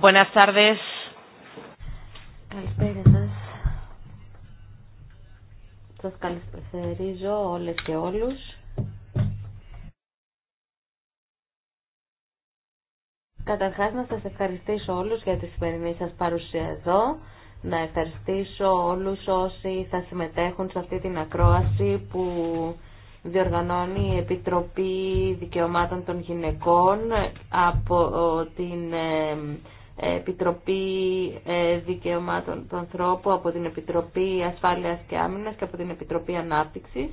Buenas Καλησπέρα σας. Σα καλησπέριζω όλε και όλους. Καταρχά να σα ευχαριστήσω όλους για τη σημερινή σας παρουσία εδώ. Να ευχαριστήσω όλους όσοι θα συμμετέχουν σε αυτή την ακρόαση που διοργανώνει η Επιτροπή Δικαιωμάτων των Γυναικών από την ε, Επιτροπή ε, Δικαιωμάτων των Ανθρώπου, από την Επιτροπή Ασφάλειας και Άμυνας και από την Επιτροπή Ανάπτυξης.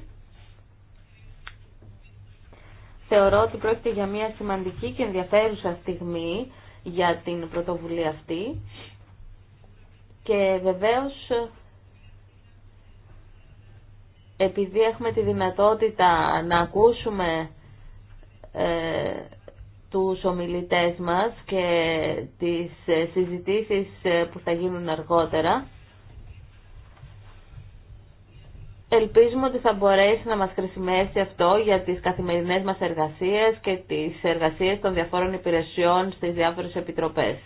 Θεωρώ ότι πρόκειται για μια σημαντική και ενδιαφέρουσα στιγμή για την πρωτοβουλία αυτή και βεβαίως επειδή έχουμε τη δυνατότητα να ακούσουμε ε, τους ομιλητές μας και τις ε, συζητήσεις ε, που θα γίνουν αργότερα. Ελπίζουμε ότι θα μπορέσει να μας χρησιμεύσει αυτό για τις καθημερινές μας εργασίες και τις εργασίες των διαφόρων υπηρεσιών στις διάφορες επιτροπές.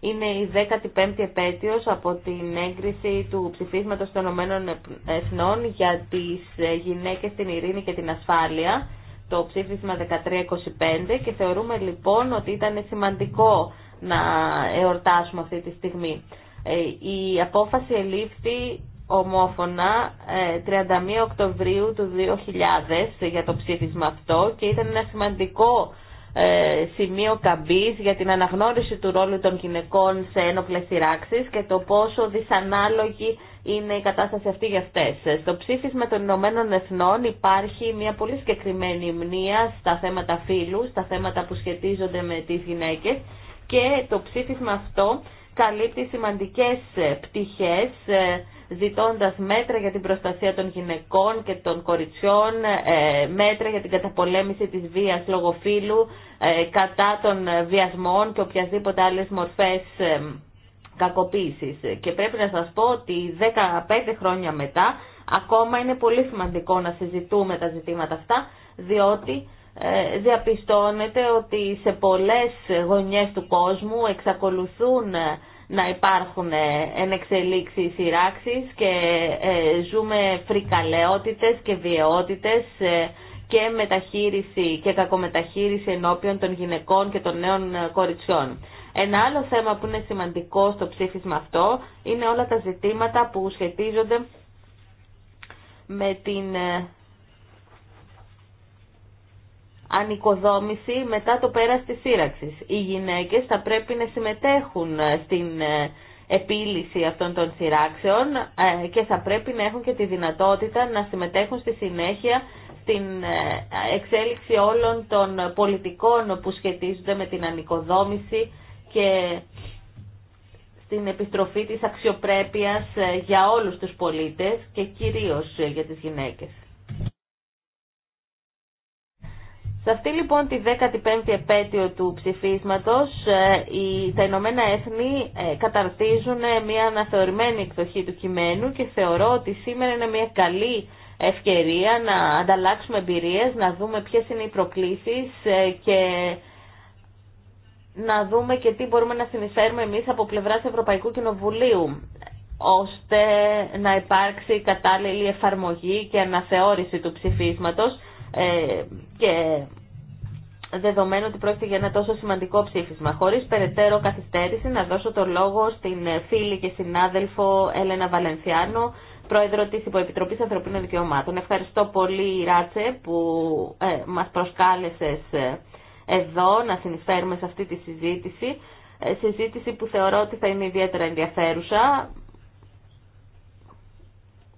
Είναι η 15η επέτειος από την έγκριση του ψηφίσματος των Ηνωμένων Εθνών για τις ε, γυναίκες, την ειρήνη και την ασφάλεια το ψήφισμα 1325 και θεωρούμε λοιπόν ότι ήταν σημαντικό να εορτάσουμε αυτή τη στιγμή. Ε, η απόφαση ελήφθη ομόφωνα 31 ε, Οκτωβρίου του 2000 για το ψήφισμα αυτό και ήταν ένα σημαντικό ε, σημείο καμπής για την αναγνώριση του ρόλου των γυναικών σε ένοπλες σειράξεις και το πόσο δυσανάλογη είναι η κατάσταση αυτή για αυτέ. Στο ψήφισμα των Ηνωμένων Εθνών υπάρχει μια πολύ συγκεκριμένη μνήμα στα θέματα φύλου, στα θέματα που σχετίζονται με τις γυναίκες και το ψήφισμα αυτό καλύπτει σημαντικές πτυχές ε, ζητώντα μέτρα για την προστασία των γυναικών και των κοριτσιών, ε, μέτρα για την καταπολέμηση της βία λόγω ε, κατά των βιασμών και οποιασδήποτε άλλες μορφέ. Και πρέπει να σας πω ότι 15 χρόνια μετά ακόμα είναι πολύ σημαντικό να συζητούμε τα ζητήματα αυτά, διότι ε, διαπιστώνεται ότι σε πολλές γωνιές του κόσμου εξακολουθούν ε, να υπάρχουν ε, ενεξελίξεις σειράξει και ζούμε φρικαλαιότητες και βιαιότητες και μεταχείριση και κακομεταχείριση ενώπιον των γυναικών και των νέων κοριτσιών. Ένα άλλο θέμα που είναι σημαντικό στο ψήφισμα αυτό είναι όλα τα ζητήματα που σχετίζονται με την ε, ανοικοδόμηση μετά το πέρας της σύραξης. Οι γυναίκες θα πρέπει να συμμετέχουν ε, στην ε, επίλυση αυτών των σειράξεων και θα πρέπει να έχουν και τη δυνατότητα να συμμετέχουν στη συνέχεια στην εξέλιξη όλων των πολιτικών που σχετίζονται με την ανοικοδόμηση και στην επιστροφή της αξιοπρέπειας ε, για όλους τους πολίτες και κυρίως ε, για τις γυναίκες. Σε αυτή λοιπόν τη 15η επέτειο του ψηφίσματος ε, τα Ηνωμένα Έθνη καταρτίζουν μια αναθεωρημένη εκδοχή του κειμένου και θεωρώ ότι σήμερα είναι μια καλή ευκαιρία να ανταλλάξουμε εμπειρίες, να δούμε ποιες είναι οι προκλήσεις και να δούμε και τι μπορούμε να συνεισφέρουμε εμείς από πλευράς Ευρωπαϊκού Κοινοβουλίου ώστε να υπάρξει κατάλληλη εφαρμογή και αναθεώρηση του ψηφίσματος ε, και δεδομένου ότι πρόκειται για ένα τόσο σημαντικό ψήφισμα. Χωρίς περαιτέρω καθυστέρηση να δώσω το λόγο στην φίλη και συνάδελφο Έλενα Βαλενθιάνο, πρόεδρο της Υποεπιτροπής Ανθρωπίνων Δικαιωμάτων. Ευχαριστώ πολύ Ράτσε που ε, μας προσκάλεσες ε, εδώ, να συνεισφέρουμε σε αυτή τη συζήτηση. Ε, συζήτηση που θεωρώ ότι θα είναι ιδιαίτερα ενδιαφέρουσα,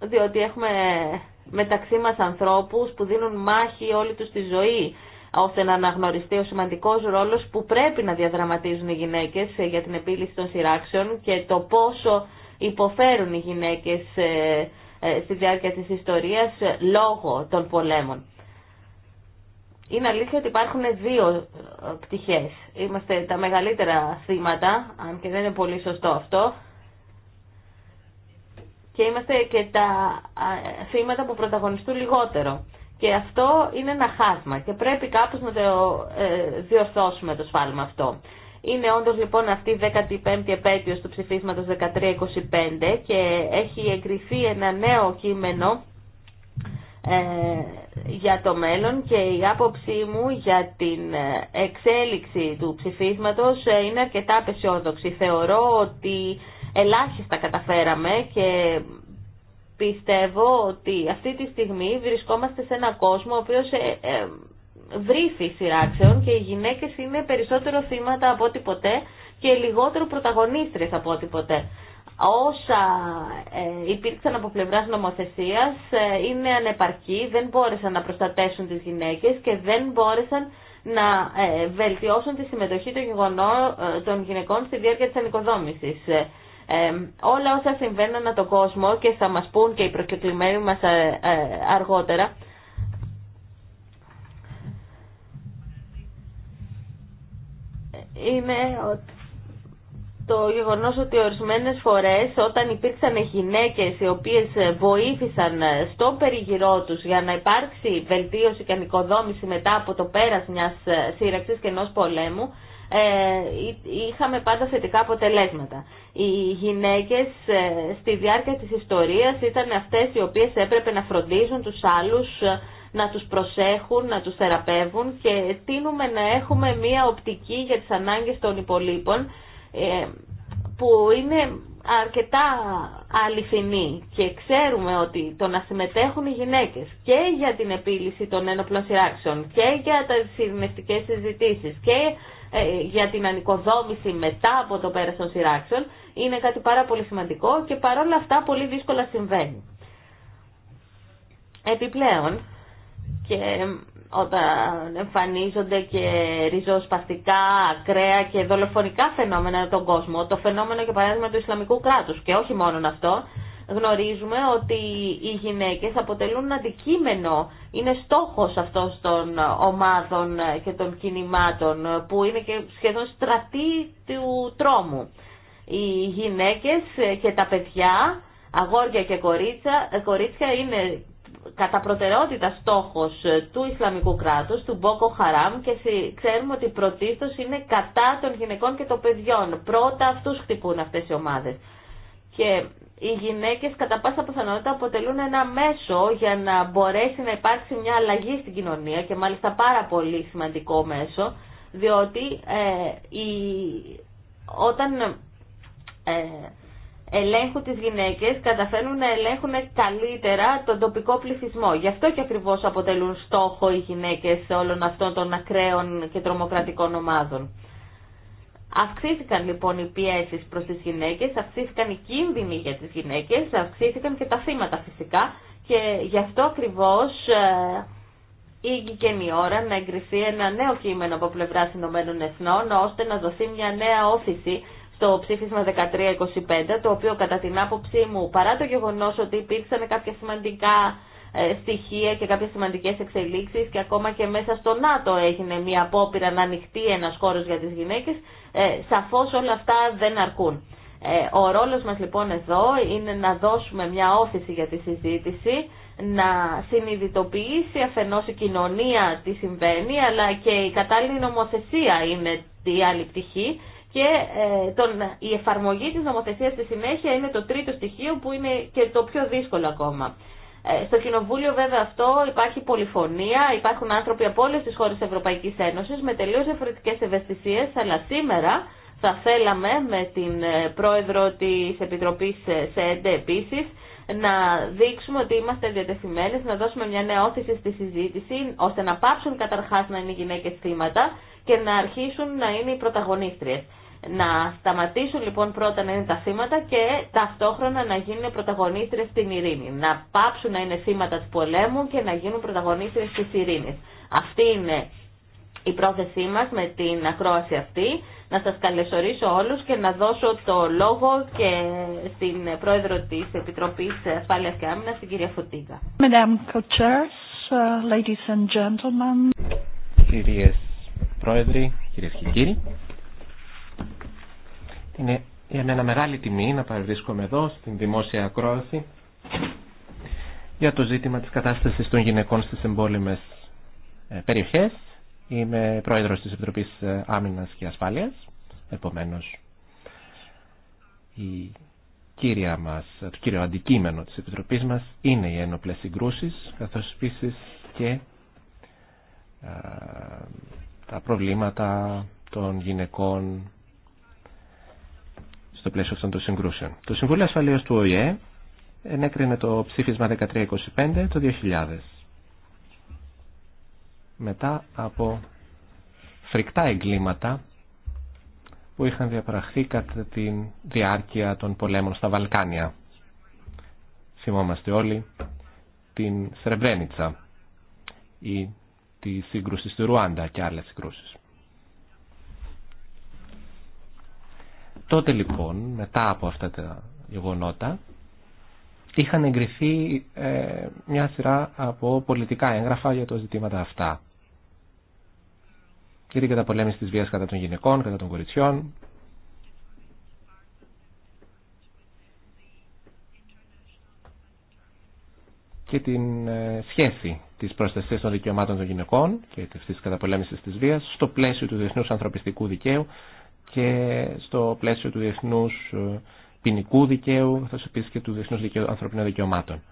διότι έχουμε μεταξύ μας ανθρώπους που δίνουν μάχη όλη τους τη ζωή ώστε να αναγνωριστεί ο σημαντικός ρόλος που πρέπει να διαδραματίζουν οι γυναίκες ε, για την επίλυση των σειράξεων και το πόσο υποφέρουν οι γυναίκες ε, στη διάρκεια της ιστορίας λόγω των πολέμων. Είναι αλήθεια ότι υπάρχουν δύο ε, πτυχές. Είμαστε τα μεγαλύτερα θύματα, αν και δεν είναι πολύ σωστό αυτό, και είμαστε και τα θύματα που πρωταγωνιστούν λιγότερο. Και αυτό είναι ένα χάσμα και πρέπει κάπως να το ε, διορθώσουμε το σφάλμα αυτό. Είναι όντως λοιπόν αυτή η 15η επέτειος του ψηφίσματος 1325 και έχει εγκριθεί ένα νέο κείμενο ε, για το μέλλον και η άποψή μου για την ε, εξέλιξη του ψηφίσματος ε, είναι αρκετά απεσιόδοξη. Θεωρώ ότι ελάχιστα καταφέραμε και πιστεύω ότι αυτή τη στιγμή βρισκόμαστε σε ένα κόσμο ο οποίος βρίθει σειράξεων και οι γυναίκες είναι περισσότερο θύματα από ό,τι ποτέ και λιγότερο πρωταγωνίστρες από ό,τι ποτέ όσα ε, υπήρξαν από πλευράς νομοθεσίας ε, είναι ανεπαρκή, δεν μπόρεσαν να προστατέσουν τις γυναίκες και δεν μπόρεσαν να ε, βελτιώσουν τη συμμετοχή των, των γυναικών στη διάρκεια της ανοικοδόμησης. όλα όσα συμβαίνουν ανά τον κόσμο και θα μας πούν και οι προσκεκλημένοι μας αργότερα, είναι ότι το γεγονός ότι ορισμένες φορές όταν υπήρξαν γυναίκες οι οποίες βοήθησαν στον περιγυρό τους για να υπάρξει βελτίωση και ανοικοδόμηση μετά από το πέρας μιας σύραξης και ενός πολέμου, ε, είχαμε πάντα θετικά αποτελέσματα. Οι γυναίκες ε, στη διάρκεια της ιστορίας ήταν αυτές οι οποίες έπρεπε να φροντίζουν τους άλλους, ε, να τους προσέχουν, να τους θεραπεύουν και τίνουμε να έχουμε μία οπτική για τις ανάγκες των υπολείπων ε, που είναι αρκετά αληθινή και ξέρουμε ότι το να συμμετέχουν οι γυναίκες και για την επίλυση των ένοπλων σειράξεων και για τα συνδυνευτικές συζητήσει και ε, για την ανοικοδόμηση μετά από το πέρας των σειράξεων είναι κάτι πάρα πολύ σημαντικό και παρόλα αυτά πολύ δύσκολα συμβαίνει. Επιπλέον και όταν εμφανίζονται και ριζοσπαστικά, ακραία και δολοφονικά φαινόμενα τον κόσμο, το φαινόμενο και παράδειγμα του Ισλαμικού κράτους και όχι μόνον αυτό, γνωρίζουμε ότι οι γυναίκες αποτελούν αντικείμενο, είναι στόχος αυτός των ομάδων και των κινημάτων που είναι και σχεδόν στρατή του τρόμου. Οι γυναίκες και τα παιδιά, αγόρια και κορίτσια, κορίτσια είναι κατά προτεραιότητα στόχος ε, του Ισλαμικού κράτους, του Μπόκο Χαράμ και ξέρουμε ότι πρωτίστως είναι κατά των γυναικών και των παιδιών. Πρώτα αυτούς χτυπούν αυτές οι ομάδες. Και οι γυναίκες κατά πάσα πιθανότητα αποτελούν ένα μέσο για να μπορέσει να υπάρξει μια αλλαγή στην κοινωνία και μάλιστα πάρα πολύ σημαντικό μέσο, διότι ε, όταν... Ε, ελέγχου τις γυναίκες καταφέρνουν να ελέγχουν καλύτερα τον τοπικό πληθυσμό. Γι' αυτό και ακριβώς αποτελούν στόχο οι γυναίκες όλων αυτών των ακραίων και τρομοκρατικών ομάδων. Αυξήθηκαν λοιπόν οι πιέσεις προς τις γυναίκες, αυξήθηκαν οι κίνδυνοι για τις γυναίκες, αυξήθηκαν και τα θύματα φυσικά και γι' αυτό ακριβώς ε, ήγηκε η ώρα να εγκριθεί ένα νέο κείμενο από πλευρά Ηνωμένων Εθνών ώστε να δοθεί μια νέα όθηση στο ψήφισμα 1325, το οποίο κατά την άποψή μου, παρά το γεγονός ότι υπήρξαν κάποια σημαντικά ε, στοιχεία και κάποιες σημαντικές εξελίξεις και ακόμα και μέσα στο ΝΑΤΟ έγινε μια απόπειρα να ανοιχτεί ένας χώρος για τις γυναίκες, ε, σαφώς όλα αυτά δεν αρκούν. Ε, ο ρόλος μας λοιπόν εδώ είναι να δώσουμε μια όθηση για τη συζήτηση, να συνειδητοποιήσει αφενός η κοινωνία τι συμβαίνει, αλλά και η κατάλληλη νομοθεσία είναι η άλλη πτυχή, και ε, τον, η εφαρμογή της νομοθεσίας στη συνέχεια είναι το τρίτο στοιχείο που είναι και το πιο δύσκολο ακόμα. Ε, στο Κοινοβούλιο βέβαια αυτό υπάρχει πολυφωνία, υπάρχουν άνθρωποι από όλες τις χώρες της Ευρωπαϊκής Ένωσης με τελείως διαφορετικές ευαισθησίες, αλλά σήμερα θα θέλαμε με την ε, πρόεδρο της Επιτροπής ΣΕΝΤΕ επίση, να δείξουμε ότι είμαστε διατεθειμένες να δώσουμε μια νέα όθηση στη συζήτηση ώστε να πάψουν καταρχάς να είναι οι γυναίκες θύματα και να αρχίσουν να είναι οι πρωταγωνίστριες. Να σταματήσουν λοιπόν πρώτα να είναι τα θύματα και ταυτόχρονα να γίνουν πρωταγωνίστρες στην ειρήνη. Να πάψουν να είναι θύματα του πολέμου και να γίνουν πρωταγωνίστρες τη ειρήνη. Αυτή είναι η πρόθεσή μα με την ακρόαση αυτή. Να σας καλεσορίσω όλους και να δώσω το λόγο και στην πρόεδρο της Επιτροπής Ασφάλεια και Άμυνα, την κυρία Φωτίγα. Uh, Κυρίε Πρόεδροι, κύριε και κύριοι, είναι για μένα μεγάλη τιμή να παρευρίσκομαι εδώ στην δημόσια ακρόαση για το ζήτημα της κατάστασης των γυναικών στις εμπόλεμες ε, περιοχές. Είμαι πρόεδρος της Επιτροπής ε, Άμυνας και Ασφάλειας. Επομένως, η κύρια μας, το κύριο αντικείμενο της Επιτροπής μας είναι οι ένοπλες συγκρούσει, καθώς επίσης και ε, τα προβλήματα των γυναικών στο πλαίσιο αυτών συγκρούσεων. Το Συμβούλιο Ασφαλείας του ΟΗΕ ενέκρινε το ψήφισμα 1325 το 2000 μετά από φρικτά εγκλήματα που είχαν διαπραχθεί κατά τη διάρκεια των πολέμων στα Βαλκάνια. Θυμόμαστε όλοι την Σρεμπρένιτσα ή τη σύγκρουση στη Ρουάντα και άλλες συγκρούσεις. Τότε λοιπόν, μετά από αυτά τα γεγονότα, είχαν εγκριθεί ε, μια σειρά από πολιτικά έγγραφα για τα ζητήματα αυτά. Και την καταπολέμηση της βίας κατά των γυναικών, κατά των κοριτσιών, και την ε, σχέση της προστασίας των δικαιωμάτων των γυναικών και της καταπολέμησης της βίας στο πλαίσιο του διεθνούς ανθρωπιστικού δικαίου και στο πλαίσιο του διεθνού ε, ποινικού δικαίου, θα επίσης και του διεθνού ανθρωπινών δικαιωμάτων.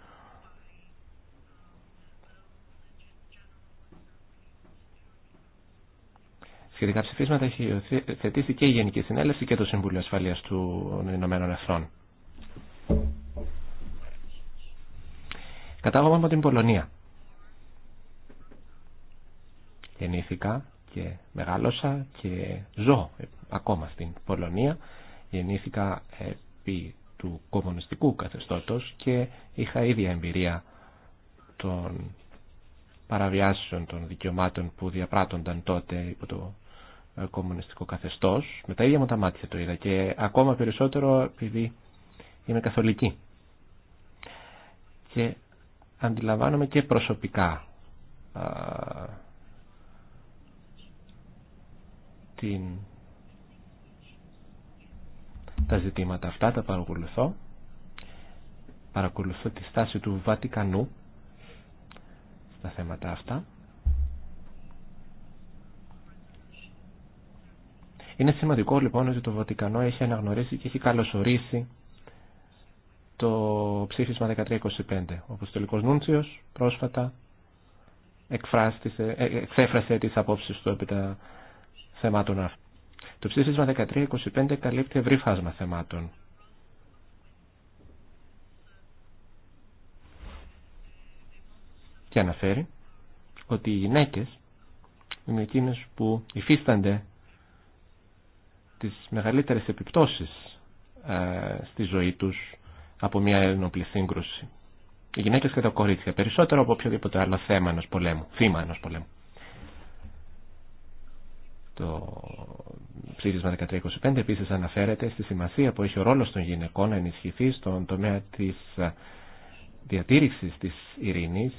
Σχετικά ψηφίσματα έχει θετήσει και η Γενική Συνέλευση και το Συμβούλιο Ασφαλείας των Ηνωμένων Εθνών. Κατάγομαι από την Πολωνία. Γεννήθηκα και μεγάλωσα και ζω ακόμα στην Πολωνία. Γεννήθηκα επί του κομμουνιστικού καθεστώτος και είχα ίδια εμπειρία των παραβιάσεων των δικαιωμάτων που διαπράττονταν τότε υπό το ε, κομμουνιστικό καθεστώς. Με τα ίδια μου τα μάτια το είδα και ακόμα περισσότερο επειδή είμαι καθολική. Και αντιλαμβάνομαι και προσωπικά τα ζητήματα αυτά, τα παρακολουθώ. Παρακολουθώ τη στάση του Βατικανού στα θέματα αυτά. Είναι σημαντικό λοιπόν ότι το Βατικανό έχει αναγνωρίσει και έχει καλωσορίσει το ψήφισμα 1325. Ο Τελικός Νούντσιος πρόσφατα ε, ε, εξέφρασε τις απόψεις του επί τα θεμάτων αυτών. Το ψήφισμα 1325 καλύπτει ευρύ φάσμα θεμάτων. Και αναφέρει ότι οι γυναίκες είναι εκείνε που υφίστανται τις μεγαλύτερες επιπτώσεις ε, στη ζωή τους από μια ενόπλη σύγκρουση. Οι γυναίκες και τα κορίτσια, περισσότερο από οποιοδήποτε άλλο θέμα ενός πολέμου, θύμα ενός πολέμου. Το ψήφισμα 1325 επίσης αναφέρεται στη σημασία που έχει ο ρόλος των γυναικών να ενισχυθεί στον τομέα της διατήρησης της ειρήνης,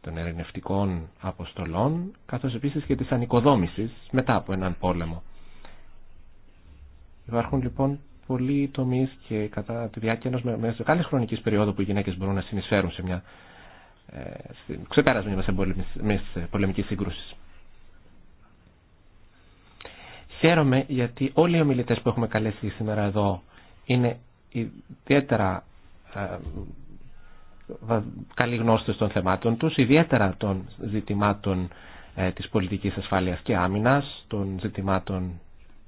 των ερευνευτικών αποστολών, καθώς επίσης και της ανοικοδόμησης μετά από έναν πόλεμο. Υπάρχουν λοιπόν πολλοί τομεί και κατά τη διάρκεια ενός μεγάλη χρονική περίοδου που οι γυναίκες μπορούν να συνεισφέρουν σε μια. Ε, ξεπέρασμα πολεμική σύγκρουσης. Χαίρομαι γιατί όλοι οι ομιλητές που έχουμε καλέσει σήμερα εδώ είναι ιδιαίτερα ε, καλοί γνώστες των θεμάτων τους, ιδιαίτερα των ζητημάτων ε, της πολιτικής ασφάλειας και άμυνας, των ζητημάτων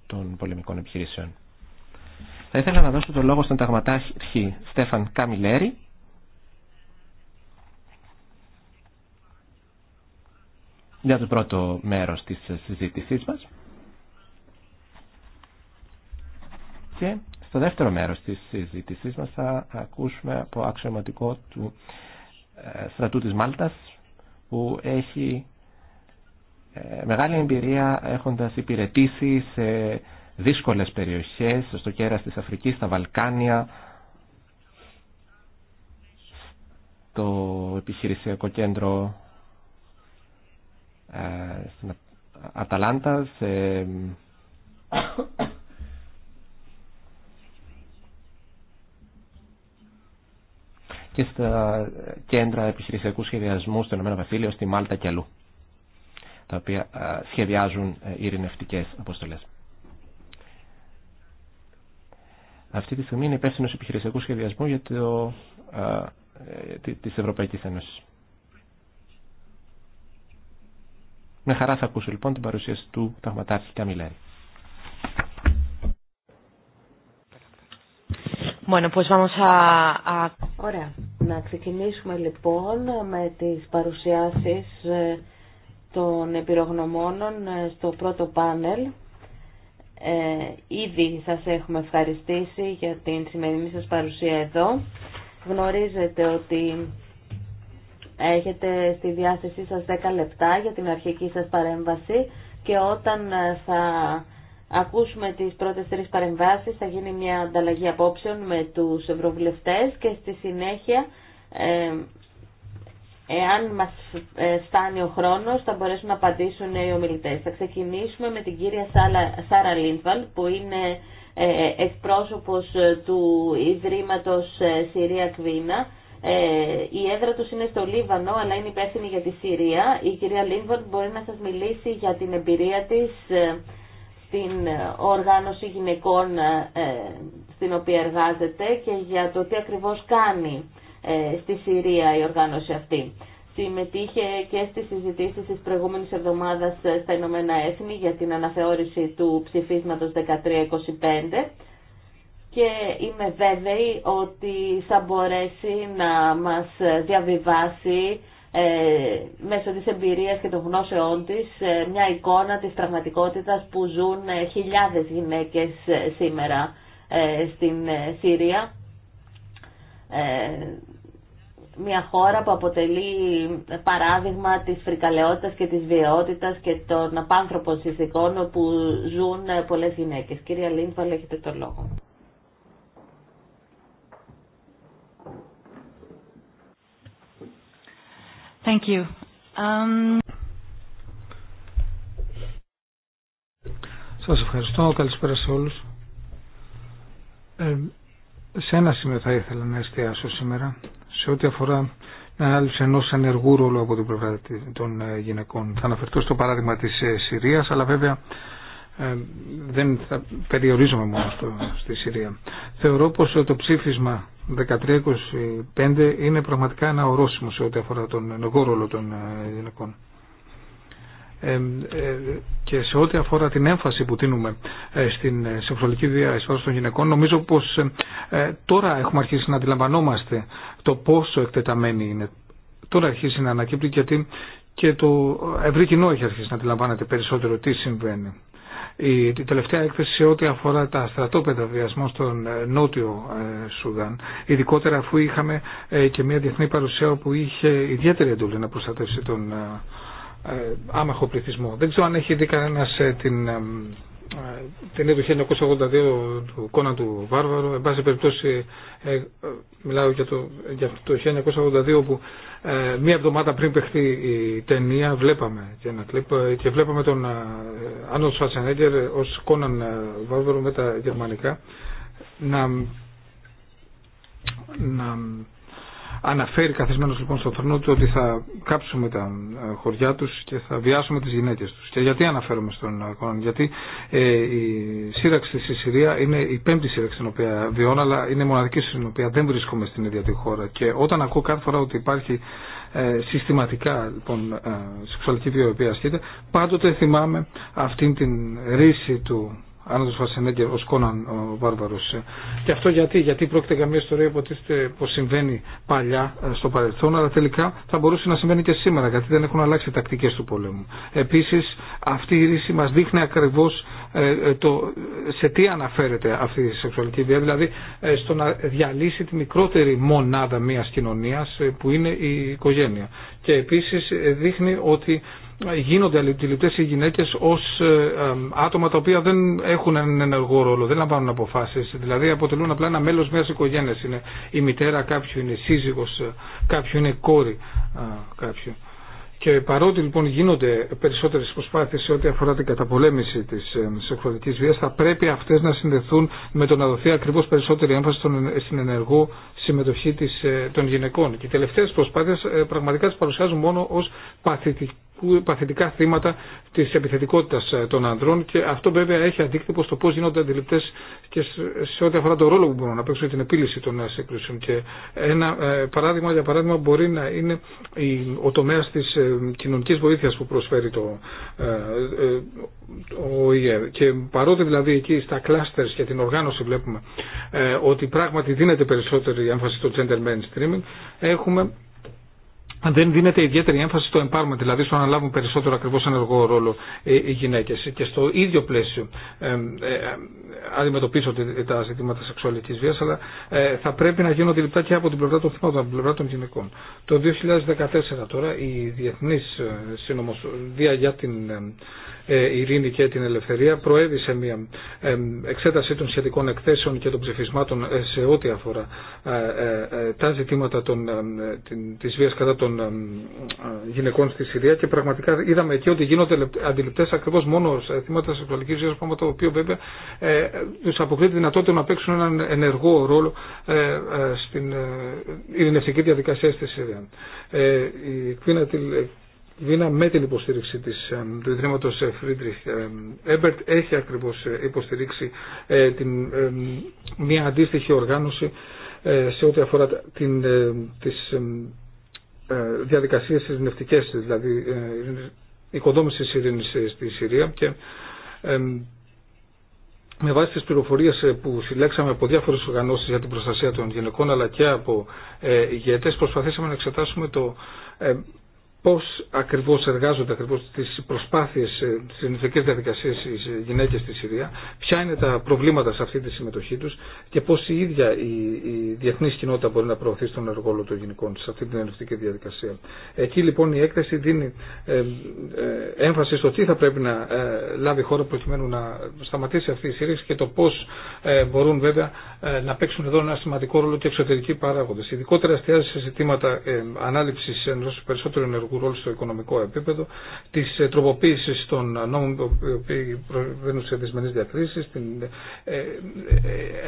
των πολεμικών επιχειρήσεων. Θα ήθελα να δώσω το λόγο στον ταγματάρχη Στέφαν Καμιλέρη, για το πρώτο μέρος της συζήτησής μας. Και στο δεύτερο μέρος της συζήτησή μας θα ακούσουμε από αξιωματικό του ε, στρατού της Μάλτας που έχει ε, μεγάλη εμπειρία έχοντας υπηρετήσει σε δύσκολες περιοχές, στο κέρας της Αφρικής, στα Βαλκάνια, στο επιχειρησιακό κέντρο ε, στην Αταλάντα, σε και στα κέντρα επιχειρησιακού σχεδιασμού στο Ηνωμένο στη Μάλτα και αλλού, τα οποία σχεδιάζουν ε, ειρηνευτικέ αποστολέ. Αυτή τη στιγμή είναι υπεύθυνο επιχειρησιακού σχεδιασμού για το, ε, της Ευρωπαϊκής Ένωσης. Με χαρά θα ακούσω λοιπόν την παρουσίαση του Ταγματάρχη Καμιλέρη. Bueno, pues vamos Ωραία. Να ξεκινήσουμε λοιπόν με τις παρουσιάσεις ε, των επιρογνωμόνων ε, στο πρώτο πάνελ. Ε, ήδη σας έχουμε ευχαριστήσει για την σημερινή σας παρουσία εδώ. Γνωρίζετε ότι έχετε στη διάθεσή σας 10 λεπτά για την αρχική σας παρέμβαση και όταν θα ακούσουμε τις πρώτες τρεις παρεμβάσεις, θα γίνει μια ανταλλαγή απόψεων με τους ευρωβουλευτές και στη συνέχεια, ε, εάν μας ε, φτάνει ο χρόνος, θα μπορέσουν να απαντήσουν οι ομιλητές. Θα ξεκινήσουμε με την κυρία Σάρα Λίνβαλ, που είναι ε, εκπρόσωπος ε, του Ιδρύματος Συρία Κβίνα. η έδρα τους είναι στο Λίβανο, αλλά είναι υπεύθυνη για τη Συρία. Η κυρία Λίνβαλ μπορεί να σας μιλήσει για την εμπειρία της την ε, οργάνωση γυναικών ε, ε, στην οποία εργάζεται και για το τι ακριβώς κάνει στη Συρία η οργάνωση αυτή. Συμμετείχε και στις συζητήσεις της προηγούμενης εβδομάδας στα Ηνωμένα Έθνη για την αναθεώρηση του ψηφίσματος 1325 και είμαι βέβαιη ότι θα μπορέσει να μας διαβιβάσει ε, μέσω της εμπειρίας και των γνώσεών της ε, μια εικόνα της πραγματικότητας που ζουν ε, χιλιάδες γυναίκες σήμερα στην Συρία. Μια χώρα που αποτελεί παράδειγμα της φρικαλαιότητας και της βιαιότητας και των απάνθρωπων συνθηκών όπου ζουν πολλές γυναίκες. Κυρία Λίνβαλ, έχετε το λόγο. Thank you. Um, Σας ευχαριστώ. Καλησπέρα σε όλους. Ε, σε ένα σημείο θα ήθελα να εστιάσω σήμερα, σε ό,τι αφορά την ανάληψη ενό ενεργού ρόλου από την πλευρά των ε, γυναικών. Θα αναφερθώ στο παράδειγμα της ε, Συρίας, αλλά βέβαια ε, δεν θα περιορίζομαι μόνο στο, στη Συρία. Θεωρώ πως το ψήφισμα 1325 είναι πραγματικά ένα ορόσημο σε ό,τι αφορά τον ενεργό ρόλο των ε, γυναικών. Ε, ε, και σε ό,τι αφορά την έμφαση που δίνουμε στην σεξουαλική διασφάλιση των γυναικών, νομίζω πως τώρα έχουμε αρχίσει να αντιλαμβανόμαστε το πόσο εκτεταμένη είναι. Τώρα αρχίζει να ανακύπτει γιατί και το ευρύ κοινό έχει αρχίσει να αντιλαμβάνεται περισσότερο τι συμβαίνει. Η τελευταία έκθεση σε ό,τι αφορά τα στρατόπεδα βιασμών στον ε, Νότιο ε, Σουδάν, ειδικότερα αφού είχαμε ε, και μια διεθνή παρουσία που είχε ιδιαίτερη εντολή να προστατεύσει τον άμαχο πληθυσμό. Δεν ξέρω αν έχει δει κανένα την ε, ταινία του 1982 του Κόνα του Βάρβαρο. Εν πάση περιπτώσει ε, μιλάω για το, για το 1982 που ε, μία εβδομάδα πριν παιχτεί η ταινία βλέπαμε και ένα κλιπ και βλέπαμε τον Άνω ω ως Κόναν Βάρβαρο με τα γερμανικά να, να αναφέρει καθισμένο λοιπόν στο θρονό του ότι θα κάψουμε τα ε, χωριά τους και θα βιάσουμε τις γυναίκες τους. Και γιατί αναφέρομαι στον κόσμο, γιατί ε, η σύραξη στη Συρία είναι η πέμπτη σύραξη την οποία βιώνω, αλλά είναι η μοναδική στην οποία δεν βρίσκομαι στην ίδια τη χώρα. Και όταν ακούω κάθε φορά ότι υπάρχει ε, συστηματικά λοιπόν, σεξουαλική βία η ασκείται, πάντοτε θυμάμαι αυτήν την ρίση του Άννα Φασενέγκερ, ω Κόναν ο Βάρβαρο. Και αυτό γιατί, γιατί πρόκειται για μια ιστορία που πω συμβαίνει παλιά ε, στο παρελθόν, αλλά τελικά θα μπορούσε να συμβαίνει και σήμερα, γιατί δεν έχουν αλλάξει οι τακτικέ του πολέμου. Επίση, αυτή η ρίση μα δείχνει ακριβώ ε, ε, το σε τι αναφέρεται αυτή η σεξουαλική βία, δηλαδή στο να διαλύσει τη μικρότερη μονάδα μια κοινωνία που είναι η οικογένεια. Και επίση δείχνει ότι γίνονται αλληλεπιληπτές οι γυναίκες ως ε, άτομα τα οποία δεν έχουν έναν ενεργό ρόλο, δεν λαμβάνουν αποφάσεις, δηλαδή αποτελούν απλά ένα μέλος μιας οικογένειας. Είναι η μητέρα κάποιου, είναι σύζυγο, σύζυγος ε, κάποιου, είναι κόρη ε, κάποιου. Και παρότι λοιπόν γίνονται περισσότερες προσπάθειες σε ό,τι αφορά την καταπολέμηση της σεξουαλικής βίας, θα πρέπει αυτές να συνδεθούν με το να δοθεί ακριβώς περισσότερη έμφαση ε, στην ενεργό συμμετοχή της, ε, των γυναικών. Και οι τελευταίες προσπάθειες ε, πραγματικά τις παρουσιάζουν μόνο ως παθητικά θύματα της επιθετικότητας των ανδρών και αυτό βέβαια έχει αντίκτυπο στο πώς γίνονται αντιληπτές και σε ό,τι αφορά τον ρόλο που μπορούν να παίξουν την επίλυση των σύγκρουσεων. Και ένα παράδειγμα, για παράδειγμα, μπορεί να είναι ο τομέας της κοινωνικής βοήθειας που προσφέρει το ε, ε, ΟΗΕ. Και παρότι δηλαδή εκεί στα κλάστερς και την οργάνωση βλέπουμε ε, ότι πράγματι δίνεται περισσότερη έμφαση στο gender mainstreaming, έχουμε δεν δίνεται ιδιαίτερη έμφαση στο empowerment, δηλαδή στο να λάβουν περισσότερο ακριβώς ενεργό ρόλο οι γυναίκες. Και στο ίδιο πλαίσιο ε, ε, ε, αντιμετωπίζονται τα ζητήματα σεξουαλικής βίας, αλλά ε, θα πρέπει να γίνονται λεπτά και από την πλευρά των θυμάτων, από την πλευρά των γυναικών. Το 2014 τώρα η Διεθνής ε, Συνομοσπονδία για την η ε, ειρήνη και την ελευθερία προέβησε μια ε, εξέταση των σχετικών εκθέσεων και των ψηφισμάτων ε, σε ό,τι αφορά τα ζητήματα των, της βίας κατά των γυναικών στη Συρία και πραγματικά είδαμε εκεί ότι γίνονται αντιληπτές ακριβώς μόνο θύματα σεξουαλικής βίας, πράγμα το οποίο βέβαια τους αποκλεί τη δυνατότητα να παίξουν έναν ενεργό ρόλο στην ειρηνευτική διαδικασία στη Συρία. Η Βίνα με την υποστήριξη της, ε, του Ιδρύματος Φρίντριχ ε, Έμπερτ έχει ακριβώς ε, υποστηρίξει την, μια αντίστοιχη οργάνωση σε ό,τι αφορά την, τις διαδικασίες ειρηνευτικές, δηλαδή οικοδόμησης ειρήνης στη Συρία και με βάση τις πληροφορίες που συλλέξαμε από διάφορες οργανώσεις για την προστασία των γυναικών αλλά και από ηγέτες προσπαθήσαμε να εξετάσουμε το πώς ακριβώς εργάζονται ακριβώς τις προσπάθειες, ε, τις ειρηνευτικές διαδικασίες οι γυναίκες στη Συρία, ποια είναι τα προβλήματα σε αυτή τη συμμετοχή τους και πώς η ίδια η, η διεθνής κοινότητα μπορεί να προωθεί στον εργόλο των γυναικών σε αυτή την ειρηνευτική διαδικασία. Εκεί λοιπόν η έκθεση δίνει ε, ε, έμφαση στο τι θα πρέπει να λάβει η χώρα προκειμένου να σταματήσει αυτή η σύρρηξη και το πώς μπορούν βέβαια να παίξουν εδώ ένα σημαντικό ρόλο και εξωτερικοί παράγοντε. Ειδικότερα εστιάζει σε ζητήματα ε, ανάληψης περισσότερου ενεργού σημαντικού ρόλου στο οικονομικό επίπεδο, τη ε, τροποποίηση των νόμων που προβαίνουν σε δυσμενεί διακρίσει, την ε, ε,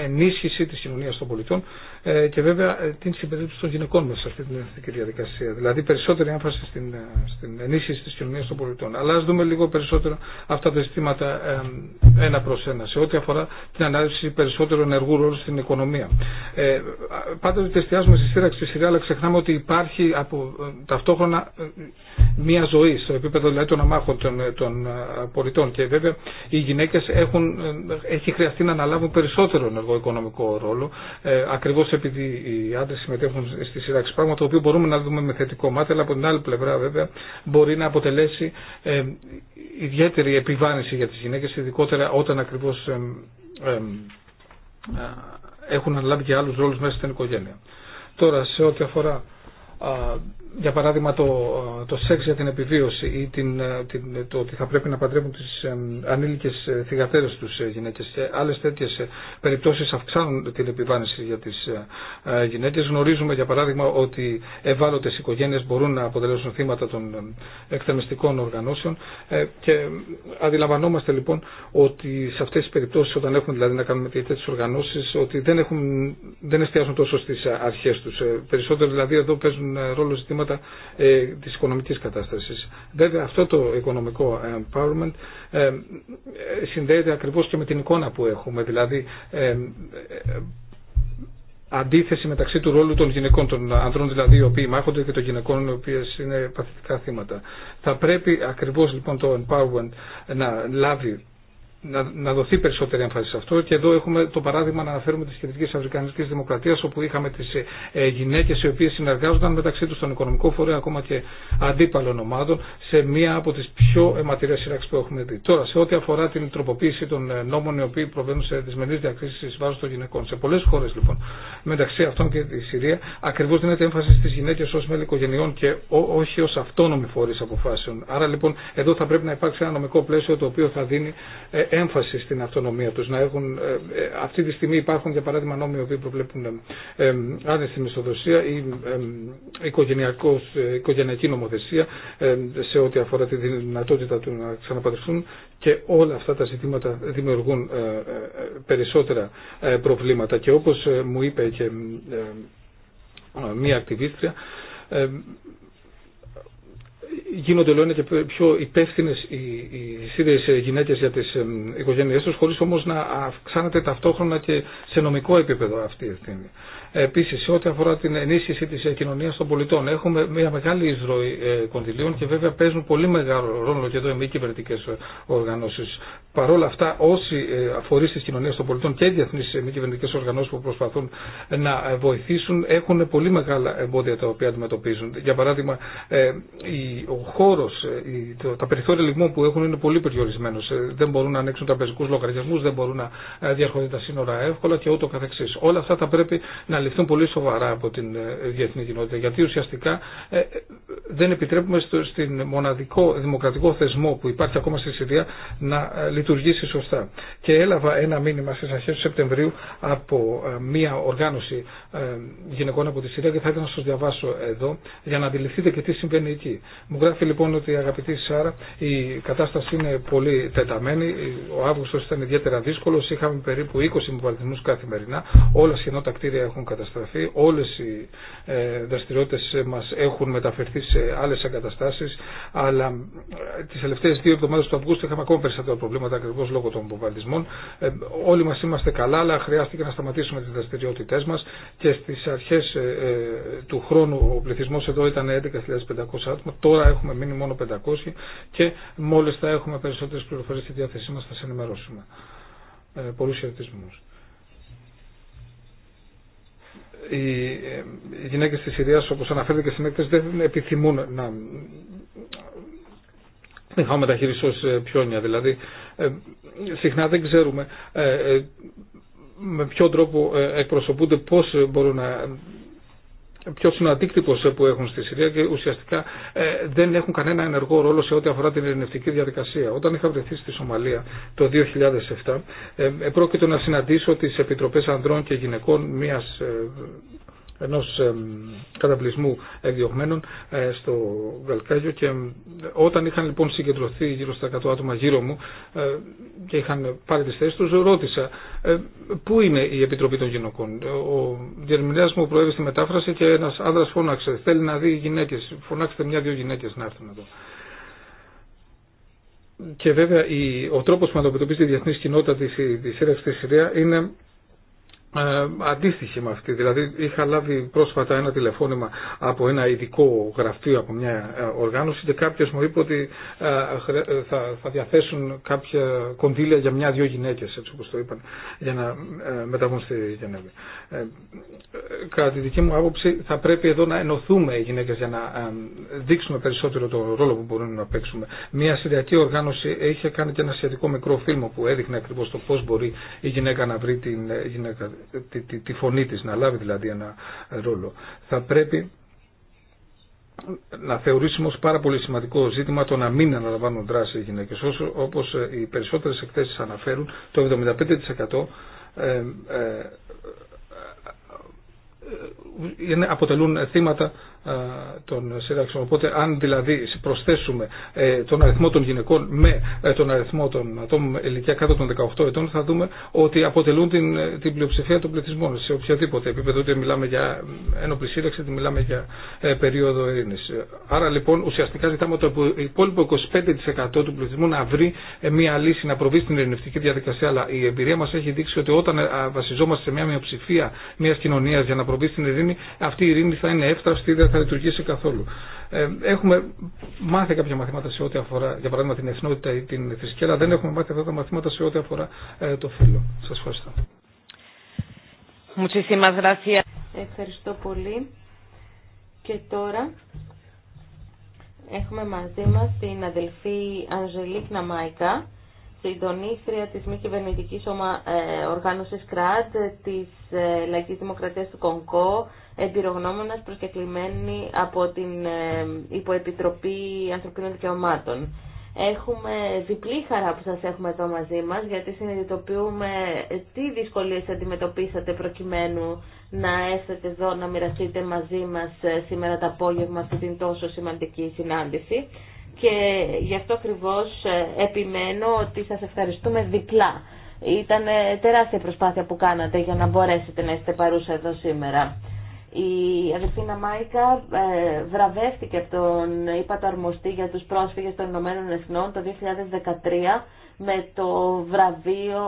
ενίσχυση τη κοινωνία των πολιτών και βέβαια την συμπερίληψη των γυναικών μέσα σε αυτή την εθνική διαδικασία. Δηλαδή περισσότερη έμφαση στην, στην ενίσχυση τη κοινωνία των πολιτών. Αλλά α δούμε λίγο περισσότερο αυτά τα ζητήματα ένα προ ένα σε ό,τι αφορά την ανάλυση περισσότερο ενεργού ρόλου στην οικονομία. Ε, Πάντοτε εστιάζουμε στη σύραξη στη Συρία, αλλά ξεχνάμε ότι υπάρχει από, ταυτόχρονα μια ζωή στο επίπεδο δηλαδή, των αμάχων των, των ε, πολιτών και βέβαια οι γυναίκες ε, έχει χρειαστεί να αναλάβουν περισσότερο οικονομικό ρόλο ε, ακριβώς επειδή οι άντρες συμμετέχουν στη σύραξη πράγμα το οποίο μπορούμε να δούμε με θετικό μάτι αλλά από την άλλη πλευρά βέβαια μπορεί να αποτελέσει ε, ιδιαίτερη επιβάρυνση για τις γυναίκες ειδικότερα όταν ακριβώς έχουν αναλάβει και άλλους ρόλους μέσα στην οικογένεια. Τώρα σε ό,τι αφορά για παράδειγμα το, το σεξ για την επιβίωση ή την, την, το ότι θα πρέπει να παντρεύουν τις ανήλικες ε, θυγατέρες τους ε, γυναίκες και άλλες τέτοιες ε, περιπτώσεις αυξάνουν την επιβάνηση για τις γυναίκες. Γνωρίζουμε για παράδειγμα ότι ευάλωτες οικογένειες μπορούν να αποτελέσουν θύματα των εκτεμιστικών οργανώσεων και αντιλαμβανόμαστε λοιπόν ότι σε αυτές τις περιπτώσεις όταν έχουν δηλαδή να κάνουμε τέτοιες οργανώσεις ότι δεν, έχουν, δεν εστιάζουν τόσο στις αρχές τους. Περισσότερο δηλαδή εδώ παίζουν παίζουν ρόλο ζητήματα ε, της οικονομικής κατάστασης. Βέβαια αυτό το οικονομικό empowerment ε, συνδέεται ακριβώς και με την εικόνα που έχουμε, δηλαδή ε, ε, αντίθεση μεταξύ του ρόλου των γυναικών, των ανδρών δηλαδή οι οποίοι μάχονται και των γυναικών οι οποίε είναι παθητικά θύματα. Θα πρέπει ακριβώς λοιπόν το empowerment να λάβει να, να δοθεί περισσότερη έμφαση σε αυτό και εδώ έχουμε το παράδειγμα να αναφέρουμε τη σχετική Αφρικανική Δημοκρατία όπου είχαμε τι ε, ε γυναίκε οι οποίε συνεργάζονταν μεταξύ του στον οικονομικό φορέα ακόμα και αντίπαλων ομάδων σε μία από τι πιο αιματηρέ σειράξει που έχουμε δει. Τώρα, σε ό,τι αφορά την τροποποίηση των ε, νόμων οι οποίοι προβαίνουν σε δυσμενεί διακρίσει ει βάρο των γυναικών. Σε πολλέ χώρε λοιπόν, μεταξύ αυτών και τη Συρία, ακριβώ δίνεται έμφαση στι γυναίκε ω μέλη οικογενειών και ό, όχι ω αυτόνομοι φορεί αποφάσεων. Άρα λοιπόν εδώ θα πρέπει να υπάρξει ένα νομικό πλαίσιο το οποίο θα δίνει ε, έμφαση στην αυτονομία τους, να έχουν, ε, ε, αυτή τη στιγμή υπάρχουν για παράδειγμα νόμοι που προβλέπουν ε, ε άνεση μισθοδοσία ή ε, οικογενειακή νομοθεσία σε ό,τι αφορά τη δυνατότητα του να ξαναπατριστούν και όλα αυτά τα ζητήματα δημιουργούν περισσότερα προβλήματα και όπως μου είπε και μία ακτιβίστρια γίνονται λένε και πιο υπεύθυνε οι ίδιε γυναίκε για τις οικογένειέ τους, χωρίς όμως να αυξάνεται ταυτόχρονα και σε νομικό επίπεδο αυτή η ευθύνη. Επίση, ό,τι αφορά την ενίσχυση τη κοινωνία των πολιτών, έχουμε μια μεγάλη εισρωή ε, κονδυλίων και βέβαια παίζουν πολύ μεγάλο ρόλο και εδώ οι μη κυβερνητικέ οργανώσει. Παρ' όλα αυτά, όσοι αφορεί ε, τη κοινωνία των πολιτών και οι διεθνεί ε, μη κυβερνητικέ οργανώσει που προσπαθούν να βοηθήσουν έχουν πολύ μεγάλα εμπόδια τα οποία αντιμετωπίζουν. Για παράδειγμα, ο χώρο, τα περιθώρια λιγμών που έχουν είναι πολύ περιορισμένο. Δεν μπορούν να ανοίξουν τραπεζικού λογαριασμού, δεν μπορούν να διαρχονται τα σύνορα εύκολα και ούτω καθεξή. Όλα αυτά θα πρέπει να να ληφθούν πολύ σοβαρά από την ε, διεθνή κοινότητα. Γιατί ουσιαστικά ε, ε, δεν επιτρέπουμε στο, στην μοναδικό δημοκρατικό θεσμό που υπάρχει ακόμα στη Συρία να λειτουργήσει σωστά. Και έλαβα ένα μήνυμα στι αρχέ του Σεπτεμβρίου από μία οργάνωση γυναικών από τη Συρία και θα ήθελα να σα διαβάσω εδώ για να αντιληφθείτε και τι συμβαίνει εκεί. Μου γράφει λοιπόν ότι αγαπητή Σάρα η κατάσταση είναι πολύ τεταμένη. Ο Αύγουστο ήταν ιδιαίτερα δύσκολο. Είχαμε περίπου 20 βομβαρδισμού καθημερινά. Όλα σχεδόν τα κτίρια έχουν καταστραφεί. Όλες οι ε, δραστηριότητε μα έχουν μεταφερθεί σε άλλε εγκαταστάσεις, αλλά ε, τι τελευταίε δύο εβδομάδε του Αυγούστου είχαμε ακόμα περισσότερα προβλήματα ακριβώ λόγω των βομβαρδισμών. Ε, όλοι μα είμαστε καλά, αλλά χρειάστηκε να σταματήσουμε τι δραστηριότητε μα και στις αρχές του χρόνου ο πληθυσμό εδώ ήταν 11.500 άτομα, τώρα έχουμε μείνει μόνο 500 και μόλι θα έχουμε περισσότερε πληροφορίε στη διάθεσή μα θα σε ενημερώσουμε. Ε, πολλούς χαιρετισμούς οι ε, γυναίκε τη Συρία, όπως αναφέρεται και στην έκθεση δεν επιθυμούν να χάμε τα ως ε, πιόνια. Δηλαδή, ε, συχνά δεν ξέρουμε με ποιον τρόπο εκπροσωπούνται, πώς μπορούν να ποιο είναι ο αντίκτυπο ε, που έχουν στη Συρία και ουσιαστικά ε, δεν έχουν κανένα ενεργό ρόλο σε ό,τι αφορά την ειρηνευτική διαδικασία. Όταν είχα βρεθεί στη Σομαλία το 2007, ε, ε, πρόκειτο να συναντήσω τι επιτροπέ ανδρών και γυναικών μια ενός καταπλησμού εκδιωγμένων ε, στο Βελκάγιο και ε, όταν είχαν λοιπόν συγκεντρωθεί γύρω στα 100 άτομα γύρω μου ε, και είχαν πάρει τις θέσεις του ρώτησα πού είναι η Επιτροπή των Γυναικών. Ο διερμηνέας μου προέβη στη μετάφραση και ένας άνδρας φώναξε θέλει να δει γυναίκες, φωνάξτε μια-δυο γυναίκες να έρθουν εδώ. Και βέβαια η, ο τρόπος που αντιμετωπίζει η διεθνή κοινότητα τη της, της, Συρία είναι ε, αντίστοιχη με αυτή. Δηλαδή είχα λάβει πρόσφατα ένα τηλεφώνημα από ένα ειδικό γραφείο, από μια ε, οργάνωση και κάποιο μου είπε ότι ε, θα, διαθέσουν κάποια κονδύλια για μια-δυο γυναίκε, έτσι όπω το είπαν, για να μεταβούν στη Γενέβη. κατά τη δική μου άποψη, θα πρέπει εδώ να ενωθούμε οι γυναίκε για να δείξουμε περισσότερο τον ρόλο που μπορούμε να παίξουμε. Μια Συριακή οργάνωση είχε κάνει και ένα σχετικό μικρό φίλμο που έδειχνε ακριβώ το πώ μπορεί η γυναίκα να βρει την γυναίκα τη, τη, τη φωνή της, να λάβει δηλαδή ένα ρόλο. Θα πρέπει να θεωρήσουμε ως πάρα πολύ σημαντικό ζήτημα το να μην αναλαμβάνουν δράση οι γυναίκες. Όσο, όπως οι περισσότερες εκθέσεις αναφέρουν, το 75% ε, ε, αποτελούν θύματα των σύνταξεων. Οπότε αν δηλαδή προσθέσουμε ε, τον αριθμό των γυναικών με ε, τον αριθμό των ατόμων ηλικία κάτω των 18 ετών θα δούμε ότι αποτελούν την, ε, την πλειοψηφία των πληθυσμών σε οποιαδήποτε επίπεδο, είτε μιλάμε για ένοπλη σύνταξη, είτε μιλάμε για περίοδο ειρήνης. Άρα λοιπόν ουσιαστικά ζητάμε το υπόλοιπο 25% του πληθυσμού να βρει μια λύση, να προβεί στην ειρηνευτική διαδικασία. Αλλά η εμπειρία μα έχει δείξει ότι όταν βασιζόμαστε σε μια μειοψηφία μια κοινωνία για να προβεί στην ειρήνη, αυτή η ειρήνη θα είναι εύθραυστη, δεν θα θα λειτουργήσει καθόλου. Ε, έχουμε μάθει κάποια μαθήματα σε ό,τι αφορά, για παράδειγμα, την εθνότητα ή την θρησκεία, αλλά δεν έχουμε μάθει αυτά τα μαθήματα σε ό,τι αφορά ε, το φύλλο. Σα ευχαριστώ. Ευχαριστώ πολύ. Και τώρα έχουμε μαζί μας την αδελφή Αντζελίκ Ναμάικα, συντονίστρια τη μη κυβερνητική ε, οργάνωση ΚΡΑΤ της Λαϊκή Δημοκρατία του Κονκό, εμπειρογνώμονα προσκεκλημένη από την ε, Υποεπιτροπή Ανθρωπίνων Δικαιωμάτων. Έχουμε διπλή χαρά που σας έχουμε εδώ μαζί μας, γιατί συνειδητοποιούμε τι δυσκολίες αντιμετωπίσατε προκειμένου να έρθετε εδώ να μοιραστείτε μαζί μας ε, σήμερα το απόγευμα αυτή την τόσο σημαντική συνάντηση. Και γι' αυτό ακριβώ ε, επιμένω ότι σας ευχαριστούμε διπλά. Ήταν τεράστια προσπάθεια που κάνατε για να μπορέσετε να είστε παρούσα εδώ σήμερα. Η Αδελφίνα Μάικα ε, βραβεύτηκε από τον ύπατο αρμοστή για τους πρόσφυγες των Ηνωμένων Εθνών το 2013 με το βραβείο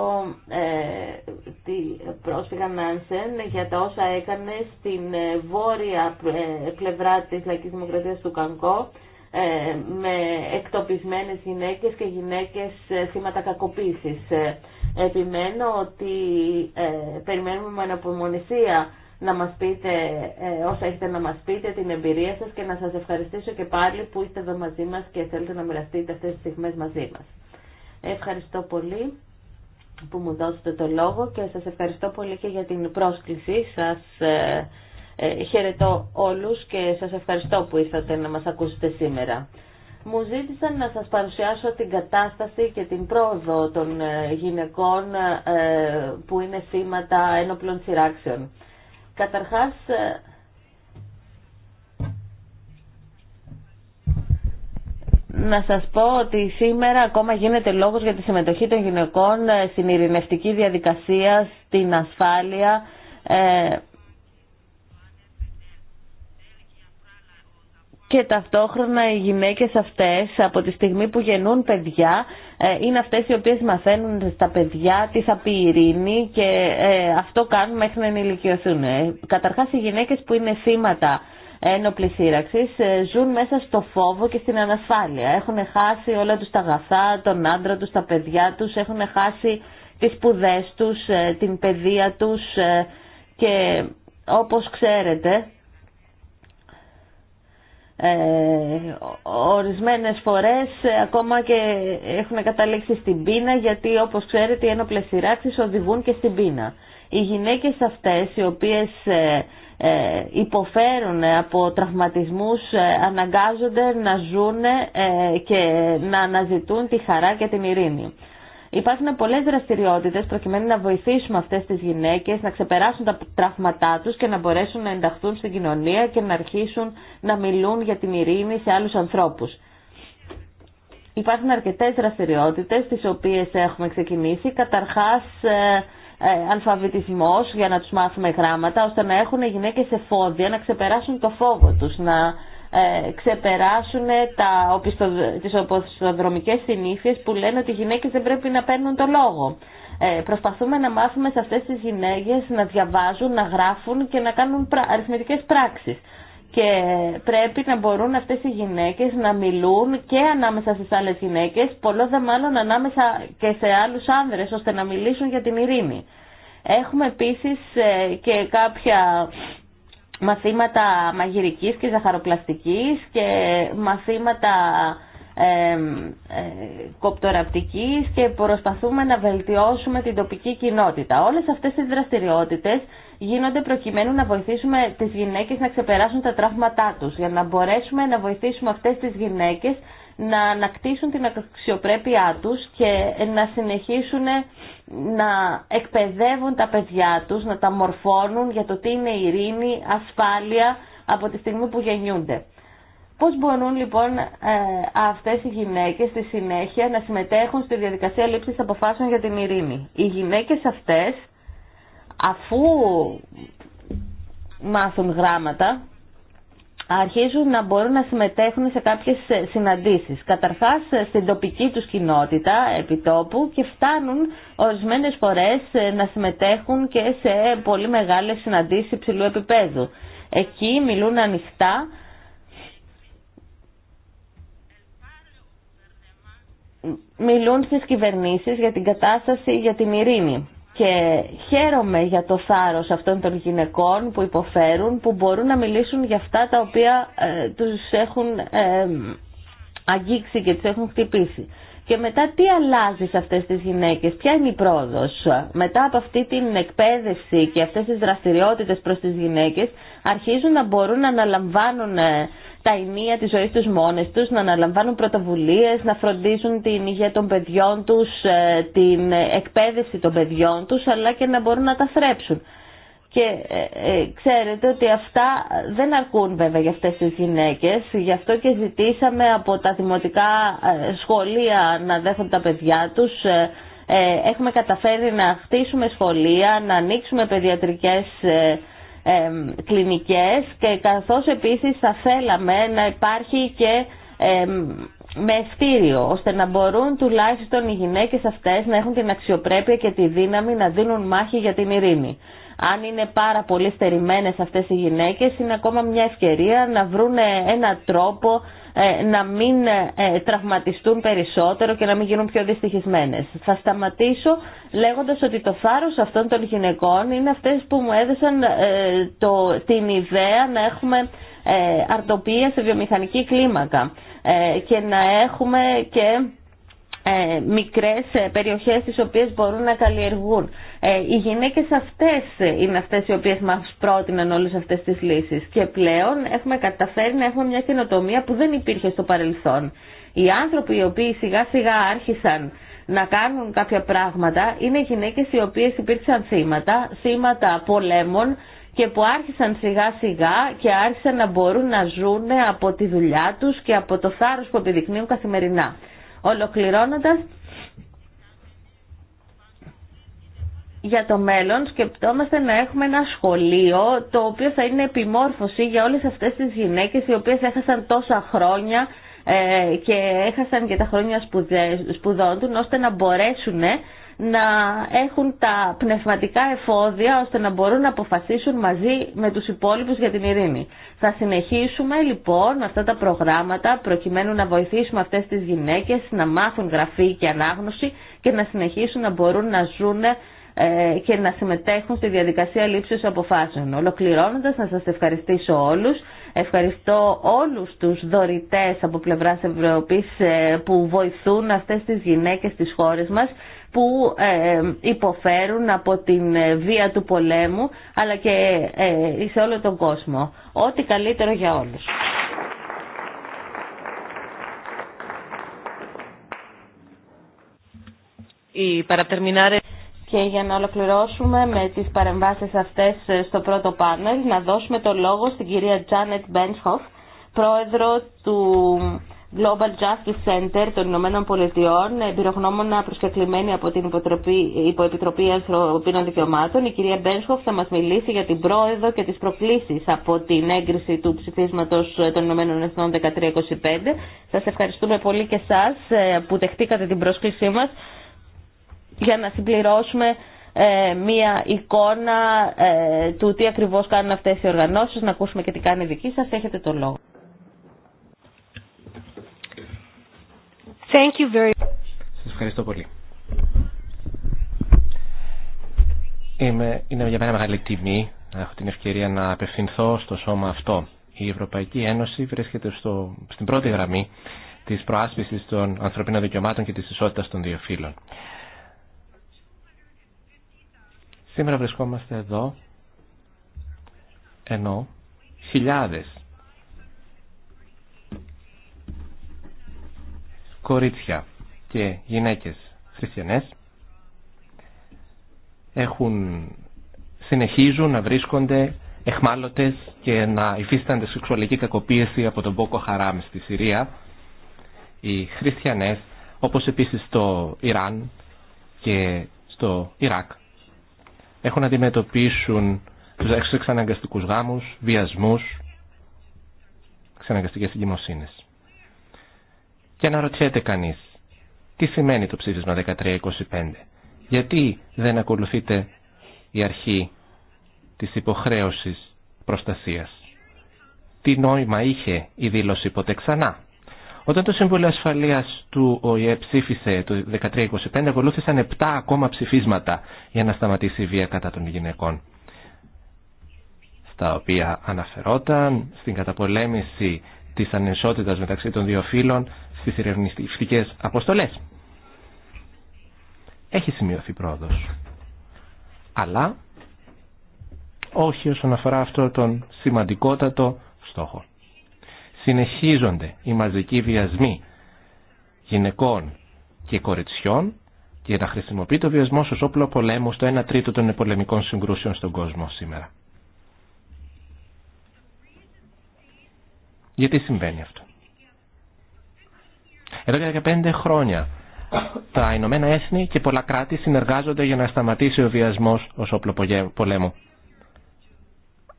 ε, τη πρόσφυγα Νάνσεν για τα όσα έκανε στην ε, βόρεια ε, πλευρά της Λαϊκής Δημοκρατίας του Κανκό με εκτοπισμένες γυναίκες και γυναίκες θύματα κακοποίησης. Επιμένω ότι περιμένουμε με αναπομονησία να μας πείτε ε, όσα έχετε να μας πείτε, την εμπειρία σας και να σας ευχαριστήσω και πάλι που είστε εδώ μαζί μας και θέλετε να μοιραστείτε αυτές τις στιγμές μαζί μας. Ευχαριστώ πολύ που μου δώσετε το λόγο και σας ευχαριστώ πολύ και για την πρόσκληση. Σας ε, ε, χαιρετώ όλους και σας ευχαριστώ που ήρθατε να μας ακούσετε σήμερα. Μου ζήτησαν να σας παρουσιάσω την κατάσταση και την πρόοδο των γυναικών που είναι θύματα ένοπλων σειράξεων. Καταρχάς, ε, να σας πω ότι σήμερα ακόμα γίνεται λόγος για τη συμμετοχή των γυναικών ε, στην ειρηνευτική διαδικασία, στην ασφάλεια, ε, και ταυτόχρονα οι γυναίκες αυτές από τη στιγμή που γεννούν παιδιά ε, είναι αυτές οι οποίες μαθαίνουν στα παιδιά τι θα πει η ειρήνη και ε, αυτό κάνουν μέχρι να ενηλικιωθούν. Ε, καταρχάς οι γυναίκες που είναι θύματα ένοπλη σύραξη ζουν μέσα στο φόβο και στην ανασφάλεια. Έχουν χάσει όλα τους τα αγαθά, τον άντρα τους, τα παιδιά τους, έχουν χάσει τις σπουδέ τους, την παιδεία τους και όπως ξέρετε ε, ορισμένες φορές ε, ακόμα και έχουν καταλήξει στην πείνα γιατί όπως ξέρετε οι ένοπλες σειράξεις οδηγούν και στην πείνα. Οι γυναίκες αυτές οι οποίες ε, υποφέρουν από τραυματισμούς αναγκάζονται να ζουν και να αναζητούν τη χαρά και την ειρήνη. Υπάρχουν πολλές δραστηριότητες προκειμένου να βοηθήσουμε αυτές τις γυναίκες να ξεπεράσουν τα τραύματά τους και να μπορέσουν να ενταχθούν στην κοινωνία και να αρχίσουν να μιλούν για την ειρήνη σε άλλους ανθρώπους. Υπάρχουν αρκετές δραστηριότητες τι οποίες έχουμε ξεκινήσει. Καταρχάς ε, ε, αλφαβητισμό για να του μάθουμε γράμματα ώστε να έχουν οι γυναίκες εφόδια να ξεπεράσουν το φόβο του. να ε, ξεπεράσουν τα, οπισθοδ... τις οπισθοδρομικές συνήθειες που λένε ότι οι γυναίκες δεν πρέπει να παίρνουν το λόγο. Ε, προσπαθούμε να μάθουμε σε αυτές τις γυναίκες να διαβάζουν, να γράφουν και να κάνουν αριθμητικές πράξεις. Και πρέπει να μπορούν αυτές οι γυναίκες να μιλούν και ανάμεσα στις άλλες γυναίκες, πολλό δε μάλλον ανάμεσα και σε άλλους άνδρες, ώστε να μιλήσουν για την ειρήνη. Έχουμε επίσης ε, και κάποια μαθήματα μαγειρικής και ζαχαροπλαστικής και μαθήματα ε, κοπτοραπτικής και προσπαθούμε να βελτιώσουμε την τοπική κοινότητα. Όλες αυτές οι δραστηριότητες γίνονται προκειμένου να βοηθήσουμε τις γυναίκες να ξεπεράσουν τα τραύματά τους, για να μπορέσουμε να βοηθήσουμε αυτές τις γυναίκες να ανακτήσουν την αξιοπρέπειά τους και να συνεχίσουν να εκπαιδεύουν τα παιδιά τους, να τα μορφώνουν για το τι είναι ειρήνη, ασφάλεια από τη στιγμή που γεννιούνται. Πώς μπορούν λοιπόν ε, αυτές οι γυναίκες στη συνέχεια να συμμετέχουν στη διαδικασία λήψης αποφάσεων για την ειρήνη. Οι γυναίκες αυτές αφού μάθουν γράμματα αρχίζουν να μπορούν να συμμετέχουν σε κάποιες συναντήσεις. Καταρχάς στην τοπική τους κοινότητα επιτόπου και φτάνουν ορισμένες φορές να συμμετέχουν και σε πολύ μεγάλες συναντήσεις υψηλού επίπεδου. Εκεί μιλούν ανοιχτά μιλούν στις κυβερνήσεις για την κατάσταση για την ειρήνη και χαίρομαι για το θάρρος αυτών των γυναικών που υποφέρουν, που μπορούν να μιλήσουν για αυτά τα οποία ε, τους έχουν ε, αγγίξει και τους έχουν χτυπήσει. Και μετά τι αλλάζει σε αυτές τις γυναίκες, ποια είναι η πρόοδος. Μετά από αυτή την εκπαίδευση και αυτές τις δραστηριότητες προς τις γυναίκες αρχίζουν να μπορούν να αναλαμβάνουν ε, τα ενία τη ζωή τους μόνες τους, να αναλαμβάνουν πρωτοβουλίε, να φροντίζουν την υγεία των παιδιών τους, ε, την εκπαίδευση των παιδιών τους, αλλά και να μπορούν να τα θρέψουν. Και ε, ε, ξέρετε ότι αυτά δεν αρκούν βέβαια για αυτές τις γυναίκες, γι' αυτό και ζητήσαμε από τα δημοτικά σχολεία να δέχονται τα παιδιά τους. Έχουμε καταφέρει να χτίσουμε σχολεία, να ανοίξουμε παιδιατρικές κλινικές και καθώς επίσης θα θέλαμε να υπάρχει και με ευθύριο ώστε να μπορούν τουλάχιστον οι γυναίκες αυτές να έχουν την αξιοπρέπεια και τη δύναμη να δίνουν μάχη για την ειρήνη. Αν είναι πάρα πολύ στερημένες αυτές οι γυναίκες, είναι ακόμα μια ευκαιρία να βρουν ένα τρόπο ε, να μην ε, τραυματιστούν περισσότερο και να μην γίνουν πιο δυστυχισμένες. Θα σταματήσω λέγοντας ότι το θάρρος αυτών των γυναικών είναι αυτές που μου έδωσαν ε, το, την ιδέα να έχουμε αρτοπία σε βιομηχανική κλίμακα και να έχουμε και μικρές περιοχές τις οποίες μπορούν να καλλιεργούν. Ε, οι γυναίκε αυτέ είναι αυτέ οι οποίε μα πρότειναν όλε αυτέ τι λύσει. και πλέον έχουμε καταφέρει να έχουμε μια καινοτομία που δεν υπήρχε στο παρελθόν. Οι άνθρωποι οι οποίοι σιγά σιγά άρχισαν να κάνουν κάποια πράγματα είναι γυναίκες οι οποίες υπήρξαν θύματα, θύματα πολέμων και που άρχισαν σιγά σιγά και άρχισαν να μπορούν να ζουν από τη δουλειά τους και από το θάρρος που επιδεικνύουν καθημερινά. Ολοκληρώνοντας, για το μέλλον σκεπτόμαστε να έχουμε ένα σχολείο το οποίο θα είναι επιμόρφωση για όλες αυτές τις γυναίκες οι οποίες έχασαν τόσα χρόνια ε, και έχασαν και τα χρόνια σπουδών του ώστε να μπορέσουν ε, να έχουν τα πνευματικά εφόδια ώστε να μπορούν να αποφασίσουν μαζί με τους υπόλοιπους για την ειρήνη. Θα συνεχίσουμε λοιπόν αυτά τα προγράμματα προκειμένου να βοηθήσουμε αυτές τις γυναίκες να μάθουν γραφή και ανάγνωση και να συνεχίσουν να μπορούν να ζουν ε, ε, και να συμμετέχουν στη διαδικασία λήψης αποφάσεων. Ολοκληρώνοντας, να σας ευχαριστήσω όλους. Ευχαριστώ όλους τους δωρητές από πλευράς Ευρώπης ε, που βοηθούν αυτές τις γυναίκες της χώρες μας που ε, υποφέρουν από την βία του πολέμου αλλά και σε όλο τον κόσμο. Ό,τι καλύτερο για όλους. Η para και για να ολοκληρώσουμε με τις παρεμβάσεις αυτές ε, στο πρώτο πάνελ, να δώσουμε το λόγο στην κυρία Τζάνετ Μπένσχοφ, πρόεδρο του Global Justice Center των Ηνωμένων Πολιτειών, εμπειρογνώμονα προσκεκλημένη από την Υποεπιτροπή Ανθρωπίνων Δικαιωμάτων. Η κυρία Μπένσχοφ θα μας μιλήσει για την πρόεδρο και τις προκλήσεις από την έγκριση του ψηφίσματος των Ηνωμένων Εθνών 1325. Σας ευχαριστούμε πολύ και εσάς ε, που δεχτήκατε την πρόσκλησή μας για να συμπληρώσουμε ε, μία εικόνα ε, του τι ακριβώς κάνουν αυτές οι οργανώσεις, να ακούσουμε και τι κάνει η δική σας. Έχετε το λόγο. Thank you very... Σας ευχαριστώ πολύ. Είμαι, είναι για μένα μεγάλη τιμή να έχω την ευκαιρία να απευθυνθώ στο σώμα αυτό. Η Ευρωπαϊκή Ένωση βρίσκεται στο, στην πρώτη γραμμή της προάσπισης των ανθρωπίνων δικαιωμάτων και της ισότητας των δύο φύλων. Σήμερα βρισκόμαστε εδώ ενώ χιλιάδες κορίτσια και γυναίκες χριστιανές έχουν, συνεχίζουν να βρίσκονται εχμάλωτες και να υφίστανται σεξουαλική κακοποίηση από τον Μπόκο Χαράμ στη Συρία. Οι χριστιανές, όπως επίσης στο Ιράν και στο Ιράκ, έχουν να αντιμετωπίσουν τους εξαναγκαστικούς γάμους, βιασμούς, εξαναγκαστικές εγκυμοσύνες. Και αναρωτιέται κανείς, τι σημαίνει το ψήφισμα 1325, γιατί δεν ακολουθείται η αρχή της υποχρέωσης προστασίας. Τι νόημα είχε η δήλωση ποτέ ξανά. Όταν το Συμβούλιο ασφαλεία του ΟΗΕ ψήφισε το 1325, ακολούθησαν 7 ακόμα ψηφίσματα για να σταματήσει η βία κατά των γυναικών, στα οποία αναφερόταν στην καταπολέμηση της ανισότητα μεταξύ των δύο φύλων στι ερευνητικέ αποστολέ. Έχει σημειωθεί πρόοδο. Αλλά όχι όσον αφορά αυτό τον σημαντικότατο στόχο συνεχίζονται οι μαζικοί βιασμοί γυναικών και κοριτσιών και να χρησιμοποιεί το βιασμό ως όπλο πολέμου στο 1 τρίτο των πολεμικών συγκρούσεων στον κόσμο σήμερα. Γιατί συμβαίνει αυτό. Εδώ και 15 χρόνια τα Ηνωμένα Έθνη και πολλά κράτη συνεργάζονται για να σταματήσει ο βιασμός ως όπλο πολέμου.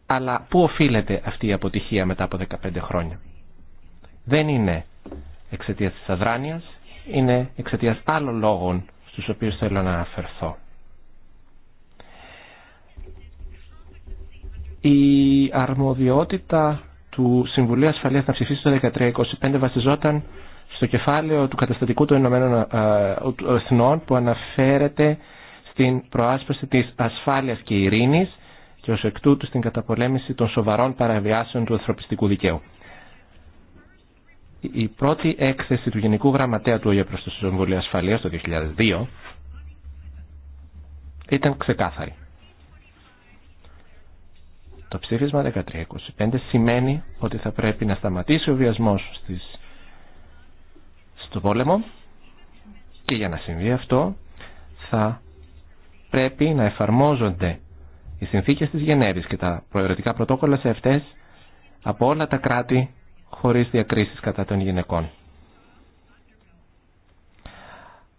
Αλλά πού οφείλεται αυτή η αποτυχία μετά από 15 χρόνια δεν είναι εξαιτία της αδράνειας, είναι εξαιτία άλλων λόγων στους οποίους θέλω να αναφερθώ. Η αρμοδιότητα του Συμβουλίου Ασφαλείας να ψηφίσει το 1325 βασιζόταν στο κεφάλαιο του καταστατικού των Ηνωμένων ε, Εθνών που αναφέρεται στην προάσπιση της ασφάλειας και ειρήνης και ως εκ τούτου στην καταπολέμηση των σοβαρών παραβιάσεων του ανθρωπιστικού δικαίου η πρώτη έκθεση του Γενικού Γραμματέα του ΟΗΕ προς το Συμβουλίο Ασφαλείας το 2002 ήταν ξεκάθαρη. Το ψήφισμα 1325 σημαίνει ότι θα πρέπει να σταματήσει ο βιασμός στις, στο πόλεμο και για να συμβεί αυτό θα πρέπει να εφαρμόζονται οι συνθήκες της Γενέβης και τα προαιρετικά πρωτόκολλα σε αυτές από όλα τα κράτη χωρίς διακρίσεις κατά των γυναικών.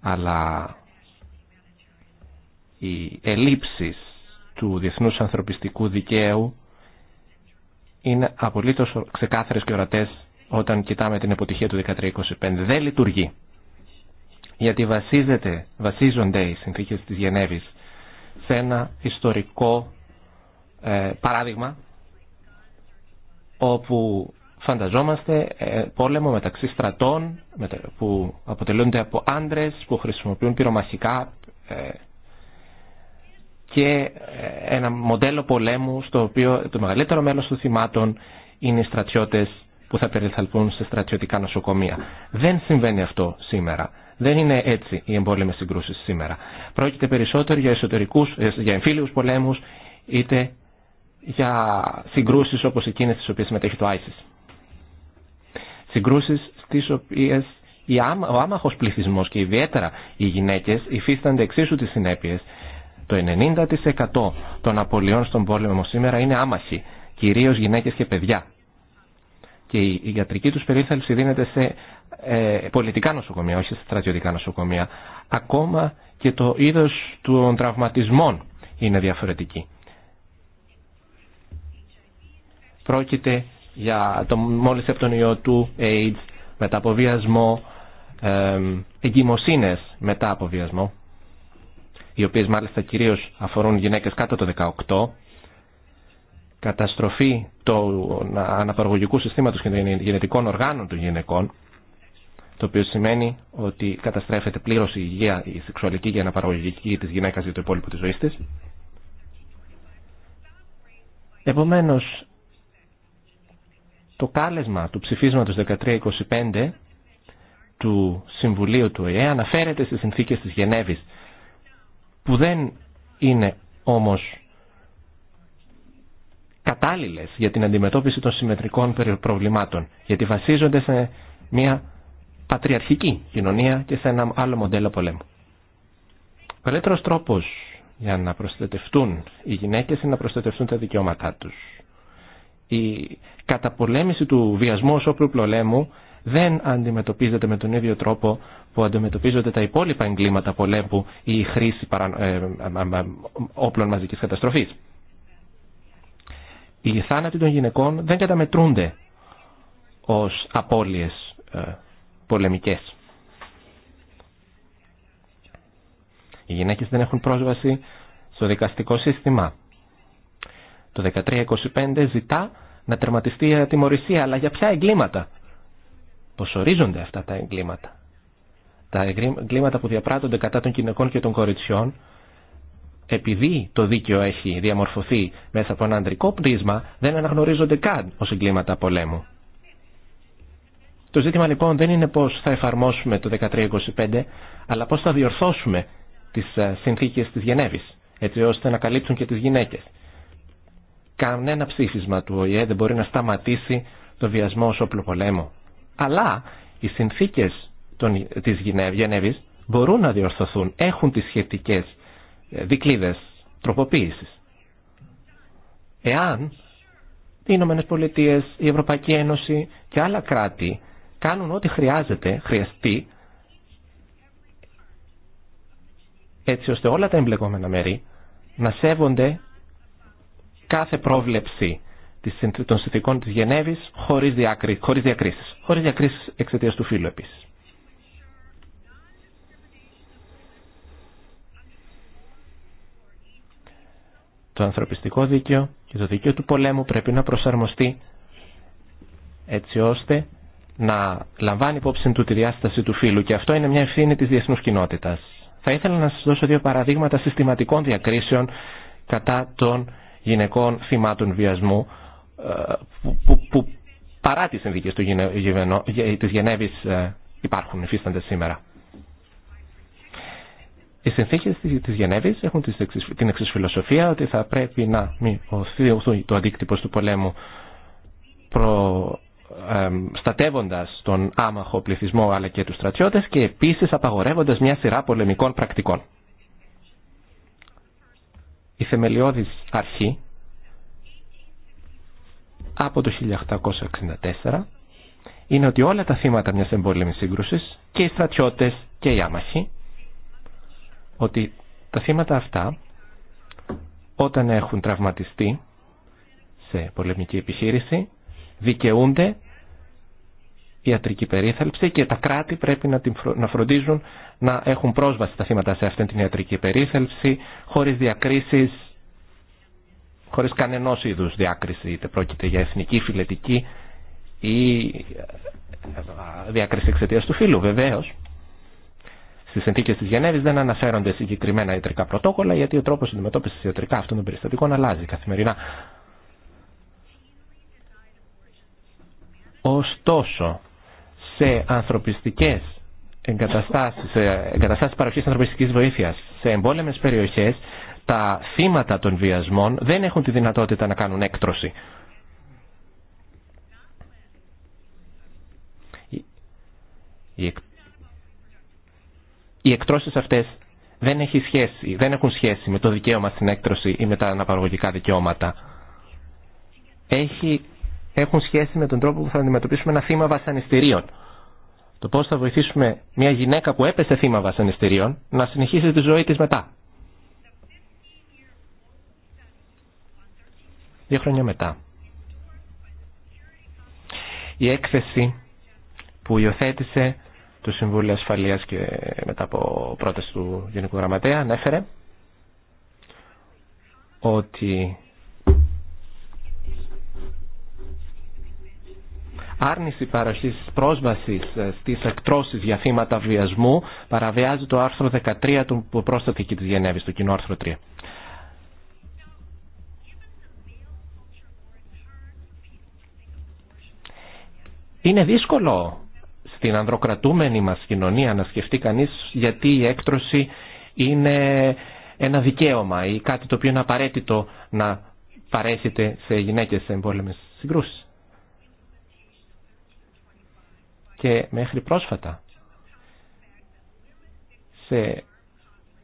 Αλλά οι ελλείψεις του διεθνούς ανθρωπιστικού δικαίου είναι απολύτως ξεκάθαρες και ορατές όταν κοιτάμε την αποτυχία του 1325. Δεν λειτουργεί. Γιατί βασίζεται, βασίζονται οι συνθήκες της Γενέβης σε ένα ιστορικό ε, παράδειγμα όπου φανταζόμαστε ε, πόλεμο μεταξύ στρατών που αποτελούνται από άντρες που χρησιμοποιούν πυρομαχικά ε, και ε, ένα μοντέλο πολέμου στο οποίο το μεγαλύτερο μέλος των θυμάτων είναι οι στρατιώτες που θα περιθαλπούν σε στρατιωτικά νοσοκομεία. Δεν συμβαίνει αυτό σήμερα. Δεν είναι έτσι οι εμπόλεμες συγκρούσεις σήμερα. Πρόκειται περισσότερο για, εσωτερικούς, για εμφύλιους πολέμους είτε για συγκρούσεις όπως εκείνες τις οποίες συμμετέχει το ISIS. Συγκρούσει στις οποίε ο άμαχο πληθυσμό και ιδιαίτερα οι γυναίκες υφίστανται εξίσου τις συνέπειες. Το 90% των απολειών στον πόλεμο σήμερα είναι άμαχοι, κυρίως γυναίκες και παιδιά. Και η ιατρική τους περίθαλψη δίνεται σε ε, πολιτικά νοσοκομεία, όχι σε στρατιωτικά νοσοκομεία. Ακόμα και το είδο των τραυματισμών είναι διαφορετική. Πρόκειται για το μόλις από τον ιό του AIDS, μετά από βιασμό, εγκυμοσύνες μετά από οι οποίες μάλιστα κυρίως αφορούν γυναίκες κάτω το 18, καταστροφή του αναπαραγωγικού συστήματος και των γενετικών οργάνων των γυναικών, το οποίο σημαίνει ότι καταστρέφεται πλήρως η υγεία, η σεξουαλική και η αναπαραγωγική της γυναίκας για το υπόλοιπο της ζωής της. Επομένως, το κάλεσμα του ψηφίσματος 1325 του Συμβουλίου του ΕΕ αναφέρεται στις συνθήκες της Γενέβης που δεν είναι όμως κατάλληλες για την αντιμετώπιση των συμμετρικών προβλημάτων γιατί βασίζονται σε μια πατριαρχική κοινωνία και σε ένα άλλο μοντέλο πολέμου. Ο καλύτερος τρόπος για να προστατευτούν οι γυναίκες είναι να προστατευτούν τα δικαιώματά τους η καταπολέμηση του βιασμού ως όπλου πολέμου δεν αντιμετωπίζεται με τον ίδιο τρόπο που αντιμετωπίζονται τα υπόλοιπα εγκλήματα πολέμου ή η χρήση ε, όπλων μαζικής καταστροφής. Οι θάνατοι των γυναικών δεν καταμετρούνται ως απώλειες ε, πολεμικές. Οι γυναίκες δεν έχουν πρόσβαση στο δικαστικό σύστημα. Το 1325 ζητά να τερματιστεί η ατιμορρησία, αλλά για ποια εγκλήματα. Πώς ορίζονται αυτά τα εγκλήματα. Τα εγκλήματα που διαπράττονται κατά των γυναικών και των κοριτσιών, επειδή το δίκαιο έχει διαμορφωθεί μέσα από ένα ανδρικό πρίσμα, δεν αναγνωρίζονται καν ως εγκλήματα πολέμου. Το ζήτημα λοιπόν δεν είναι πώς θα εφαρμόσουμε το 1325, αλλά πώς θα διορθώσουμε τις ε, συνθήκες της Γενέβης, έτσι ώστε να καλύψουν και τις γυναίκες. Κανένα ψήφισμα του ΟΗΕ δεν μπορεί να σταματήσει το βιασμό ως όπλο πολέμου. Αλλά οι συνθήκες των, της Γενέβης μπορούν να διορθωθούν, έχουν τις σχετικές ε, δικλίδες τροποποίησης. Εάν οι Ηνωμένε Πολιτείε, η Ευρωπαϊκή Ένωση και άλλα κράτη κάνουν ό,τι χρειάζεται, χρειαστεί, έτσι ώστε όλα τα εμπλεκόμενα μέρη να σέβονται κάθε πρόβλεψη των συνθηκών της Γενέβης χωρίς, διακρί, χωρίς διακρίσεις. Χωρίς διακρίσεις εξαιτίας του φύλου επίσης. Το ανθρωπιστικό δίκαιο και το δίκαιο του πολέμου πρέπει να προσαρμοστεί έτσι ώστε να λαμβάνει υπόψη του τη διάσταση του φύλου και αυτό είναι μια ευθύνη της διεθνούς κοινότητας. Θα ήθελα να σας δώσω δύο παραδείγματα συστηματικών διακρίσεων κατά τον γυναικών θυμάτων βιασμού ε, που, που παρά τις συνδίκες του, της Γενέβης ε, υπάρχουν, υφίστανται σήμερα. Οι συνθήκε τη Γενέβη έχουν την εξή φιλοσοφία ότι θα πρέπει να μειωθεί το αντίκτυπο του πολέμου προ, στατεύοντας τον άμαχο πληθυσμό αλλά και τους στρατιώτες και επίση απαγορεύοντα μια σειρά πολεμικών πρακτικών η θεμελιώδης αρχή από το 1864 είναι ότι όλα τα θύματα μιας εμπόλεμης σύγκρουσης και οι στρατιώτες και οι άμαχοι ότι τα θύματα αυτά όταν έχουν τραυματιστεί σε πολεμική επιχείρηση δικαιούνται ιατρική περίθαλψη και τα κράτη πρέπει να, την, να φροντίζουν να έχουν πρόσβαση τα θύματα σε αυτή την ιατρική περίθαλψη χωρίς διακρίσεις, χωρίς κανενός είδους διάκριση, είτε πρόκειται για εθνική, φιλετική ή ε, διάκριση εξαιτία του φύλου βεβαίως. Στι συνθήκε τη Γενέβη δεν αναφέρονται συγκεκριμένα ιατρικά πρωτόκολλα, γιατί ο τρόπο αντιμετώπιση ιατρικά αυτών των περιστατικών αλλάζει καθημερινά. Ωστόσο, σε ανθρωπιστικές εγκαταστάσεις, σε εγκαταστάσεις παροχής ανθρωπιστικής βοήθειας σε εμπόλεμες περιοχές, τα θύματα των βιασμών δεν έχουν τη δυνατότητα να κάνουν έκτρωση. Οι εκτρώσεις αυτές δεν, έχει σχέση, δεν έχουν σχέση με το δικαίωμα στην έκτρωση ή με τα αναπαραγωγικά δικαιώματα. Έχει, έχουν σχέση με τον τρόπο που θα αντιμετωπίσουμε ένα θύμα βασανιστήριων το πώ θα βοηθήσουμε μια γυναίκα που έπεσε θύμα βασανιστήριων να συνεχίσει τη ζωή της μετά. Δύο χρόνια μετά. Η έκθεση που υιοθέτησε το Συμβούλιο Ασφαλείας και μετά από πρόταση του Γενικού Γραμματέα ανέφερε ότι άρνηση παροχής πρόσβασης ε, στις εκτρώσεις για θύματα βιασμού παραβιάζει το άρθρο 13 του πρόσθετη της Γενέβης, το κοινό άρθρο 3. Είναι δύσκολο στην ανδροκρατούμενη μας κοινωνία να σκεφτεί κανείς γιατί η έκτρωση είναι ένα δικαίωμα ή κάτι το οποίο είναι απαραίτητο να παρέχεται σε γυναίκες σε εμπόλεμες συγκρούσεις. και μέχρι πρόσφατα σε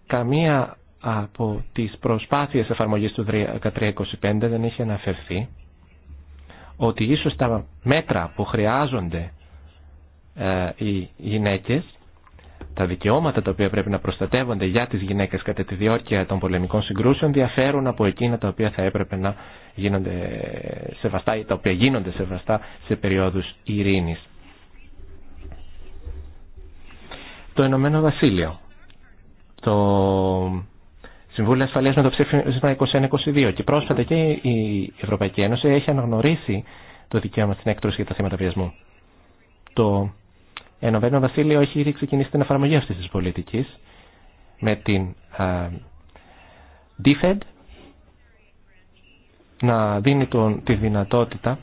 καμία από τις προσπάθειες εφαρμογής του 1325 δεν είχε αναφερθεί ότι ίσως τα μέτρα που χρειάζονται ε, οι γυναίκες, τα δικαιώματα τα οποία πρέπει να προστατεύονται για τις γυναίκες κατά τη διόρκεια των πολεμικών συγκρούσεων διαφέρουν από εκείνα τα οποία θα έπρεπε να γίνονται σεβαστά τα οποία γίνονται σεβαστά σε περίοδους ειρήνης. το Ηνωμένο Βασίλειο. Το Συμβούλιο Ασφαλείας με το ψήφισμα 21-22 και πρόσφατα και η Ευρωπαϊκή Ένωση έχει αναγνωρίσει το δικαίωμα στην έκτρωση για τα θέματα βιασμού. Το Ενωμένο Βασίλειο έχει ήδη ξεκινήσει την εφαρμογή αυτή τη πολιτική με την α, DFED e να δίνει τον, τη δυνατότητα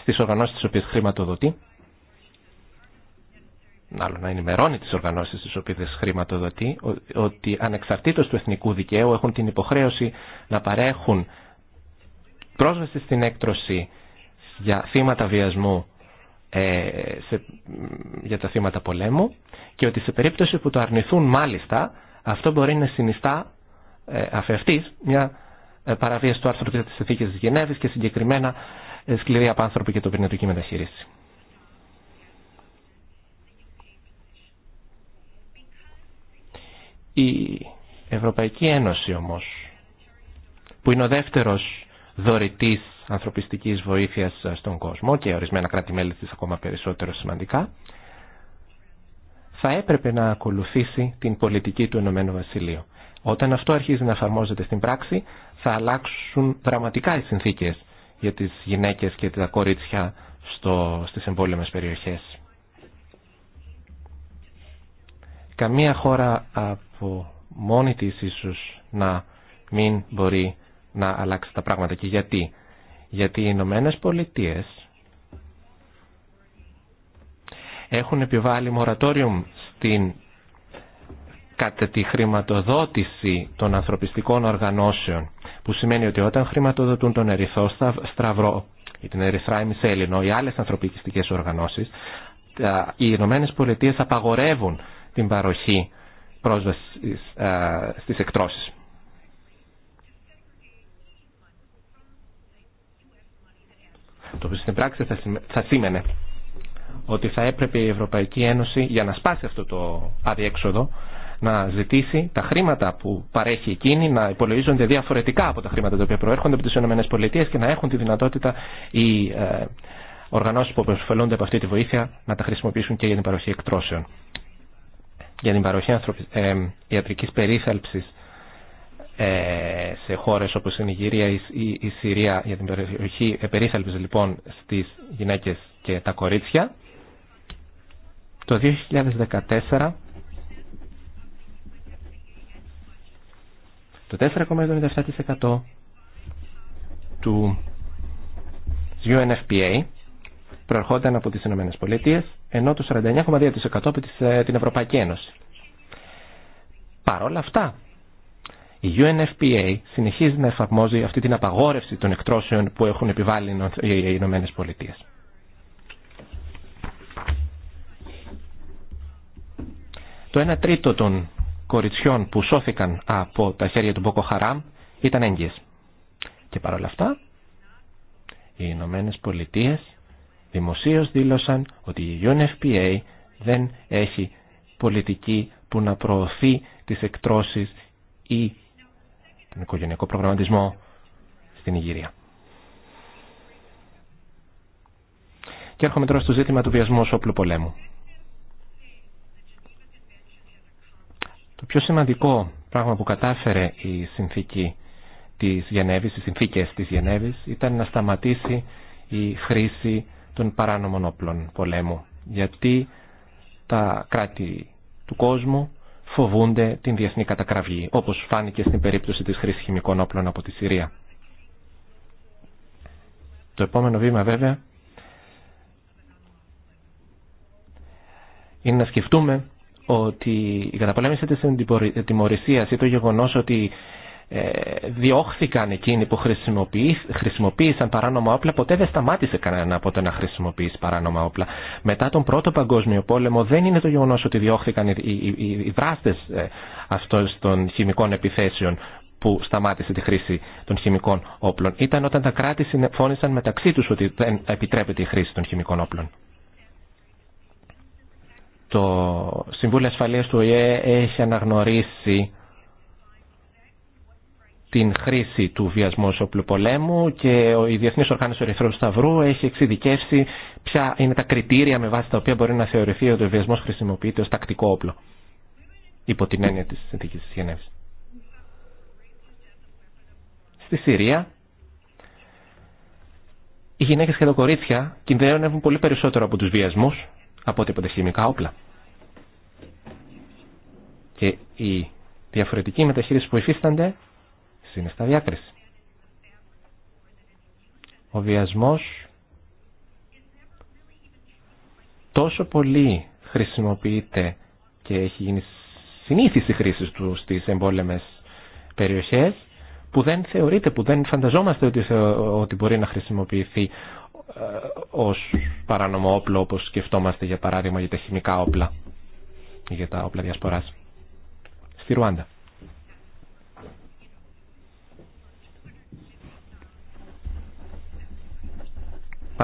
στις οργανώσεις τις οποίες χρηματοδοτεί άλλο να ενημερώνει τις οργανώσεις τις οποίες χρηματοδοτεί ότι ανεξαρτήτως του εθνικού δικαίου έχουν την υποχρέωση να παρέχουν πρόσβαση στην έκτρωση για θύματα βιασμού ε, σε, για τα θύματα πολέμου και ότι σε περίπτωση που το αρνηθούν μάλιστα αυτό μπορεί να συνιστά ε, μια ε, παραβίαση του άρθρου της Εθήκης της Γενέβης και συγκεκριμένα ε, σκληρή απάνθρωπη και μεταχείριση. Η Ευρωπαϊκή Ένωση όμως, που είναι ο δεύτερος δωρητής ανθρωπιστικής βοήθειας στον κόσμο και ορισμένα κράτη-μέλη της ακόμα περισσότερο σημαντικά, θα έπρεπε να ακολουθήσει την πολιτική του Ηνωμένου Βασιλείου. Όταν αυτό αρχίζει να εφαρμόζεται στην πράξη, θα αλλάξουν δραματικά οι συνθήκες για τις γυναίκες και τα κορίτσια στο, στις εμπόλεμες περιοχές. Καμία χώρα που μόνη της ίσως να μην μπορεί να αλλάξει τα πράγματα. Και γιατί. Γιατί οι Ηνωμένε Πολιτείε έχουν επιβάλει μορατόριουμ στην κατά τη χρηματοδότηση των ανθρωπιστικών οργανώσεων που σημαίνει ότι όταν χρηματοδοτούν τον Ερυθρό Σταυρό ή την Ερυθρά Εμισέλινο ή άλλες ανθρωπιστικές οργανώσεις οι Ηνωμένε Πολιτείε απαγορεύουν την παροχή πρόσβαση ε, στις εκτρώσεις. Το οποίο στην πράξη θα σήμαινε ότι θα έπρεπε η Ευρωπαϊκή Ένωση για να σπάσει αυτό το αδιέξοδο να ζητήσει τα χρήματα που παρέχει εκείνη να υπολογίζονται διαφορετικά από τα χρήματα τα οποία προέρχονται από τι ΗΠΑ και να έχουν τη δυνατότητα οι ε, οργανώσεις οργανώσει που προσφελούνται από αυτή τη βοήθεια να τα χρησιμοποιήσουν και για την παροχή εκτρώσεων για την παροχή ε, ιατρικής περίθαλψης ε, σε χώρες όπως η Νιγηρία ή η Συρία για την περιοχή ε, περίθαλψης λοιπόν στις γυναίκες και τα κορίτσια. Το 2014 το 4,77% του UNFPA προερχόταν από τις Ηνωμένες Πολιτείες ενώ το 49,2% ε, την Ευρωπαϊκή Ένωση. Παρ' όλα αυτά, η UNFPA συνεχίζει να εφαρμόζει αυτή την απαγόρευση των εκτρώσεων που έχουν επιβάλει οι Ηνωμένε Πολιτείε. Το 1 τρίτο των κοριτσιών που σώθηκαν από τα χέρια του Μπόκο ήταν έγκυες. Και παρόλα αυτά, οι Ηνωμένε Πολιτείες δημοσίως δήλωσαν ότι η UNFPA δεν έχει πολιτική που να προωθεί τις εκτρώσεις ή τον οικογενειακό προγραμματισμό στην Ιγυρία. Και έρχομαι τώρα στο ζήτημα του βιασμού ως όπλου πολέμου. Το πιο σημαντικό πράγμα που κατάφερε η συνθήκη της Γενέβης, οι συνθήκες της Γενέβης, ήταν να σταματήσει η χρήση των παράνομων όπλων πολέμου. Γιατί τα κράτη του κόσμου φοβούνται την διεθνή κατακραυγή, όπως φάνηκε στην περίπτωση της χρήσης χημικών όπλων από τη Συρία. Το επόμενο βήμα βέβαια είναι να σκεφτούμε ότι η καταπολέμηση της τιμωρησίας ή το γεγονός ότι ε, διώχθηκαν εκείνοι που χρησιμοποίησαν παράνομα όπλα, ποτέ δεν σταμάτησε κανένα από το να χρησιμοποιήσει παράνομα όπλα. Μετά τον Πρώτο Παγκόσμιο Πόλεμο δεν είναι το γεγονό ότι διώχθηκαν οι, οι, οι δράστε ε, αυτών των χημικών επιθέσεων που σταμάτησε τη χρήση των χημικών όπλων. Ήταν όταν τα κράτη συμφώνησαν μεταξύ τους ότι δεν επιτρέπεται η χρήση των χημικών όπλων. Το Συμβούλιο Ασφαλείας του ΟΗΕ έχει αναγνωρίσει την χρήση του βιασμού όπλου πολέμου και η Διεθνής Οργάνωση Ερυθρού Σταυρού έχει εξειδικεύσει ποια είναι τα κριτήρια με βάση τα οποία μπορεί να θεωρηθεί ότι ο βιασμός χρησιμοποιείται ως τακτικό όπλο υπό την έννοια της συνθήκης της Γενέβης. Στη Συρία οι γυναίκες και τα κορίτσια κινδυνεύουν πολύ περισσότερο από τους βιασμούς από ό,τι από τα χημικά όπλα. Και η διαφορετική μεταχείριση που υφίστανται στα διάκριση. Ο βιασμός τόσο πολύ χρησιμοποιείται και έχει γίνει συνήθιση χρήση του στις εμπόλεμες περιοχές που δεν θεωρείται, που δεν φανταζόμαστε ότι, ότι μπορεί να χρησιμοποιηθεί ε, ως παράνομο όπλο όπως σκεφτόμαστε για παράδειγμα για τα χημικά όπλα ή για τα όπλα διασποράς στη Ρουάντα.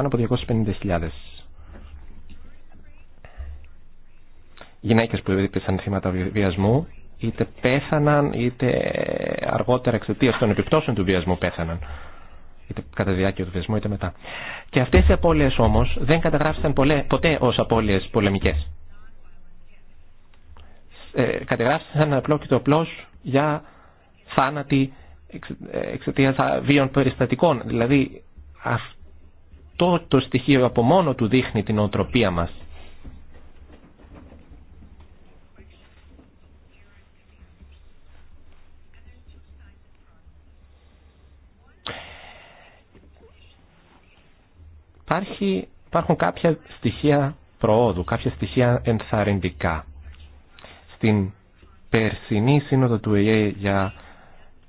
πάνω από 250.000 γυναίκες που υπήρξαν θύματα βιασμού είτε πέθαναν είτε αργότερα εξαιτία των επιπτώσεων του βιασμού πέθαναν είτε κατά τη διάρκεια του βιασμού είτε μετά. Και αυτές οι απώλειες όμως δεν καταγράφησαν ποτέ ως απώλειες πολεμικές. Ε, κατεγράφησαν απλό και το απλώς για θάνατη ε, εξαιτία βίων περιστατικών. Δηλαδή αυ, αυτό το στοιχείο από μόνο του δείχνει την οτροπία μας. Υπάρχει, υπάρχουν κάποια στοιχεία προόδου, κάποια στοιχεία ενθαρρυντικά. Στην περσινή σύνοδο του ΕΕ για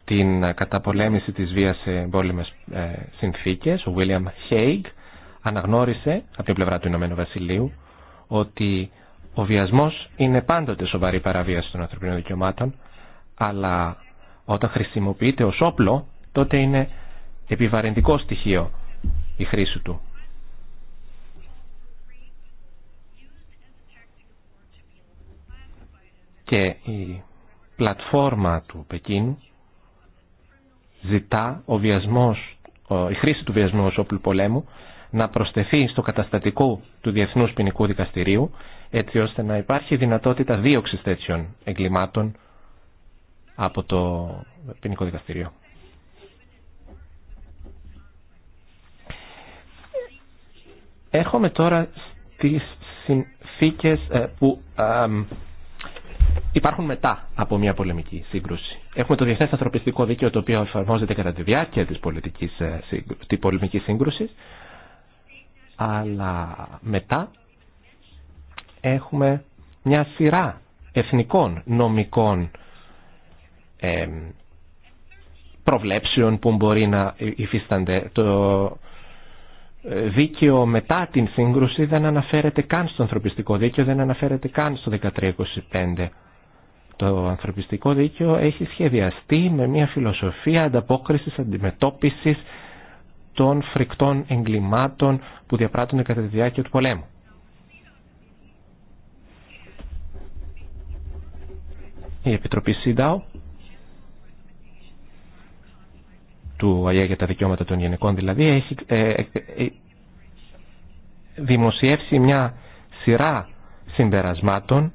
την καταπολέμηση της βίας σε εμπόλεμες ε, συνθήκες, ο William Hague αναγνώρισε από την πλευρά του Ηνωμένου Βασιλείου ότι ο βιασμός είναι πάντοτε σοβαρή παραβίαση των ανθρωπίνων δικαιωμάτων, αλλά όταν χρησιμοποιείται ως όπλο, τότε είναι επιβαρυντικό στοιχείο η χρήση του. Και η πλατφόρμα του Πεκίνου ζητά ο βιασμός, η χρήση του βιασμού ως όπλου πολέμου να προσθεθεί στο καταστατικό του Διεθνούς Ποινικού Δικαστηρίου έτσι ώστε να υπάρχει δυνατότητα δίωξης τέτοιων εγκλημάτων από το ποινικό δικαστηρίο. Έχουμε τώρα τις συνθήκες ε, που υπάρχουν μετά από μια πολεμική σύγκρουση. Έχουμε το Διεθνές Ανθρωπιστικό Δίκαιο το οποίο εφαρμόζεται κατά τη διάρκεια της, πολιτικής, ε, της πολεμικής σύγκρουσης αλλά μετά έχουμε μια σειρά εθνικών νομικών προβλέψεων που μπορεί να υφίστανται. Το ε, δίκαιο μετά την σύγκρουση δεν αναφέρεται καν στο ανθρωπιστικό δίκαιο, δεν αναφέρεται καν στο 1325. Το ανθρωπιστικό δίκαιο έχει σχεδιαστεί με μια φιλοσοφία ανταπόκρισης, αντιμετώπισης των φρικτών εγκλημάτων που διαπράττουν κατά τη διάρκεια του πολέμου. Η Επιτροπή ΣΥΝΤΑΟ του ΑΙΑ για τα δικαιώματα των γενικών δηλαδή έχει ε, ε, ε, δημοσιεύσει μια σειρά συμπερασμάτων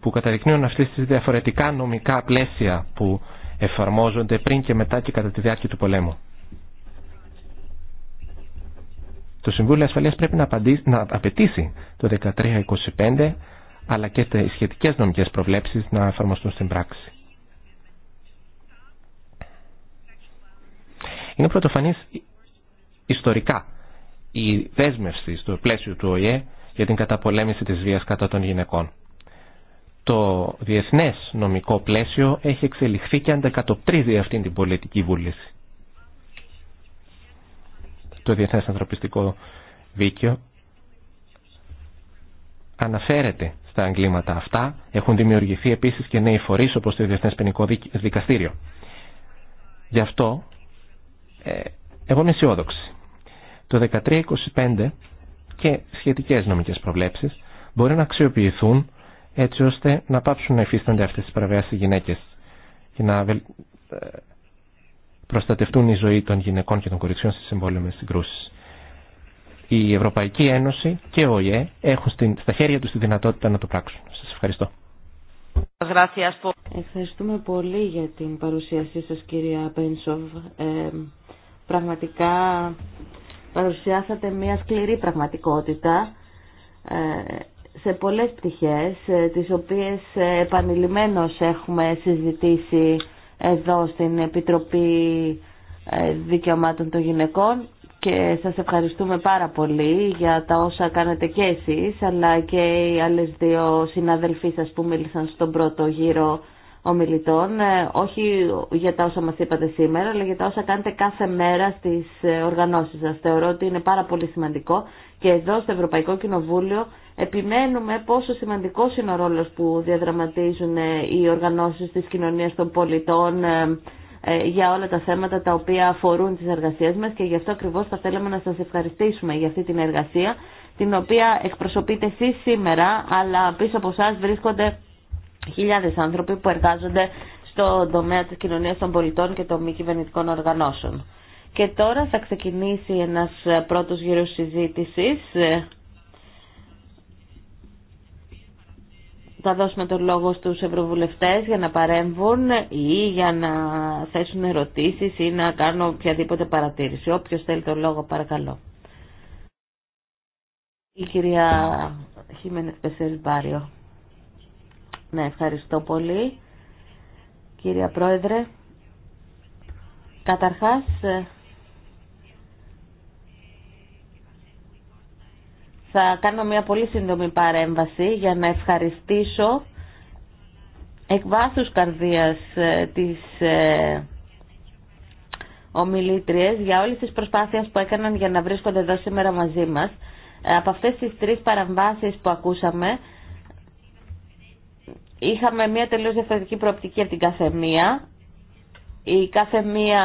που καταδεικνύουν αυτές τις διαφορετικά νομικά πλαίσια που εφαρμόζονται πριν και μετά και κατά τη διάρκεια του πολέμου. Το Συμβούλιο Ασφαλείας πρέπει να, απαντήσει, να απαιτήσει το 1325 αλλά και τις σχετικές νομικές προβλέψεις να εφαρμοστούν στην πράξη. Είναι πρωτοφανής ιστορικά η δέσμευση στο πλαίσιο του ΟΗΕ για την καταπολέμηση της βίας κατά των γυναικών. Το διεθνές νομικό πλαίσιο έχει εξελιχθεί και αντεκατοπτρίζει αυτήν την πολιτική βούληση το Διεθνές Ανθρωπιστικό Δίκαιο αναφέρεται στα εγκλήματα αυτά. Έχουν δημιουργηθεί επίσης και νέοι φορείς όπως το Διεθνές Ποινικό Δικαστήριο. Γι' αυτό ε, εγώ είμαι αισιόδοξη. Το 1325 και σχετικές νομικές προβλέψεις μπορεί να αξιοποιηθούν έτσι ώστε να πάψουν να υφίστανται αυτές τις παραβιάσεις οι γυναίκες και να ε, προστατευτούν η ζωή των γυναικών και των κοριτσιών στις εμπόλεμες συγκρούσεις. Η Ευρωπαϊκή Ένωση και ο ΙΕ έχουν στα χέρια τους τη δυνατότητα να το πράξουν. Σας ευχαριστώ. Ευχαριστούμε πολύ για την παρουσίασή σας κυρία Πένσοβ. Ε, πραγματικά παρουσιάσατε μια σκληρή πραγματικότητα ε, σε πολλές πτυχές, ε, τις οποίες ε, επανειλημμένως έχουμε συζητήσει εδώ στην Επιτροπή ε, Δικαιωμάτων των Γυναικών και σας ευχαριστούμε πάρα πολύ για τα όσα κάνετε και εσείς αλλά και οι άλλες δύο συναδελφοί σας που μίλησαν στον πρώτο γύρο ομιλητών, ε, όχι για τα όσα μας είπατε σήμερα, αλλά για τα όσα κάνετε κάθε μέρα στις ε, οργανώσεις σας. Θεωρώ ότι είναι πάρα πολύ σημαντικό και εδώ στο Ευρωπαϊκό Κοινοβούλιο επιμένουμε πόσο σημαντικός είναι ο ρόλος που διαδραματίζουν ε, οι οργανώσεις της κοινωνίας των πολιτών για όλα τα θέματα τα οποία αφορούν τις εργασίες μας και γι' αυτό ακριβώς θα θέλαμε να σας ευχαριστήσουμε για αυτή την εργασία την οποία εκπροσωπείτε εσείς σήμερα αλλά πίσω από εσά βρίσκονται Χιλιάδε άνθρωποι που εργάζονται στον τομέα της κοινωνίας των πολιτών και των μη κυβερνητικών οργανώσεων. Και τώρα θα ξεκινήσει ένας ε, πρώτος γύρος συζήτηση. Ε, θα δώσουμε τον λόγο στους ευρωβουλευτές για να παρέμβουν ή για να θέσουν ερωτήσεις ή να κάνουν οποιαδήποτε παρατήρηση. Όποιος θέλει τον λόγο παρακαλώ. Η κυρία Χίμενες Πεσέρης χιμενε ναι, ευχαριστώ πολύ. Κύριε Πρόεδρε, καταρχάς ε, θα κάνω μια πολύ σύντομη παρέμβαση για να ευχαριστήσω εκ βάθους καρδίας ε, τις ε, ομιλήτριες για όλες τις προσπάθειες που έκαναν για να βρίσκονται εδώ σήμερα μαζί μας. Από αυτές τις τρεις παραμβάσεις που ακούσαμε είχαμε μια τελείως διαφορετική προοπτική από την καθεμία. Η μία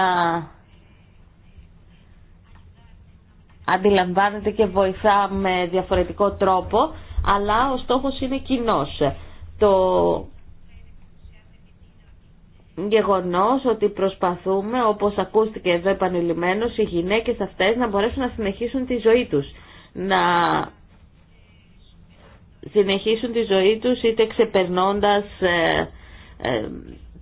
αντιλαμβάνεται και βοηθά με διαφορετικό τρόπο, αλλά ο στόχος είναι κοινός. Το γεγονός ότι προσπαθούμε, όπως ακούστηκε εδώ επανειλημμένως, οι γυναίκες αυτές να μπορέσουν να συνεχίσουν τη ζωή τους. Να συνεχίσουν τη ζωή τους είτε ξεπερνώντας ε, ε,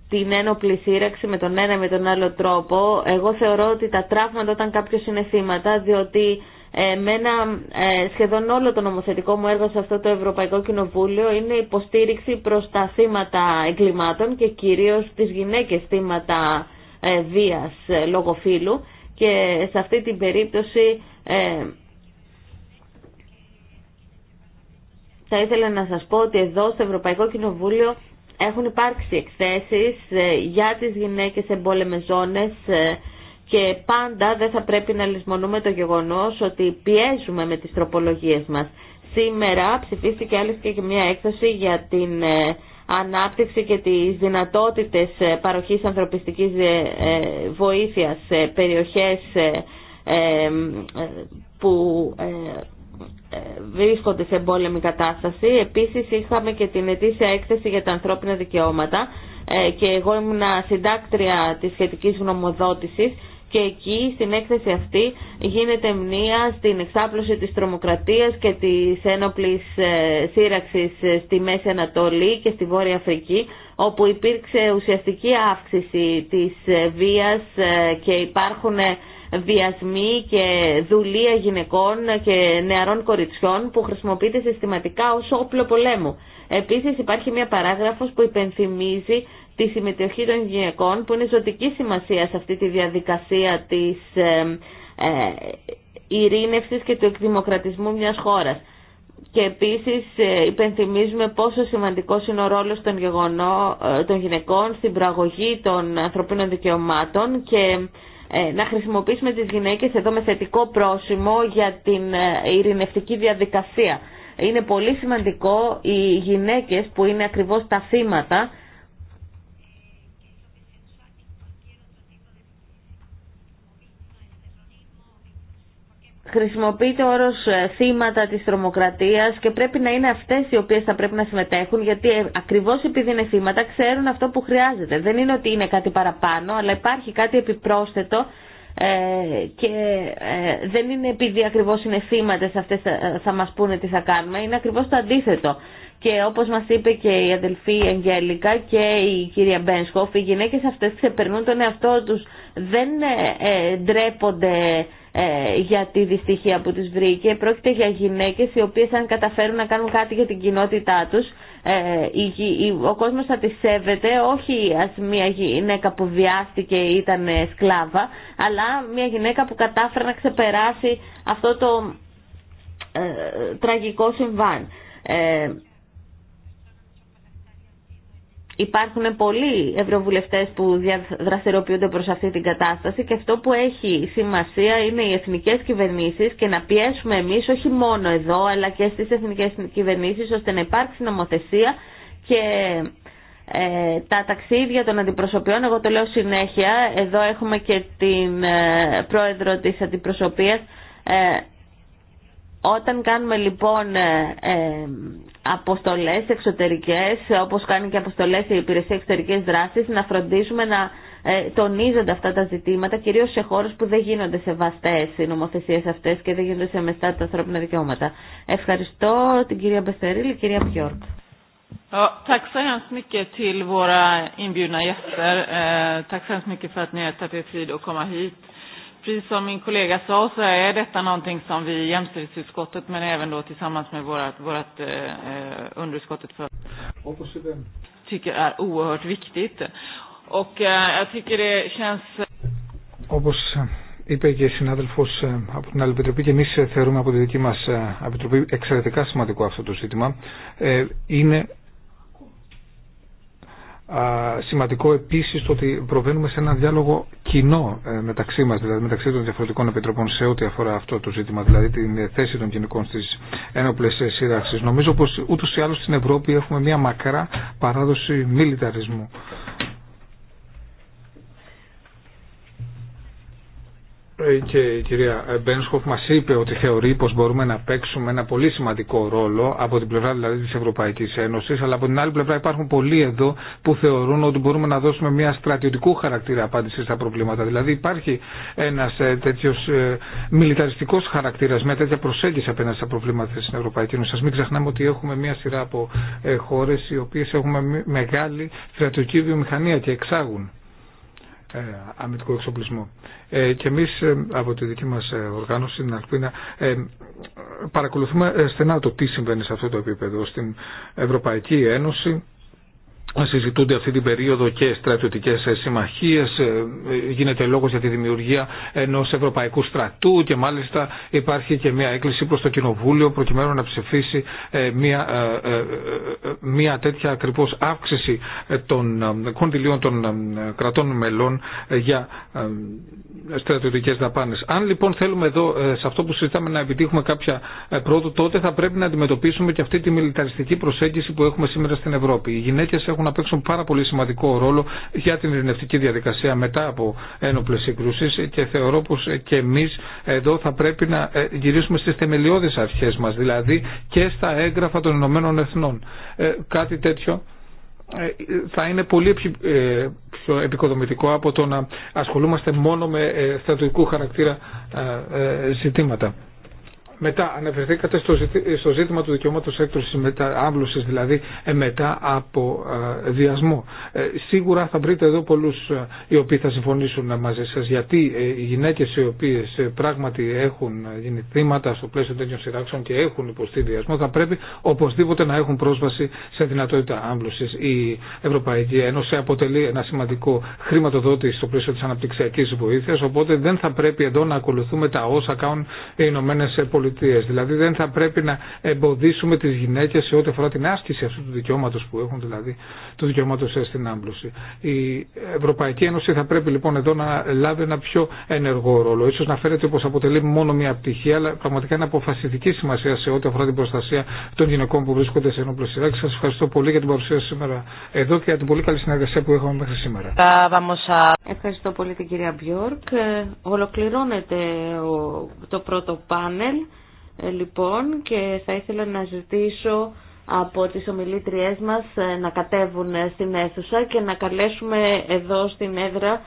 την ένοπλη σύραξη με τον ένα ή με τον άλλο τρόπο. Εγώ θεωρώ ότι τα τραύματα όταν κάποιος είναι θύματα, διότι ε, ένα σχεδόν όλο το νομοθετικό μου έργο σε αυτό το Ευρωπαϊκό Κοινοβούλιο είναι υποστήριξη προς τα θύματα εγκλημάτων και κυρίως τις γυναίκες θύματα βίας λόγω και σε αυτή την περίπτωση θα ήθελα να σας πω ότι εδώ στο Ευρωπαϊκό Κοινοβούλιο έχουν υπάρξει εκθέσεις ε, για τις γυναίκες σε και πάντα δεν θα πρέπει να λησμονούμε το γεγονός ότι πιέζουμε με τις τροπολογίες μας. Σήμερα ψηφίστηκε άλλωστε και μια έκθεση για την ε, ανάπτυξη και τις δυνατότητες ε, παροχής ανθρωπιστικής βοήθειας σε περιοχές που ε, βρίσκονται σε εμπόλεμη κατάσταση. Επίσης είχαμε και την ετήσια έκθεση για τα ανθρώπινα δικαιώματα ε, και εγώ ήμουνα συντάκτρια της σχετικής γνωμοδότησης και εκεί στην έκθεση αυτή γίνεται μνήα στην εξάπλωση της τρομοκρατίας και της ένοπλης ε, σύραξης στη Μέση Ανατολή και στη Βόρεια Αφρική όπου υπήρξε ουσιαστική αύξηση της βίας και υπάρχουν βιασμοί και δουλεία γυναικών και νεαρών κοριτσιών που χρησιμοποιείται συστηματικά ως όπλο πολέμου. Επίσης υπάρχει μια παράγραφος που υπενθυμίζει τη συμμετοχή των γυναικών που είναι ζωτική σημασία σε αυτή τη διαδικασία της ε, ε ειρήνευσης και του εκδημοκρατισμού μιας χώρας. Και επίσης ε, υπενθυμίζουμε πόσο σημαντικός είναι ο ρόλος των, γεγονό, ε, των γυναικών στην προαγωγή των ανθρωπίνων δικαιωμάτων και ε, να χρησιμοποιήσουμε τις γυναίκες εδώ με θετικό πρόσημο για την ε, ειρηνευτική διαδικασία. Είναι πολύ σημαντικό οι γυναίκες που είναι ακριβώς τα θύματα χρησιμοποιείται ο όρος ε, θύματα της τρομοκρατίας και πρέπει να είναι αυτές οι οποίες θα πρέπει να συμμετέχουν γιατί ε, ακριβώς επειδή είναι θύματα ξέρουν αυτό που χρειάζεται. Δεν είναι ότι είναι κάτι παραπάνω αλλά υπάρχει κάτι επιπρόσθετο ε, και δεν είναι επειδή ακριβώς είναι θύματες αυτές θα μας πούνε τι θα κάνουμε, είναι ακριβώς το αντίθετο. Και όπως μας είπε και η αδελφή Εγγέλικα και η κυρία Μπένσκοφ, οι γυναίκες αυτές ξεπερνούν τον εαυτό τους, δεν ντρέπονται ε, για τη δυστυχία που τις βρήκε. Πρόκειται για γυναίκες οι οποίες αν καταφέρουν να κάνουν κάτι για την κοινότητά τους, ε, ο κόσμος θα τη σέβεται όχι ας μια γυναίκα που βιάστηκε ή ήταν ε, σκλάβα, αλλά μια γυναίκα που κατάφερε να ξεπεράσει αυτό το τραγικό συμβάν. Ε, Υπάρχουν πολλοί ευρωβουλευτές που δραστηριοποιούνται προς αυτή την κατάσταση και αυτό που έχει σημασία είναι οι εθνικές κυβερνήσεις και να πιέσουμε εμείς όχι μόνο εδώ αλλά και στις εθνικές κυβερνήσεις ώστε να υπάρξει νομοθεσία και ε, τα ταξίδια των αντιπροσωπιών, εγώ το λέω συνέχεια, εδώ έχουμε και την ε, πρόεδρο της αντιπροσωπείας, ε, όταν κάνουμε λοιπόν ε, ε, αποστολές εξωτερικές, όπως κάνει και αποστολές η υπηρεσία εξωτερικές δράσεις, να φροντίζουμε να ε, τονίζονται αυτά τα ζητήματα, κυρίως σε χώρους που δεν γίνονται σεβαστές οι νομοθεσίες αυτές και δεν γίνονται σε μεστά τα ανθρώπινα δικαιώματα. Ευχαριστώ την κυρία Μπεστερίλη, κυρία Πιόρκ. Tack så hemskt mycket till våra inbjudna gäster. Eh, tack så hemskt mycket för att ni er Precis som min kollega sa så är detta någonting som vi i jämställdhetsutskottet men även då tillsammans med vårat, vårat eh, underskottet för tycker är oerhört viktigt. Och eh, jag tycker det känns... Όπως είπε και η συνάδελφος από την άλλη επιτροπή και εμείς θεωρούμε από τη δική μας επιτροπή εξαιρετικά σημαντικό αυτό το ζήτημα. Είναι σημαντικό επίσης το ότι προβαίνουμε σε ένα διάλογο κοινό ε, μεταξύ μας, δηλαδή μεταξύ των διαφορετικών επιτροπών σε ό,τι αφορά αυτό το ζήτημα, δηλαδή την θέση των κοινικών στις ένοπλες σύραξεις. Νομίζω πως ούτως ή άλλως στην Ευρώπη έχουμε μια μακρά παράδοση μιλιταρισμού Ε, και η κυρία Μπένσχοφ μας είπε ότι θεωρεί πως μπορούμε να παίξουμε ένα πολύ σημαντικό ρόλο από την πλευρά δηλαδή της Ευρωπαϊκής Ένωσης αλλά από την άλλη πλευρά υπάρχουν πολλοί εδώ που θεωρούν ότι μπορούμε να δώσουμε μια στρατιωτικού χαρακτήρα απάντηση στα προβλήματα. Δηλαδή υπάρχει ένας ε, τέτοιος ε, μιλιταριστικός χαρακτήρας, μια τέτοια προσέγγιση απέναντι στα προβλήματα στην Ευρωπαϊκή Ένωση. σας μην ξεχνάμε ότι έχουμε μια σειρά από χώρε οι οποίες έχουμε μεγάλη στρατιωτική βιομηχανία και εξάγουν εξοπλισμό. εξοπλισμό. Ε, και εμείς ε, από τη δική μας ε, οργάνωση, την Αλπίνα, παρακολουθούμε στενά το τι συμβαίνει σε αυτό το επίπεδο. Στην Ευρωπαϊκή Ένωση συζητούνται αυτή την περίοδο και στρατιωτικές συμμαχίες, ε, γίνεται λόγος για τη δημιουργία ενός ευρωπαϊκού στρατού και μάλιστα υπάρχει και μια έκκληση προς το Κοινοβούλιο προκειμένου να ψηφίσει ε, μια, ε, μια τέτοια ακριβώς αύξηση των κοντιλίων των κρατών μελών για στρατιωτικές δαπάνε. Αν λοιπόν θέλουμε εδώ ε, σε αυτό που συζητάμε να επιτύχουμε κάποια ε, πρόοδο, τότε θα πρέπει να αντιμετωπίσουμε και αυτή τη μιλιταριστική προσέγγιση που έχουμε σήμερα στην Ευρώπη. Οι γυναίκε έχουν να παίξουν πάρα πολύ σημαντικό ρόλο για την ειρηνευτική διαδικασία μετά από ένοπλε συγκρούσει και θεωρώ πω και εμεί εδώ θα πρέπει να ε, γυρίσουμε στι θεμελιώδει αρχέ μα, δηλαδή και στα έγγραφα των Ηνωμένων Εθνών. Κάτι τέτοιο ε, θα είναι πολύ ε, πιο επικοδομητικό από το να ασχολούμαστε μόνο με ε, στρατηγικού χαρακτήρα ζητήματα. Μετά αναφερθήκατε στο, ζήτημα του δικαιώματος μετά άμβλωση, δηλαδή ε, μετά από ε, διασμό. Ε, σίγουρα θα βρείτε εδώ πολλούς οι οποίοι θα συμφωνήσουν μαζί σα, γιατί οι γυναίκε οι οποίες πράγματι έχουν γίνει θύματα στο πλαίσιο τέτοιων σειράξεων και έχουν υποστεί διασμό, θα πρέπει οπωσδήποτε να έχουν πρόσβαση σε δυνατότητα άμβλωση. Η Ευρωπαϊκή Ένωση αποτελεί ένα σημαντικό χρηματοδότη στο πλαίσιο τη αναπτυξιακή βοήθεια, οπότε δεν θα πρέπει εδώ να ακολουθούμε τα όσα κάνουν οι Πολιτείε. Δηλαδή δεν θα πρέπει να εμποδίσουμε τι γυναίκε σε ό,τι αφορά την άσκηση αυτού του δικαιώματο που έχουν, δηλαδή του δικαιώματο στην άμπλωση. Η Ευρωπαϊκή Ένωση θα πρέπει λοιπόν εδώ να λάβει ένα πιο ενεργό ρόλο. Ίσως να φέρεται πω αποτελεί μόνο μια πτυχή, αλλά πραγματικά είναι αποφασιστική σημασία σε ό,τι αφορά την προστασία των γυναικών που βρίσκονται σε ενόπλες σειράξεις. Σας ευχαριστώ πολύ για την παρουσία σας σήμερα εδώ και για την πολύ καλή συνεργασία που έχουμε μέχρι σήμερα. Ευχαριστώ πολύ την κυρία Μπιόρκ. Ε, ολοκληρώνεται το πρώτο πάνελ. Ε, λοιπόν και θα ήθελα να ζητήσω από τις ομιλήτριές μας ε, να κατέβουν ε, στην αίθουσα και να καλέσουμε εδώ στην έδρα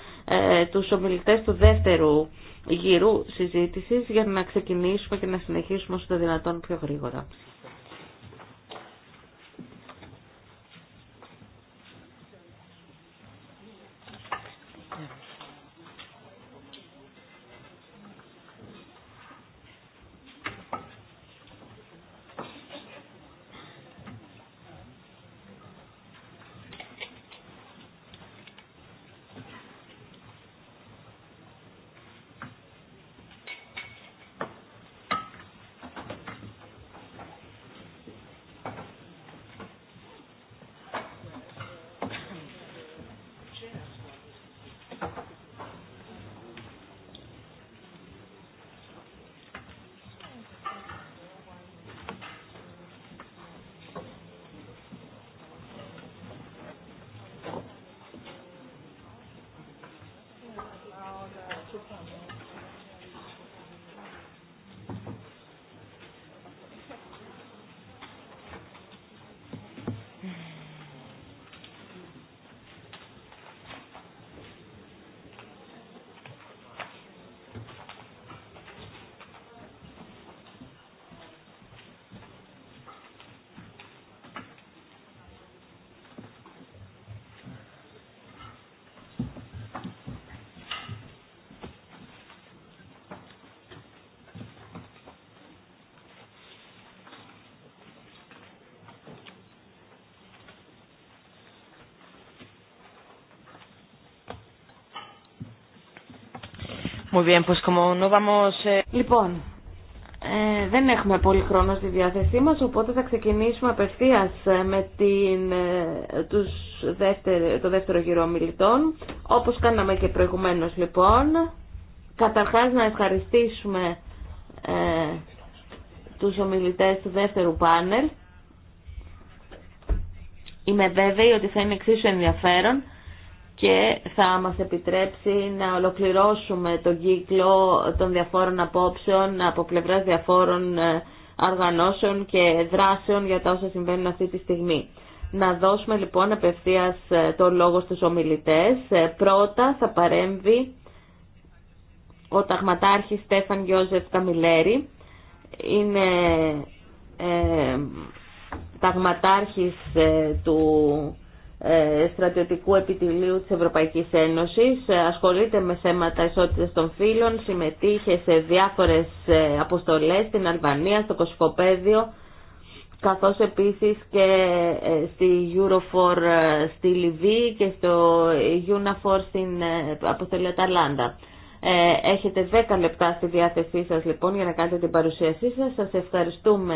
τους ομιλητές του δεύτερου γύρου συζήτησης για να ξεκινήσουμε και να συνεχίσουμε όσο το δυνατόν πιο γρήγορα. Muy bien, pues como vamos... Eh, λοιπόν, ε, δεν έχουμε πολύ χρόνο στη διάθεσή μας, οπότε θα ξεκινήσουμε απευθείας ε, με την, ε, τους δεύτερο, το δεύτερο γύρο ομιλητών. Όπως κάναμε και προηγουμένως λοιπόν, καταρχάς να ευχαριστήσουμε ε, τους ομιλητές του δεύτερου πάνελ. Είμαι βέβαιη ότι θα είναι εξίσου ενδιαφέρον και θα μας επιτρέψει να ολοκληρώσουμε τον κύκλο των διαφόρων απόψεων από πλευράς διαφόρων ε, οργανώσεων και δράσεων για τα όσα συμβαίνουν αυτή τη στιγμή. Να δώσουμε λοιπόν απευθείας ε, το λόγο στους ομιλητές. Ε, πρώτα θα παρέμβει ο ταγματάρχης Στέφαν Γιώζεφ Καμιλέρη. Είναι ε, ταγματάρχης του ε, στρατιωτικού επιτηλίου της Ευρωπαϊκής Ένωσης. Ε, ασχολείται με θέματα ισότητας των φύλων, συμμετείχε σε διάφορες ε, αποστολές στην Αλβανία, στο Κοσφοπέδιο, καθώς επίσης και στη Eurofor στη Λιβύη και στο UNAFOR στην αποστολή Αταλάντα. Έχετε 10 λεπτά στη διάθεσή σας λοιπόν για να κάνετε την παρουσίασή σας. Σας ευχαριστούμε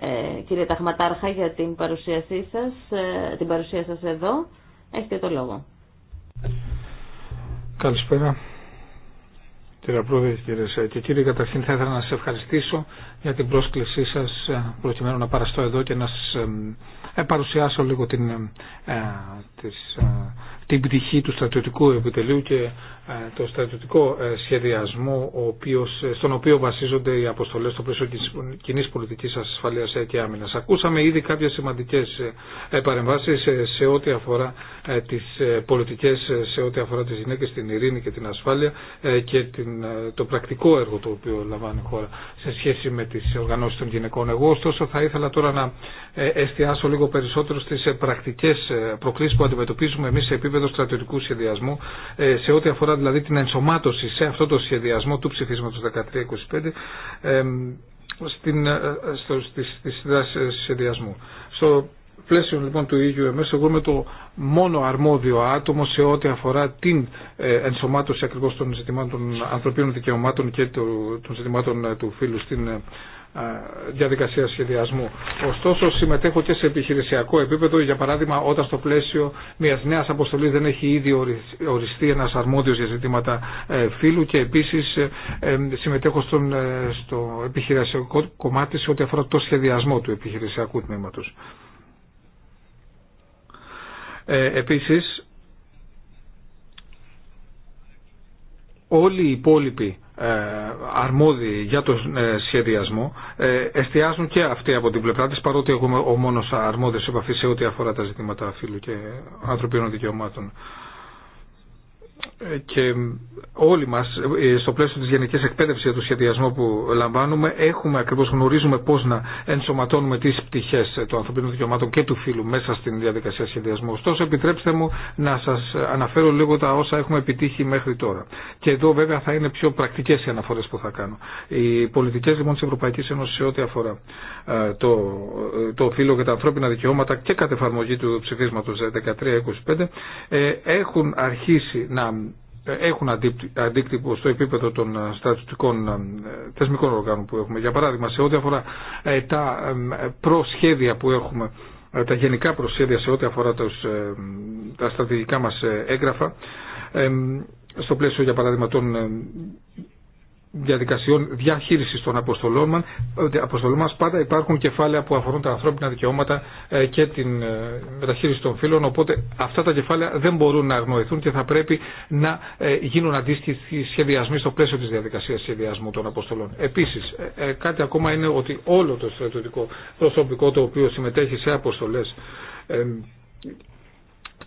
ε, κύριε Ταχματάρχα για την παρουσίασή σας, ε, την παρουσία σας εδώ. Έχετε το λόγο. Καλησπέρα. Κύριε Πρόεδρε, κυρίε και κύριε, καταρχήν θα ήθελα να σα ευχαριστήσω για την πρόσκλησή σας ε, προκειμένου να παραστώ εδώ και να σας ε, ε, παρουσιάσω λίγο την, την πτυχή του στρατιωτικού επιτελείου και το στρατιωτικό σχεδιασμό ο οποίος, στον οποίο βασίζονται οι αποστολές στο πλαίσιο κοινής πολιτικής ασφαλείας και άμυνας. Ακούσαμε ήδη κάποιες σημαντικές παρεμβάσεις σε ό,τι αφορά τις πολιτικές, σε ό,τι αφορά τις γυναίκες, την ειρήνη και την ασφάλεια και την, το πρακτικό έργο το οποίο λαμβάνει η χώρα σε σχέση με τις οργανώσεις των γυναικών. Εγώ ωστόσο θα ήθελα τώρα να ε, εστιάσω λίγο περισσότερο στις ε, πρακτικές ε, προκλήσεις που αντιμετωπίζουμε εμείς σε επίπεδο στρατιωτικού σχεδιασμού σε ό,τι αφορά δηλαδή την ενσωμάτωση σε αυτό το σχεδιασμό του ψηφίσματος 1325 στην, στο, στις, στις σχεδιασμού πλαίσιο λοιπόν του εμείς εγώ είμαι το μόνο αρμόδιο άτομο σε ό,τι αφορά την ε, ενσωμάτωση ακριβώ των ζητημάτων των ανθρωπίνων δικαιωμάτων και των ζητημάτων ε, του φίλου στην ε, διαδικασία σχεδιασμού. Ωστόσο, συμμετέχω και σε επιχειρησιακό επίπεδο, για παράδειγμα, όταν στο πλαίσιο μια νέα αποστολή δεν έχει ήδη οριστεί ένα αρμόδιο για ζητήματα φύλου και επίση συμμετέχω στον, στο επιχειρησιακό κομμάτι σε ό,τι αφορά το σχεδιασμό του επιχειρησιακού τμήματο. Ε, επίσης, όλοι οι υπόλοιποι ε, αρμόδιοι για τον ε, σχεδιασμό εστιάζουν και αυτοί από την πλευρά της παρότι εγώ είμαι ο μόνος αρμόδιος επαφή σε ό,τι αφορά τα ζητήματα φύλου και ανθρωπίνων δικαιωμάτων και όλοι μας ε, στο πλαίσιο της γενικής εκπαίδευσης για το σχεδιασμό που λαμβάνουμε έχουμε ακριβώς γνωρίζουμε πώς να ενσωματώνουμε τις πτυχές των ανθρωπίνων δικαιωμάτων και του φύλου μέσα στην διαδικασία σχεδιασμού. Ωστόσο επιτρέψτε μου να σας αναφέρω λίγο τα όσα έχουμε επιτύχει μέχρι τώρα. Και εδώ βέβαια θα είναι πιο πρακτικές οι αναφορές που θα κάνω. Οι πολιτικές λοιπόν της Ευρωπαϊκής Ένωσης σε ό,τι αφορά ε, το, το φύλλο και τα ανθρώπινα δικαιώματα και κατ' εφαρμογή του ψηφίσματος 13-25 ε, έχουν αρχίσει να ε, έχουν αντίκτυπο στο επίπεδο των ε, στατιστικών ε, θεσμικών οργάνων που έχουμε. Για παράδειγμα, σε ό,τι αφορά τα προσχέδια που έχουμε, τα γενικά προσχέδια σε ό,τι αφορά τα στρατηγικά μας έγγραφα, στο πλαίσιο για παράδειγμα των διαδικασιών διαχείριση των αποστολών μα, αποστολών μας πάντα υπάρχουν κεφάλαια που αφορούν τα ανθρώπινα δικαιώματα ε, και την ε, μεταχείριση των φύλων, οπότε αυτά τα κεφάλαια δεν μπορούν να αγνοηθούν και θα πρέπει να ε, γίνουν αντίστοιχοι σχεδιασμοί στο πλαίσιο της διαδικασίας σχεδιασμού των αποστολών. Επίσης, κάτι ακόμα είναι ότι όλο το στρατιωτικό προσωπικό το οποίο συμμετέχει σε αποστολε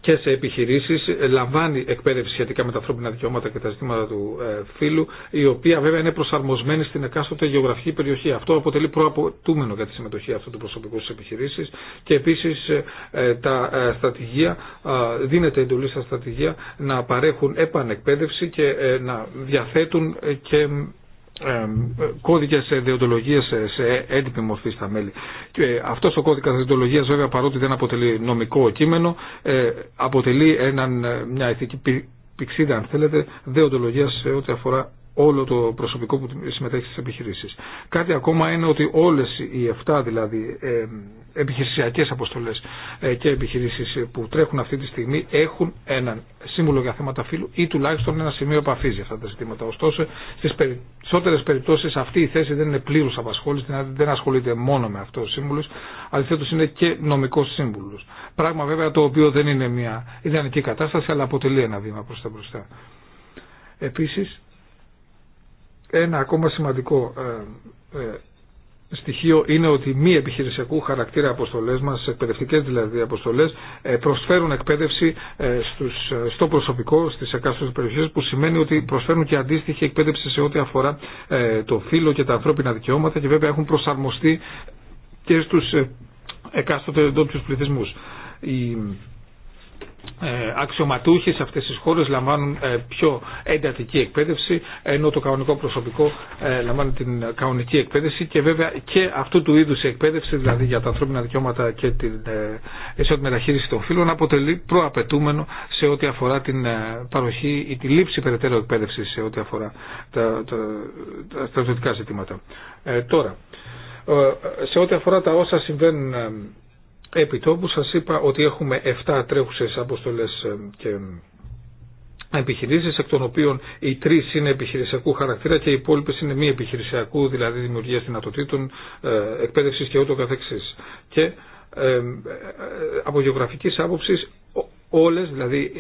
και σε επιχειρήσει ε, λαμβάνει εκπαίδευση σχετικά με τα ανθρώπινα δικαιώματα και τα ζητήματα του ε, φύλου, η οποία βέβαια είναι προσαρμοσμένη στην εκάστοτε γεωγραφική περιοχή. Αυτό αποτελεί προαποτούμενο για τη συμμετοχή αυτού του προσωπικού στι επιχειρήσει και επίση ε, τα στρατηγία, δίνεται εντολή στα στρατηγία να παρέχουν επανεκπαίδευση και να διαθέτουν και κώδικες διοντολογίες σε έντυπη μορφή στα μέλη. Και αυτός ο κώδικα διοντολογία, βέβαια παρότι δεν αποτελεί νομικό κείμενο ε, αποτελεί έναν, ε, μια ηθική πηξίδα αν θέλετε διοντολογία σε ό,τι αφορά όλο το προσωπικό που συμμετέχει στις επιχειρήσεις. Κάτι ακόμα είναι ότι όλες οι 7 δηλαδή ε, επιχειρησιακές αποστολές ε, και επιχειρήσεις που τρέχουν αυτή τη στιγμή έχουν έναν σύμβουλο για θέματα φύλου ή τουλάχιστον ένα σημείο επαφή για αυτά τα ζητήματα. Ωστόσο, στις περισσότερες περιπτώσεις αυτή η θέση δεν είναι πλήρους απασχόληση, δηλαδή δεν ασχολείται μόνο με αυτό ο σύμβουλος, αντιθέτως είναι και νομικός σύμβουλος. Πράγμα βέβαια το οποίο δεν είναι μια ιδανική κατάσταση αλλά αποτελεί ένα βήμα προς τα μπροστά. Επίσης, ένα ακόμα σημαντικό ε, ε, στοιχείο είναι ότι μη επιχειρησιακού χαρακτήρα αποστολέ μα, εκπαιδευτικέ δηλαδή αποστολέ, ε, προσφέρουν εκπαίδευση στους, στο προσωπικό στι εκάστοτε περιοχέ, που σημαίνει ότι προσφέρουν και αντίστοιχη εκπαίδευση σε ό,τι αφορά το φύλλο και τα ανθρώπινα δικαιώματα και βέβαια έχουν προσαρμοστεί και στου εκάστοτε εντόπιους πληθυσμού. Η ε, αξιωματούχοι σε αυτές τις χώρες λαμβάνουν ε, πιο εντατική εκπαίδευση ενώ το κανονικό προσωπικό ε, λαμβάνει την κανονική εκπαίδευση και βέβαια και αυτού του είδους η εκπαίδευση δηλαδή για τα ανθρώπινα δικαιώματα και την ισότητα μεταχείριση των φύλων αποτελεί προαπαιτούμενο σε ό,τι αφορά την παροχή ή τη λήψη περαιτέρω εκπαίδευση σε ό,τι αφορά τα, τα, στρατιωτικά ζητήματα. Ε, τώρα, σε ό,τι αφορά τα όσα συμβαίνουν επιτόπου σας είπα ότι έχουμε 7 τρέχουσες αποστολές ε, και ε, επιχειρήσεις, εκ των οποίων οι τρεις είναι επιχειρησιακού χαρακτήρα και οι υπόλοιπε είναι μη επιχειρησιακού, δηλαδή δημιουργία δυνατοτήτων, ε, εκπαίδευση και ούτω καθεξής. Και από γεωγραφικής άποψης Όλε δηλαδή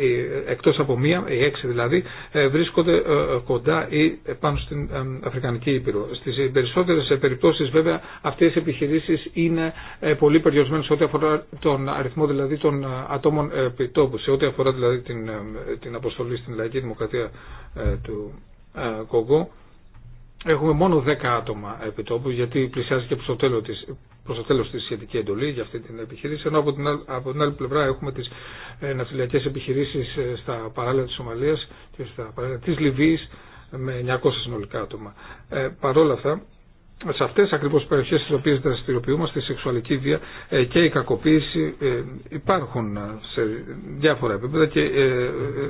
εκτός από μία, οι έξι δηλαδή, ε, βρίσκονται ε, ε, κοντά ή πάνω στην Αφρικανική Ήπειρο. Στις περισσότερες περιπτώσει, βέβαια αυτές οι επιχειρήσεις είναι πολύ περιορισμένες σε ό,τι αφορά τον αριθμό δηλαδή των ατόμων επιτόπου, σε ό,τι αφορά δηλαδή την, την αποστολή στην Λαϊκή Δημοκρατία του Κογκό. Έχουμε μόνο 10 άτομα επιτόπου γιατί πλησιάζει και προ το τέλο τη προ το τέλο τη σχετική εντολή για αυτή την επιχείρηση. Ενώ από την, από την άλλη πλευρά έχουμε τι ε, ναυτιλιακέ επιχειρήσει ε, στα παράλια τη Σομαλία και στα παράλια τη Λιβύη με 900 συνολικά άτομα. Ε, αυτά, σε αυτές ακριβώς περιοχές στις οποίες δραστηριοποιούμαστε η σεξουαλική βία ε, και η κακοποίηση ε, υπάρχουν ε, σε διάφορα επίπεδα και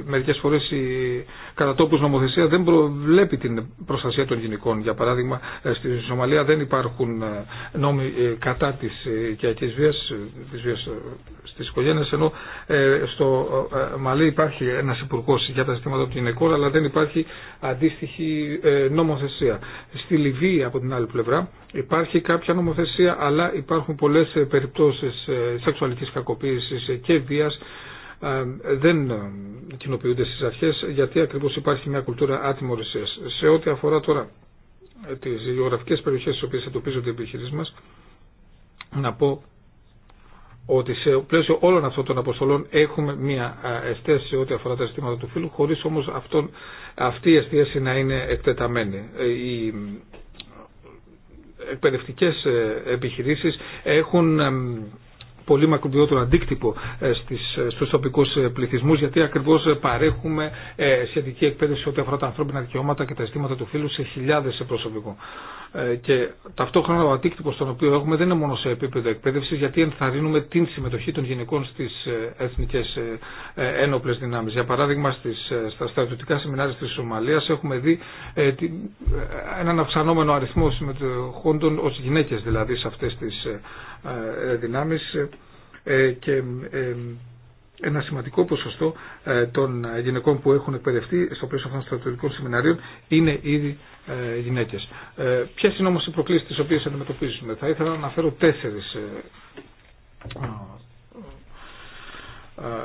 μερικές φορές η κατατόπους νομοθεσία δεν προβλέπει την προστασία των γυναικών. Για παράδειγμα στη Σομαλία δεν υπάρχουν νόμοι κατά της οικιακής βίας, της βίας στις οικογένειες ενώ στο Μαλή υπάρχει ένας υπουργό για τα ζητήματα των γυναικών αλλά δεν υπάρχει αντίστοιχη νομοθεσία. Στη Λιβύη από την άλλη πλευρά υπάρχει κάποια νομοθεσία αλλά υπάρχουν πολλές ε, περιπτώσεις ε, σεξουαλικής κακοποίησης και βίας ε, δεν κοινοποιούνται στις αρχές γιατί ακριβώς υπάρχει μια κουλτούρα ατιμορρησίας. Σε ό,τι αφορά τώρα τις γεωγραφικές περιοχές στις οποίες εντοπίζονται οι επιχειρήσεις μας να πω ότι σε πλαίσιο όλων αυτών των αποστολών έχουμε μία εστίαση σε ό,τι αφορά τα ζητήματα του φύλου, χωρίς όμως αυτή η εστίαση να είναι εκτεταμένη. Η εκπαιδευτικές ε, επιχειρήσεις έχουν πολύ μακροπιότερο αντίκτυπο ε, στου ε, στους τοπικούς ε, πληθυσμούς γιατί ακριβώς παρέχουμε σχετική εκπαίδευση ό,τι αφορά τα ανθρώπινα δικαιώματα και τα αισθήματα του φίλου σε χιλιάδες προσωπικό. Και ταυτόχρονα ο αντίκτυπο τον οποίο έχουμε δεν είναι μόνο σε επίπεδο εκπαίδευση, γιατί ενθαρρύνουμε την συμμετοχή των γυναικών στι εθνικέ ένοπλε δυνάμει. Για παράδειγμα, στις, στα στρατιωτικά σεμινάρια τη Σομαλία έχουμε δει έναν αυξανόμενο αριθμό συμμετοχών ω γυναίκε δηλαδή σε αυτέ τι ε, δυνάμεις ε, ε, και ένα σημαντικό ποσοστό των γυναικών που έχουν εκπαιδευτεί στο πλαίσιο αυτών των στρατιωτικών σεμιναρίων είναι ήδη γυναίκες. Ποιε είναι όμως οι προκλήσεις τις οποίες αντιμετωπίζουμε. Θα ήθελα να αναφέρω τέσσερις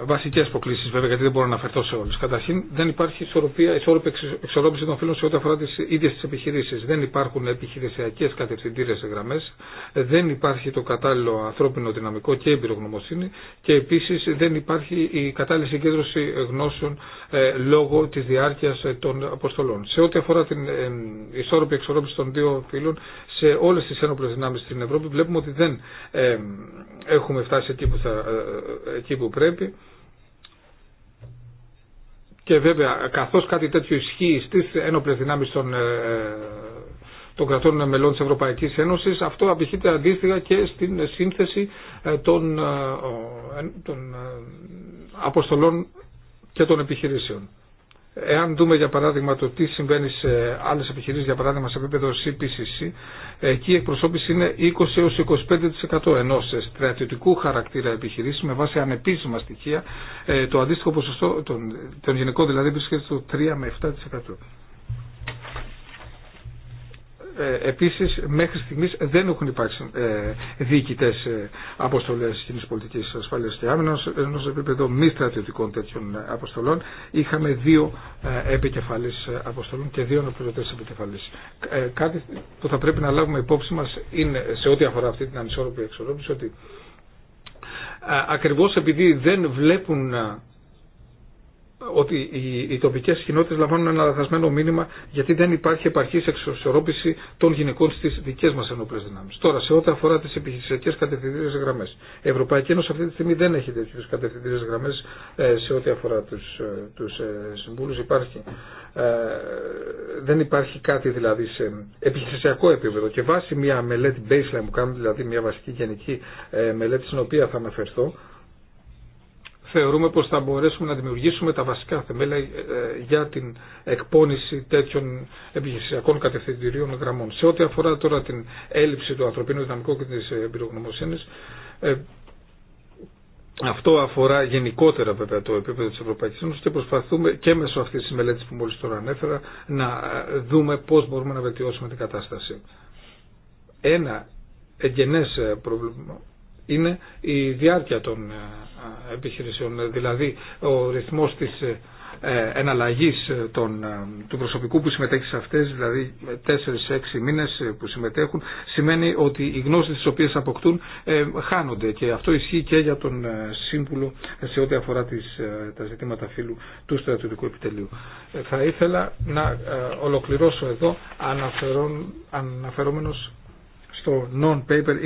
βασικέ προκλήσει, βέβαια, γιατί δεν μπορώ να αναφερθώ σε όλε. Καταρχήν, δεν υπάρχει ισορροπία, ισόρροπη εξορρόπηση των φύλων σε ό,τι αφορά τι ίδιε τι επιχειρήσει. Δεν υπάρχουν επιχειρησιακέ κατευθυντήρε γραμμέ, δεν υπάρχει το κατάλληλο ανθρώπινο δυναμικό και εμπειρογνωμοσύνη και επίση δεν υπάρχει η κατάλληλη συγκέντρωση γνώσεων ε, λόγω τη διάρκεια ε, των αποστολών. Σε ό,τι αφορά την ε, ισόρροπη εξορρόπηση των δύο φίλων σε όλε τι ένοπλε δυνάμει στην Ευρώπη, βλέπουμε ότι δεν ε, έχουμε φτάσει εκεί που, θα, ε, εκεί που πρέπει και βέβαια καθώς κάτι τέτοιο ισχύει στις ένοπλες δυνάμεις των, ε, ε, των κρατών μελών της Ευρωπαϊκής Ένωσης αυτό απηχείται αντίστοιχα και στην σύνθεση ε, των αποστολών και των επιχειρήσεων. Εάν δούμε για παράδειγμα το τι συμβαίνει σε άλλες επιχειρήσεις, για παράδειγμα σε επίπεδο CPCC, εκεί η εκπροσώπηση είναι 20 έως 25% ενώ σε στρατιωτικού χαρακτήρα επιχειρήσεων με βάση ανεπίσημα στοιχεία ε, το αντίστοιχο ποσοστό των, τον γενικών δηλαδή βρίσκεται στο 3 με 7%. Ε, επίσης μέχρι στιγμής δεν έχουν υπάρξει ε, διοικητές ε, αποστολές κοινής πολιτικής ασφάλειας και άμυνας, ενώ σε επίπεδο μη στρατιωτικών τέτοιων αποστολών είχαμε δύο ε, επικεφαλής αποστολών και δύο αναπληρωτές επικεφαλής. κάτι που θα πρέπει να λάβουμε υπόψη μας είναι σε ό,τι αφορά αυτή την ανισόρροπη εξορρόπηση ότι ακριβώς επειδή δεν βλέπουν να ότι οι, οι τοπικέ κοινότητε λαμβάνουν ένα λαθασμένο μήνυμα γιατί δεν υπάρχει επαρχής εξορρόπηση των γυναικών στι δικέ μα ενόπλε δυνάμει. Τώρα, σε ό,τι αφορά τι επιχειρησιακέ κατευθυντήριε γραμμέ. Η Ευρωπαϊκή Ένωση αυτή τη στιγμή δεν έχει τέτοιε κατευθυντήριε γραμμέ ε, σε ό,τι αφορά του τους, ε, ε, συμβούλου. δεν υπάρχει κάτι δηλαδή σε επιχειρησιακό επίπεδο και βάσει μια μελέτη baseline που κάνουμε, δηλαδή μια βασική γενική μελέτη στην οποία θα αναφερθώ, θεωρούμε πως θα μπορέσουμε να δημιουργήσουμε τα βασικά θεμέλια ε, για την εκπόνηση τέτοιων επιχειρησιακών κατευθυντηρίων γραμμών. Σε ό,τι αφορά τώρα την έλλειψη του ανθρωπίνου δυναμικού και της ε, εμπειρογνωμοσύνης, ε, αυτό αφορά γενικότερα βέβαια το επίπεδο της Ευρωπαϊκής Ένωσης και προσπαθούμε και μέσω αυτής της μελέτης που μόλις τώρα ανέφερα να δούμε πώς μπορούμε να βελτιώσουμε την κατάσταση. Ένα εγγενές πρόβλημα είναι η διάρκεια των ε, ε, επιχειρήσεων, δηλαδή ο ρυθμός της ε, εναλλαγής των, του προσωπικού που συμμετέχει σε αυτές, δηλαδή 4-6 μήνες που συμμετέχουν, σημαίνει ότι οι γνώσεις τις οποίες αποκτούν χάνονται και αυτό ισχύει και για τον σύμβουλο σε ό,τι αφορά τις, τα ζητήματα φύλου του στρατιωτικού επιτελείου. Θα ήθελα να ολοκληρώσω εδώ αναφερόμενος στο non-paper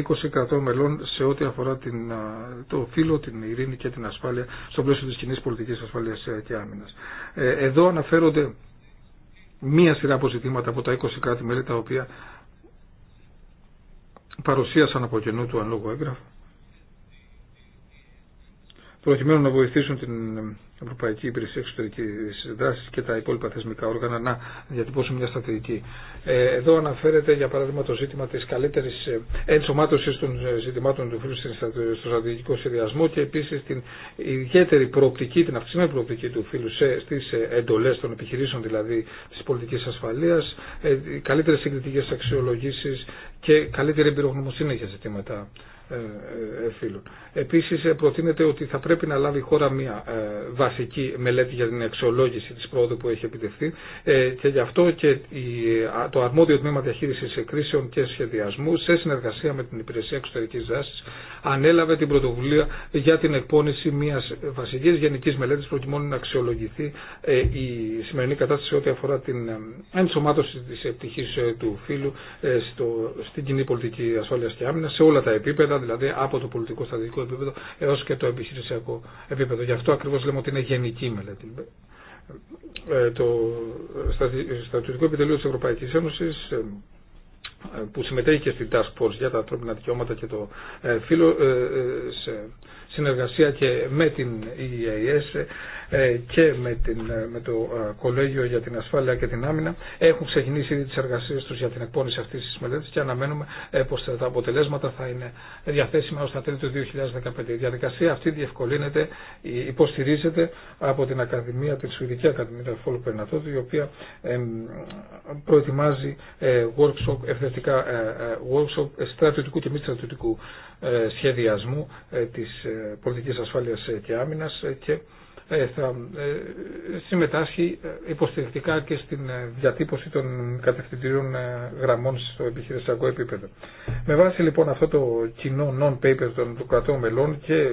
20 μελών σε ό,τι αφορά την, το φύλλο, την ειρήνη και την ασφάλεια στο πλαίσιο της κοινή πολιτικής ασφάλειας ε, και άμυνας. Ε, εδώ αναφέρονται μία σειρά αποζητήματα από τα 20 κράτη-μέλη τα οποία παρουσίασαν από κενού του ανλόγου έγγραφου προκειμένου να βοηθήσουν την Ευρωπαϊκή Υπηρεσία Εξωτερική Δράση και τα υπόλοιπα θεσμικά όργανα να διατυπώσουν μια στρατηγική. Ε, εδώ αναφέρεται για παράδειγμα το ζήτημα τη καλύτερη ε, ενσωμάτωση των ε, ζητημάτων του φύλου στο στρατηγικό σχεδιασμό και επίση την ιδιαίτερη προοπτική, την αυξημένη προοπτική του φύλου στι εντολέ των επιχειρήσεων δηλαδή τη πολιτική ασφαλεία, καλύτερε συγκριτικέ αξιολογήσει και καλύτερη εμπειρογνωμοσύνη για ζητήματα ε, ε, ε, φύλων. Επίσης προτείνεται ότι θα πρέπει να λάβει η χώρα μια βασική μελέτη για την αξιολόγηση της πρόοδου που έχει επιτευχθεί και γι' αυτό και το αρμόδιο τμήμα διαχείρισης κρίσεων και σχεδιασμού σε συνεργασία με την Υπηρεσία Εξωτερικής Δράσης ανέλαβε την πρωτοβουλία για την εκπόνηση μιας βασικής γενικής μελέτης προκειμένου να αξιολογηθεί ε, η σημερινή κατάσταση ό,τι αφορά την ε, ενσωμάτωση της επιτυχή ε, του φίλου στην κοινή πολιτική ασφάλεια και άμυνας σε όλα τα επίπεδα, δηλαδή από το πολιτικό στρατηγικό επίπεδο έως και το επιχειρησιακό επίπεδο. Γι' αυτό ακριβώ λέμε ότι είναι γενική μελέτη το στρατιωτικό επιτελείο τη Ευρωπαϊκής Ένωσης που συμμετέχει και στην Task Force για τα ανθρώπινα δικαιώματα και το ε, φύλλο ε, ε, σε συνεργασία και με την EAS ε, και με, την, ε, με το ε, Κολέγιο για την Ασφάλεια και την Άμυνα έχουν ξεκινήσει ήδη τις εργασίες τους για την εκπόνηση αυτής της μελέτης και αναμένουμε πως τα αποτελέσματα θα είναι διαθέσιμα ως τα τέλη του 2015. Η διαδικασία αυτή διευκολύνεται, υποστηρίζεται από την Ακαδημία, την Σουηδική Ακαδημία Φόλου Περνατώδη, η οποία προετοιμάζει workshop, ευθετικά workshop στρατιωτικού και μη στρατιωτικού σχεδιασμού της πολιτικής ασφάλειας και άμυνας και ε, θα ε, συμμετάσχει ε, υποστηρικτικά και στην διατύπωση των κατευθυντήριων γραμμών στο επιχειρησιακό επίπεδο. Με βάση λοιπόν αυτό το κοινό non-paper των κρατών μελών και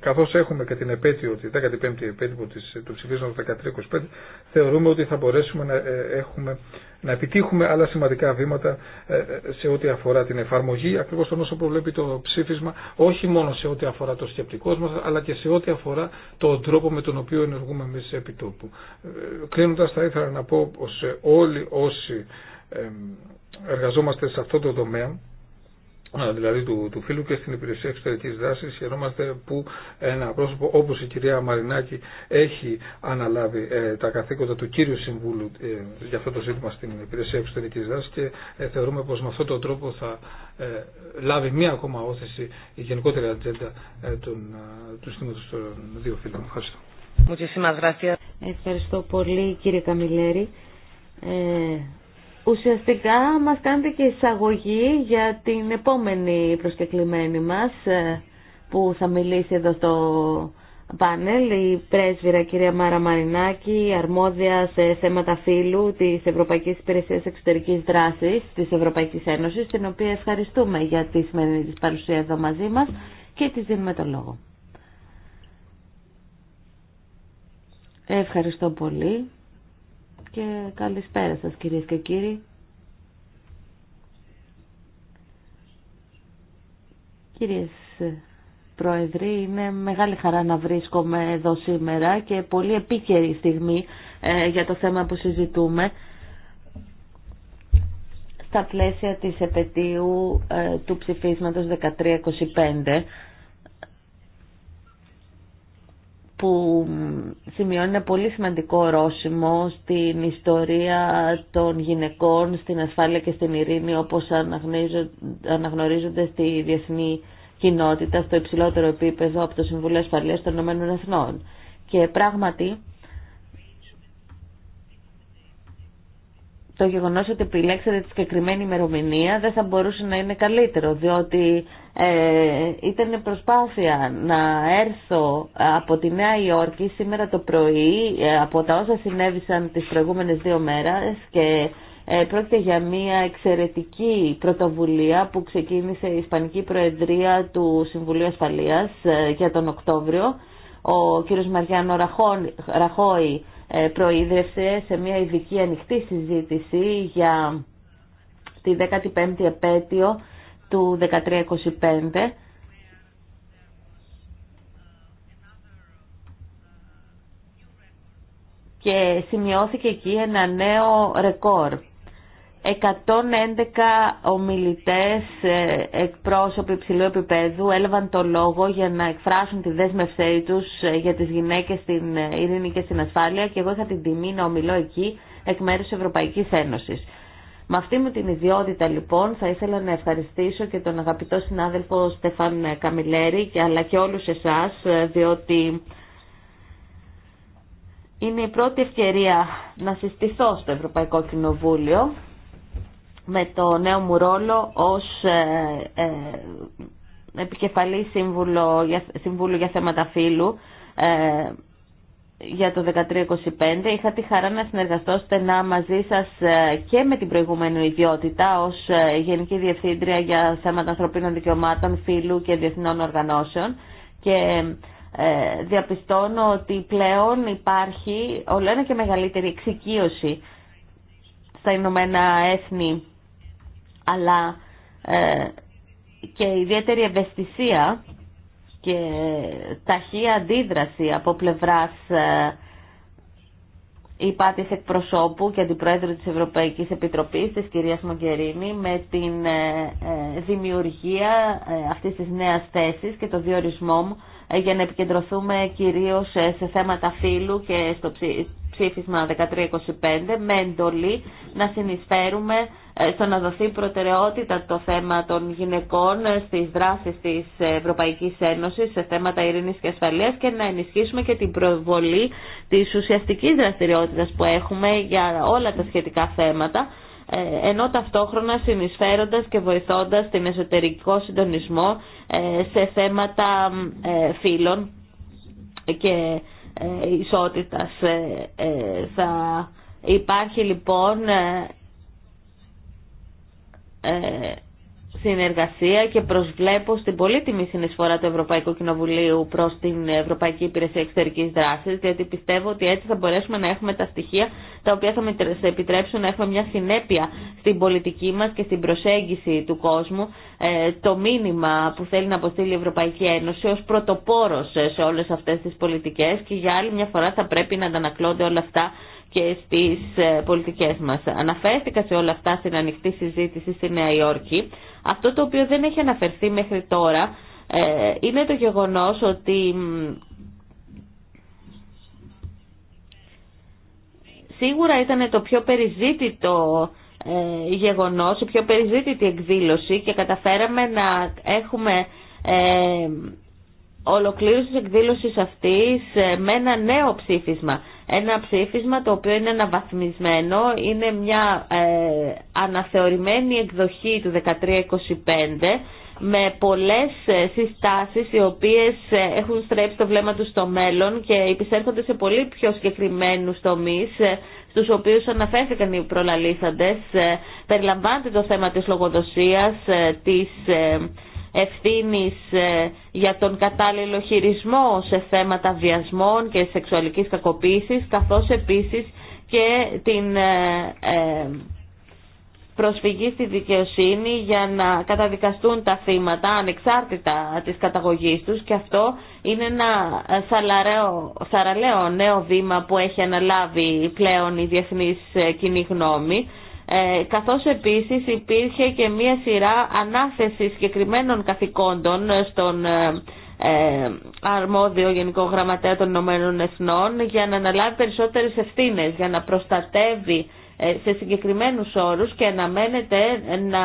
καθώς έχουμε και την επέτειο, τη 15η επέτειο του ψηφίσματος 1325, θεωρούμε ότι θα μπορέσουμε να, ε, ε, έχουμε, να επιτύχουμε άλλα σημαντικά βήματα ε, σε ό,τι αφορά την εφαρμογή, ακριβώς τον όσο προβλέπει το ψήφισμα, όχι μόνο σε ό,τι αφορά το σκεπτικό μας, αλλά και σε ό,τι αφορά τον τρόπο με τον οποίο ενεργούμε εμείς επί τόπου. Κλείνοντας, θα ήθελα να πω σε όλοι όσοι εργαζόμαστε σε αυτό το τομέα, δηλαδή του, του φίλου και στην υπηρεσία εξωτερική δράση. Χαιρόμαστε που ένα πρόσωπο όπω η κυρία Μαρινάκη έχει αναλάβει ε, τα καθήκοντα του κύριου συμβούλου ε, για αυτό το ζήτημα στην υπηρεσία εξωτερική δράση και ε, θεωρούμε πω με αυτόν τον τρόπο θα λάβει μία ακόμα όθηση η γενικότερη ατζέντα των, του συστήματο των δύο φίλων. Ευχαριστώ. Ευχαριστώ πολύ κύριε Καμιλέρη ουσιαστικά μας κάνετε και εισαγωγή για την επόμενη προσκεκλημένη μας ε, που θα μιλήσει εδώ στο πάνελ η πρέσβυρα κυρία Μάρα Μαρινάκη, αρμόδια σε θέματα φύλου της Ευρωπαϊκής Υπηρεσίας Εξωτερικής Δράσης της Ευρωπαϊκής Ένωσης, την οποία ευχαριστούμε για τη σημερινή της παρουσία εδώ μαζί μας και της δίνουμε το λόγο. Ευχαριστώ πολύ και καλησπέρα σας κυρίες και κύριοι. Κυρίες Πρόεδροι, είναι μεγάλη χαρά να βρίσκομαι εδώ σήμερα και πολύ επίκαιρη στιγμή ε, για το θέμα που συζητούμε στα πλαίσια της επαιτίου ε, του ψηφίσματος 1325 που σημειώνει ένα πολύ σημαντικό ορόσημο στην ιστορία των γυναικών, στην ασφάλεια και στην ειρήνη όπως αναγνωρίζονται στη διεθνή κοινότητα στο υψηλότερο επίπεδο από το Συμβουλίο Ασφαλείας των Ηνωμένων Εθνών. Και πράγματι το γεγονό ότι επιλέξατε τη συγκεκριμένη ημερομηνία δεν θα μπορούσε να είναι καλύτερο, διότι ε, ήταν προσπάθεια να έρθω από τη Νέα Υόρκη σήμερα το πρωί, ε, από τα όσα συνέβησαν τις προηγούμενες δύο μέρες και ε, πρόκειται για μια εξαιρετική πρωτοβουλία που ξεκίνησε η Ισπανική Προεδρία του Συμβουλίου Ασφαλείας ε, για τον Οκτώβριο. Ο κύριος Μαριάνο Ραχόη, ε, προείδρευσε σε μια ειδική ανοιχτή συζήτηση για τη 15η επέτειο του 1325 και σημειώθηκε εκεί ένα νέο ρεκόρ 111 ομιλητές ε, εκπρόσωποι ψηλού επίπεδου έλαβαν το λόγο για να εκφράσουν τη δέσμευσή τους ε, για τις γυναίκες στην ε, ειρήνη και στην ασφάλεια και εγώ είχα την τιμή να ομιλώ εκεί εκ μέρους Ευρωπαϊκής Ένωσης. Με αυτή μου την ιδιότητα λοιπόν θα ήθελα να ευχαριστήσω και τον αγαπητό συνάδελφο Στεφάν Καμιλέρη αλλά και όλους εσάς διότι είναι η πρώτη ευκαιρία να συστηθώ στο Ευρωπαϊκό Κοινοβούλιο με το νέο μου ρόλο ως ε, ε, επικεφαλή σύμβουλο για, για θέματα φύλου ε, για το 1325. Είχα τη χαρά να συνεργαστώ στενά μαζί σας ε, και με την προηγούμενη ιδιότητα ως Γενική Διευθύντρια για θέματα ανθρωπίνων δικαιωμάτων, φύλου και διεθνών οργανώσεων και διαπιστώνω ότι πλέον υπάρχει ολοένα και μεγαλύτερη εξοικείωση στα Ηνωμένα Έθνη αλλά ε, και ιδιαίτερη ευαισθησία και ταχεία αντίδραση από πλευράς ε, υπάτης εκπροσώπου και αντιπρόεδρου της Ευρωπαϊκής Επιτροπής της κυρίας Μογκερίνη με την ε, ε, δημιουργία αυτής της νέας θέσης και το διορισμό μου για να επικεντρωθούμε κυρίως σε θέματα φύλου και στο ψήφισμα 1325 με εντολή να συνεισφέρουμε ε, στο να δοθεί προτεραιότητα το θέμα των γυναικών ε, στις δράσεις της Ευρωπαϊκής Ένωσης σε θέματα ειρήνης και ασφαλείας και να ενισχύσουμε και την προβολή της ουσιαστικής δραστηριότητας που έχουμε για όλα τα σχετικά θέματα ε, ενώ ταυτόχρονα συνεισφέροντας και βοηθώντας την εσωτερικό συντονισμό σε θέματα φύλων και ε, ισότητας. Ε, ε, θα υπάρχει λοιπόν συνεργασία και προσβλέπω στην πολύτιμη συνεισφορά του Ευρωπαϊκού Κοινοβουλίου προ την Ευρωπαϊκή Υπηρεσία Εξωτερικής Δράση, γιατί πιστεύω ότι έτσι θα μπορέσουμε να έχουμε τα στοιχεία τα οποία θα μας επιτρέψουν να έχουμε μια συνέπεια στην πολιτική μα και στην προσέγγιση του κόσμου, ε, το μήνυμα που θέλει να αποστείλει η Ευρωπαϊκή Ένωση ω πρωτοπόρο σε όλε αυτέ τι πολιτικέ και για άλλη μια φορά θα πρέπει να αντανακλώνται όλα αυτά και στις ε, πολιτικές μας. Αναφέρθηκα σε όλα αυτά στην ανοιχτή συζήτηση στη Νέα Υόρκη. Αυτό το οποίο δεν έχει αναφερθεί μέχρι τώρα ε, είναι το γεγονός ότι σίγουρα ήταν το πιο περιζήτητο ε, γεγονός, η πιο περιζήτητη εκδήλωση και καταφέραμε να έχουμε ολοκλήρωση της εκδήλωσης αυτής με ένα νέο ψήφισμα ένα ψήφισμα το οποίο είναι αναβαθμισμένο, είναι μια ε, αναθεωρημένη εκδοχή του 1325 με πολλές ε, συστάσεις οι οποίες ε, έχουν στρέψει το βλέμμα τους στο μέλλον και επισέρχονται σε πολύ πιο συγκεκριμένους τομείς στους οποίους αναφέρθηκαν οι προλαλήσαντες. Περιλαμβάνεται το θέμα της λογοδοσίας, της ευθύνης ε, για τον κατάλληλο χειρισμό σε θέματα βιασμών και σεξουαλικής κακοποίησης, καθώς επίσης και την ε, ε, προσφυγή στη δικαιοσύνη για να καταδικαστούν τα θύματα ανεξάρτητα της καταγωγής τους και αυτό είναι ένα θαραλέο νέο βήμα που έχει αναλάβει πλέον η διεθνής κοινή γνώμη ε, καθώς επίσης υπήρχε και μία σειρά ανάθεση συγκεκριμένων καθηκόντων στον ε, ε, αρμόδιο Γενικό Γραμματέα των Ηνωμένων Εθνών για να αναλάβει περισσότερες ευθύνες, για να προστατεύει ε, σε συγκεκριμένους όρους και αναμένεται να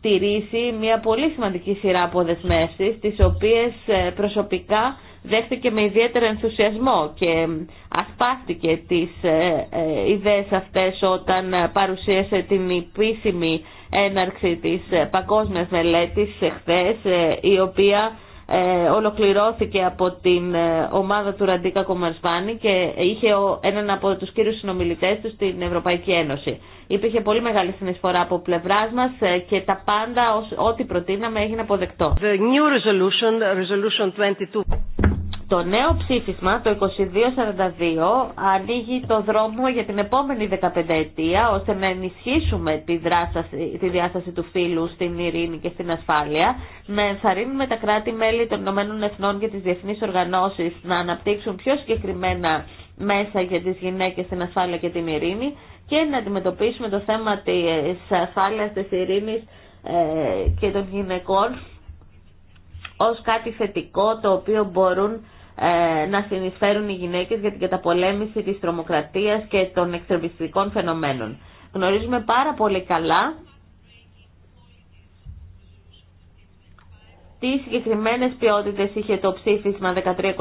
τηρήσει μια πολύ σημαντική σειρά από δεσμεύσεις τις οποίες προσωπικά δέχτηκε με ιδιαίτερο ενθουσιασμό και ασπάστηκε τις ε, ε, ιδέες αυτές όταν παρουσίασε την επίσημη έναρξη της ε, παγκόσμιας μελέτης εχθές, η οποία ε, ολοκληρώθηκε από την ε, ομάδα του Ραντίκα Κομαρσβάνη και είχε έναν από τους κύριους συνομιλητές του στην Ευρωπαϊκή Ένωση. Υπήρχε πολύ μεγάλη συνεισφορά από πλευρά μα ε, και τα πάντα, ό,τι προτείναμε, έγινε αποδεκτό. The new resolution, resolution 22. Το νέο ψήφισμα, το 2242, ανοίγει το δρόμο για την επόμενη 15 ετία, ώστε να ενισχύσουμε τη, τη διάσταση του φύλου στην ειρήνη και στην ασφάλεια, να ενθαρρύνουμε τα κράτη-μέλη των ΗΕ Εθνών και τις διεθνείς οργανώσεις να αναπτύξουν πιο συγκεκριμένα μέσα για τις γυναίκες στην ασφάλεια και την ειρήνη και να αντιμετωπίσουμε το θέμα της ασφάλειας, της ειρήνης ε, και των γυναικών ως κάτι θετικό το οποίο μπορούν ε, να συνεισφέρουν οι γυναίκες για την καταπολέμηση της τρομοκρατίας και των εξτρεμιστικών φαινομένων. Γνωρίζουμε πάρα πολύ καλά τι συγκεκριμένες ποιότητε είχε το ψήφισμα 1325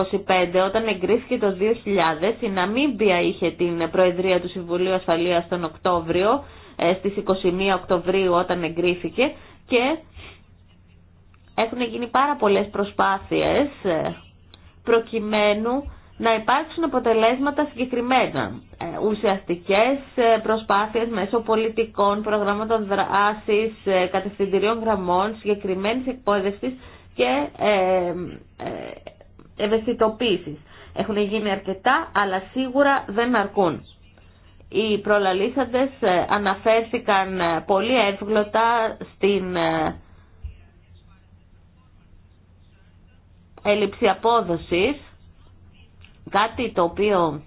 όταν εγκρίθηκε το 2000. Η Ναμίμπια είχε την Προεδρία του Συμβουλίου Ασφαλείας τον Οκτώβριο, ε, στις 21 Οκτωβρίου όταν εγκρίθηκε και έχουν γίνει πάρα πολλές προσπάθειες ε, προκειμένου να υπάρξουν αποτελέσματα συγκεκριμένα. Ε, ουσιαστικές ε, προσπάθειες μέσω πολιτικών, προγράμματων δράσης, ε, κατευθυντηρίων γραμμών, συγκεκριμένης εκπαίδευσης και ευαισθητοποίησης. Έχουν γίνει αρκετά, αλλά σίγουρα δεν αρκούν. Οι προλαλήσαντες αναφέρθηκαν πολύ εύγλωτα στην έλλειψη απόδοσης, κάτι το οποίο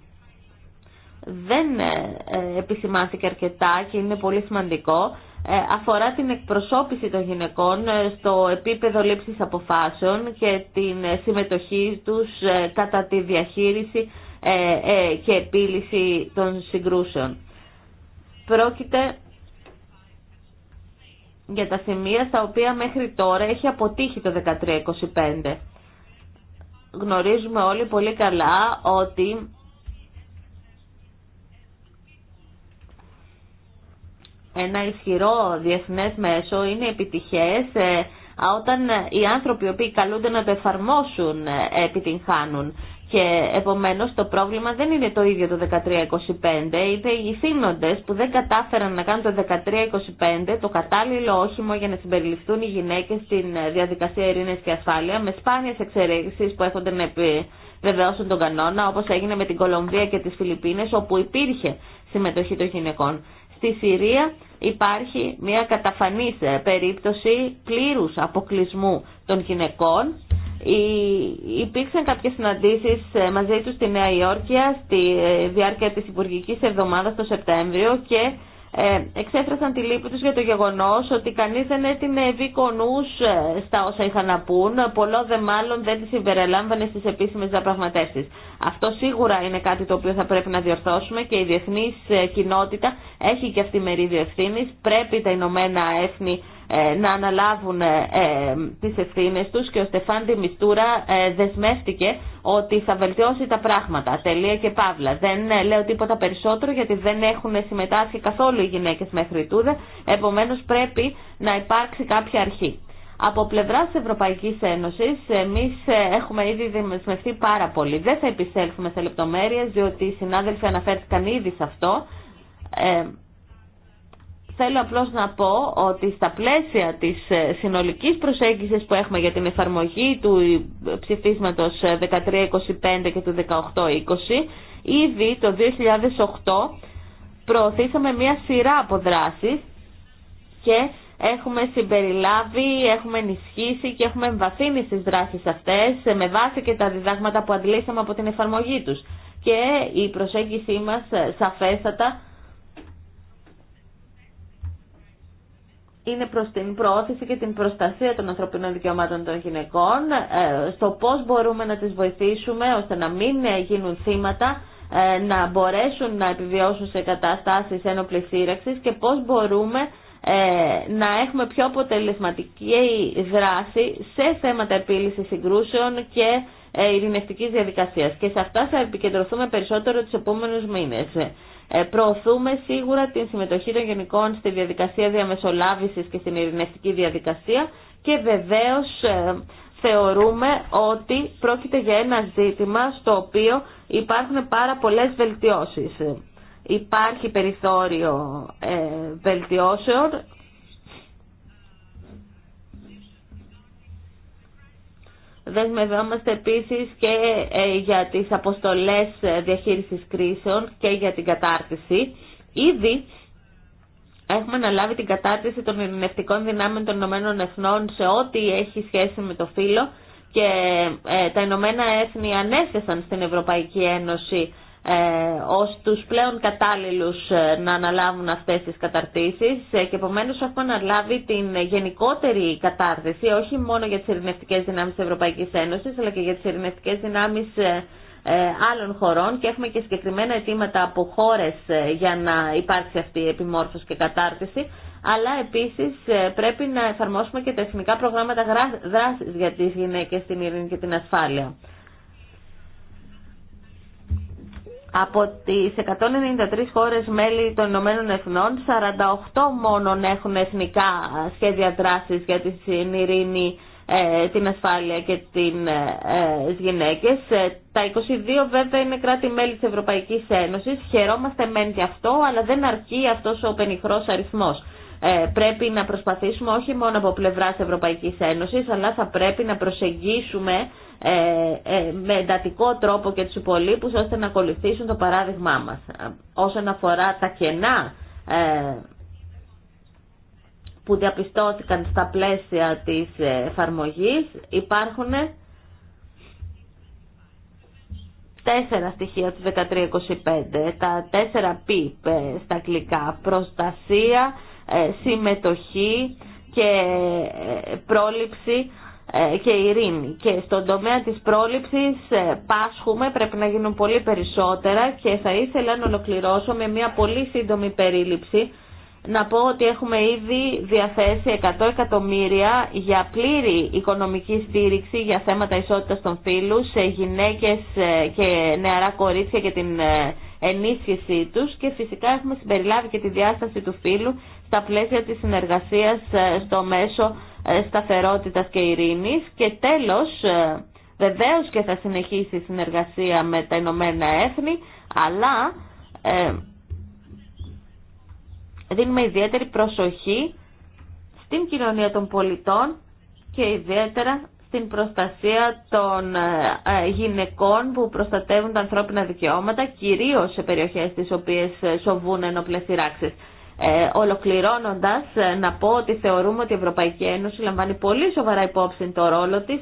δεν ε, ε, επισημάθηκε αρκετά και είναι πολύ σημαντικό, ε, αφορά την εκπροσώπηση των γυναικών στο επίπεδο λήψης αποφάσεων και την συμμετοχή τους κατά τη διαχείριση και επίλυση των συγκρούσεων. Πρόκειται για τα σημεία στα οποία μέχρι τώρα έχει αποτύχει το 1325 γνωρίζουμε όλοι πολύ καλά ότι ένα ισχυρό διεθνές μέσο είναι επιτυχές ε, όταν οι άνθρωποι οι οποίοι καλούνται να το εφαρμόσουν ε, επιτυγχάνουν. Και επομένως το πρόβλημα δεν είναι το ίδιο το 1325, είτε οι θύνοντες που δεν κατάφεραν να κάνουν το 1325 το κατάλληλο όχημο για να συμπεριληφθούν οι γυναίκες στην ε, διαδικασία ειρήνης και ασφάλεια με σπάνιες εξαιρέσεις που έχονται να επιβεβαιώσουν τον κανόνα όπως έγινε με την Κολομβία και τις Φιλιππίνες όπου υπήρχε συμμετοχή των γυναικών. Στη Συρία υπάρχει μια καταφανής ε, περίπτωση πλήρους αποκλεισμού των γυναικών Υπήρξαν κάποιες συναντήσεις ε, μαζί τους στη Νέα Υόρκη στη ε, διάρκεια της Υπουργικής Εβδομάδας το Σεπτέμβριο και ε, εξέφρασαν τη λύπη τους για το γεγονός ότι κανείς δεν έτεινε ευήκονους στα όσα είχαν να πούν, πολλό δε μάλλον δεν τις συμπεριλάμβανε στις επίσημες διαπραγματεύσεις. Αυτό σίγουρα είναι κάτι το οποίο θα πρέπει να διορθώσουμε και η διεθνής κοινότητα έχει και αυτή μερίδιο ευθύνη. Πρέπει τα Ηνωμένα Έθνη ε, να αναλάβουν ε, ε, τις ευθύνες τους και ο Στεφάν Μιστούρα δεσμεύτηκε ότι θα βελτιώσει τα πράγματα. Τελεία και παύλα. Δεν λέω τίποτα περισσότερο γιατί δεν έχουν συμμετάσχει καθόλου οι γυναίκες μέχρι τούδε, επομένως πρέπει να υπάρξει κάποια αρχή. Από πλευρά τη Ευρωπαϊκή Ένωση, εμεί έχουμε ήδη δεσμευτεί πάρα πολύ. Δεν θα επισέλθουμε σε λεπτομέρειε, διότι οι συνάδελφοι αναφέρθηκαν ήδη σε αυτό θέλω απλώς να πω ότι στα πλαίσια της ε, συνολικής προσέγγισης που έχουμε για την εφαρμογή του ε, ψηφίσματος 1325 ε, και του 1820, ήδη το 2008 προωθήσαμε μια σειρά από δράσεις και έχουμε συμπεριλάβει, έχουμε ενισχύσει και έχουμε εμβαθύνει στις δράσεις αυτές με βάση και τα διδάγματα που αντλήσαμε από την εφαρμογή τους. Και η προσέγγιση μας σαφέστατα είναι προς την προώθηση και την προστασία των ανθρωπίνων δικαιωμάτων των γυναικών, ε, στο πώς μπορούμε να τις βοηθήσουμε ώστε να μην ε, γίνουν θύματα, ε, να μπορέσουν να επιβιώσουν σε καταστάσεις ένοπλης σύραξης και πώς μπορούμε να έχουμε πιο αποτελεσματική δράση σε θέματα επίλυσης συγκρούσεων και ειρηνευτικής διαδικασίας. Και σε αυτά θα επικεντρωθούμε περισσότερο τους επόμενους μήνες. Ε, προωθούμε σίγουρα την συμμετοχή των γενικών στη διαδικασία διαμεσολάβησης και στην ειρηνευτική διαδικασία και βεβαίως ε, θεωρούμε ότι πρόκειται για ένα ζήτημα στο οποίο υπάρχουν πάρα πολλές βελτιώσεις. Υπάρχει περιθώριο ε, βελτιώσεων Δεσμευόμαστε επίσης και ε, για τις αποστολές ε, διαχείρισης κρίσεων και για την κατάρτιση. Ήδη έχουμε αναλάβει την κατάρτιση των ειρηνευτικών δυνάμεων των Ηνωμένων Εθνών σε ό,τι έχει σχέση με το φύλλο και ε, τα Ηνωμένα Έθνη ανέθεσαν στην Ευρωπαϊκή Ένωση ε, ως τους πλέον κατάλληλους ε, να αναλάβουν αυτές τις καταρτήσεις ε, και επομένως έχουμε αναλάβει την γενικότερη κατάρτιση όχι μόνο για τις ειρηνευτικές δυνάμεις της Ευρωπαϊκής Ένωσης αλλά και για τις ειρηνευτικές δυνάμεις ε, άλλων χωρών και έχουμε και συγκεκριμένα αιτήματα από χώρες για να υπάρξει αυτή η επιμόρφωση και κατάρτιση αλλά επίσης πρέπει να εφαρμόσουμε και τα εθνικά προγράμματα δράσης για τις γυναίκες, στην ειρήνη και την ασφάλεια. Από τις 193 χώρες μέλη των Ηνωμένων Εθνών, 48 μόνον έχουν εθνικά σχέδια δράσης για την ειρήνη, ε, την ασφάλεια και τις ε, ε, γυναίκες. Τα 22 βέβαια είναι κράτη-μέλη της Ευρωπαϊκής Ένωσης. Χαιρόμαστε μεν και αυτό, αλλά δεν αρκεί αυτός ο πενιχρός αριθμός. Πρέπει να προσπαθήσουμε όχι μόνο από πλευράς Ευρωπαϊκής Ένωσης, αλλά θα πρέπει να προσεγγίσουμε ε, ε, με εντατικό τρόπο και τους υπολείπους ώστε να ακολουθήσουν το παράδειγμά μας. Όσον αφορά τα κενά ε, που διαπιστώθηκαν στα πλαίσια της εφαρμογής υπάρχουν τέσσερα στοιχεία του 1325, τα τέσσερα πιπ στα αγγλικά, προστασία, συμμετοχή και πρόληψη ε, και ειρήνη. Και στον τομέα της πρόληψης ε, πάσχουμε, πρέπει να γίνουν πολύ περισσότερα και θα ήθελα να ολοκληρώσω με μια πολύ σύντομη περίληψη να πω ότι έχουμε ήδη διαθέσει 100 εκατομμύρια για πλήρη οικονομική στήριξη για θέματα ισότητας των φύλων σε γυναίκες ε, και νεαρά κορίτσια και την ενίσχυσή τους και φυσικά έχουμε συμπεριλάβει και τη διάσταση του φύλου στα πλαίσια της συνεργασίας στο μέσο ε, σταθερότητας και ειρήνης και τέλος ε, βεβαίως και θα συνεχίσει η συνεργασία με τα Ηνωμένα Έθνη αλλά ε, δίνουμε ιδιαίτερη προσοχή στην κοινωνία των πολιτών και ιδιαίτερα στην προστασία των ε, γυναικών που προστατεύουν τα ανθρώπινα δικαιώματα, κυρίως σε περιοχές τις οποίες σοβούν ενόπλες σειράξεις. Ε, ολοκληρώνοντας ε, να πω ότι θεωρούμε ότι η Ευρωπαϊκή Ένωση λαμβάνει πολύ σοβαρά υπόψη το ρόλο της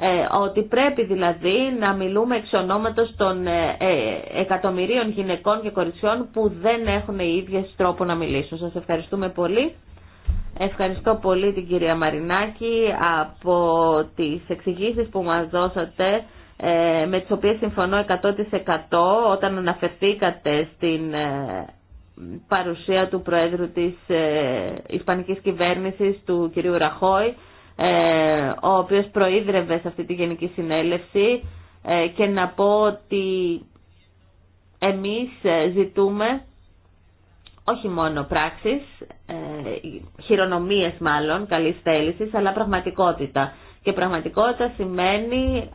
ε, ότι πρέπει δηλαδή να μιλούμε εξ ονόματος των ε, εκατομμυρίων γυναικών και κοριτσιών που δεν έχουν οι ίδιες τρόπο να μιλήσουν. Σας ευχαριστούμε πολύ. Ευχαριστώ πολύ την κυρία Μαρινάκη από τις εξηγήσεις που μας δώσατε με τις οποίες συμφωνώ 100% όταν αναφερθήκατε στην παρουσία του Προέδρου της ε, Ισπανικής Κυβέρνησης, του κυρίου Ραχόη, ε, ο οποίος προείδρευε σε αυτή τη Γενική Συνέλευση ε, και να πω ότι εμείς ζητούμε όχι μόνο πράξεις, χειρονομίες μάλλον, καλής θέλησης, αλλά πραγματικότητα. Και πραγματικότητα σημαίνει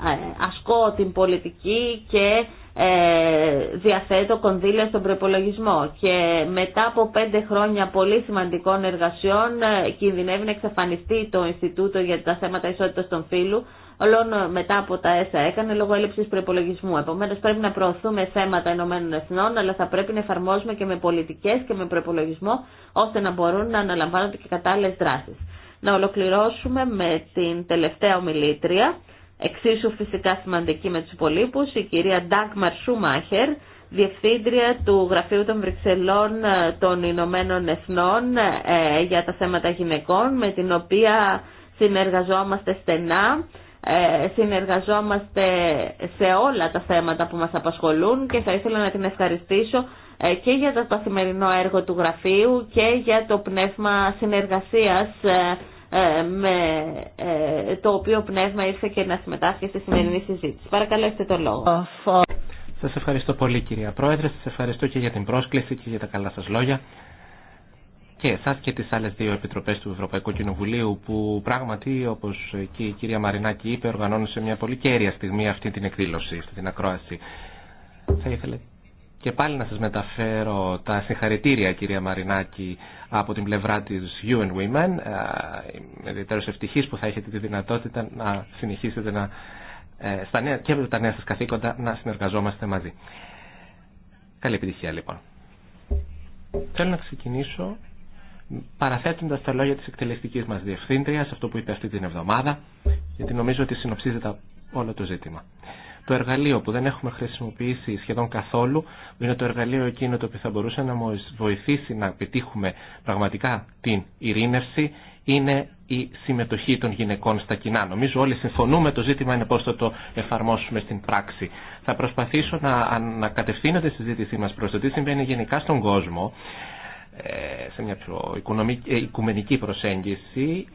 ασκώ την πολιτική και ε, διαθέτω κονδύλια στον προπολογισμό και μετά από πέντε χρόνια πολύ σημαντικών εργασιών ε, κινδυνεύει να εξαφανιστεί το Ινστιτούτο για τα θέματα ισότητας των φύλων όλων ε, μετά από τα ΕΣΑ έκανε λόγω έλλειψη προπολογισμού. Επομένω, πρέπει να προωθούμε θέματα Ηνωμένων Εθνών, αλλά θα πρέπει να εφαρμόζουμε και με πολιτικέ και με προπολογισμό, ώστε να μπορούν να αναλαμβάνονται και κατάλληλε δράσει. Να ολοκληρώσουμε με την τελευταία ομιλήτρια. Εξίσου φυσικά σημαντική με τους υπολείπους, η κυρία Ντάγμαρ Σούμαχερ, Διευθύντρια του Γραφείου των Βρυξελών ε, των Ηνωμένων Εθνών ε, για τα θέματα γυναικών, με την οποία συνεργαζόμαστε στενά, ε, συνεργαζόμαστε σε όλα τα θέματα που μας απασχολούν και θα ήθελα να την ευχαριστήσω και για το καθημερινό έργο του Γραφείου και για το πνεύμα συνεργασίας ε, με ε, το οποίο πνεύμα ήρθε και να συμμετάσχει στη σημερινή συζήτηση. Παρακαλώ, έχετε το λόγο. Σας ευχαριστώ πολύ κυρία Πρόεδρε, σας ευχαριστώ και για την πρόσκληση και για τα καλά σας λόγια και εσά και τις άλλες δύο επιτροπές του Ευρωπαϊκού Κοινοβουλίου που πράγματι όπως και η κυρία Μαρινάκη είπε οργανώνουν σε μια πολύ κέρια στιγμή αυτή την εκδήλωση, αυτή ακρόαση. Θα και πάλι να σας μεταφέρω τα συγχαρητήρια κυρία Μαρινάκη από την πλευρά της UN Women. Ε, είμαι ιδιαίτερος ευτυχής που θα έχετε τη δυνατότητα να συνεχίσετε να, ε, στα νέα, και από τα νέα σας καθήκοντα να συνεργαζόμαστε μαζί. Καλή επιτυχία λοιπόν. Θέλω να ξεκινήσω παραθέτοντας τα λόγια της εκτελεστικής μας διευθύντριας, αυτό που είπε αυτή την εβδομάδα, γιατί νομίζω ότι συνοψίζεται όλο το ζήτημα το εργαλείο που δεν έχουμε χρησιμοποιήσει σχεδόν καθόλου, είναι το εργαλείο εκείνο το οποίο θα μπορούσε να μας βοηθήσει να πετύχουμε πραγματικά την ειρήνευση, είναι η συμμετοχή των γυναικών στα κοινά. Νομίζω όλοι συμφωνούμε, το ζήτημα είναι πώς θα το εφαρμόσουμε στην πράξη. Θα προσπαθήσω να, να κατευθύνω τη συζήτησή μας προς το τι συμβαίνει γενικά στον κόσμο, ε, σε μια πιο ε, οικουμενική προσέγγιση,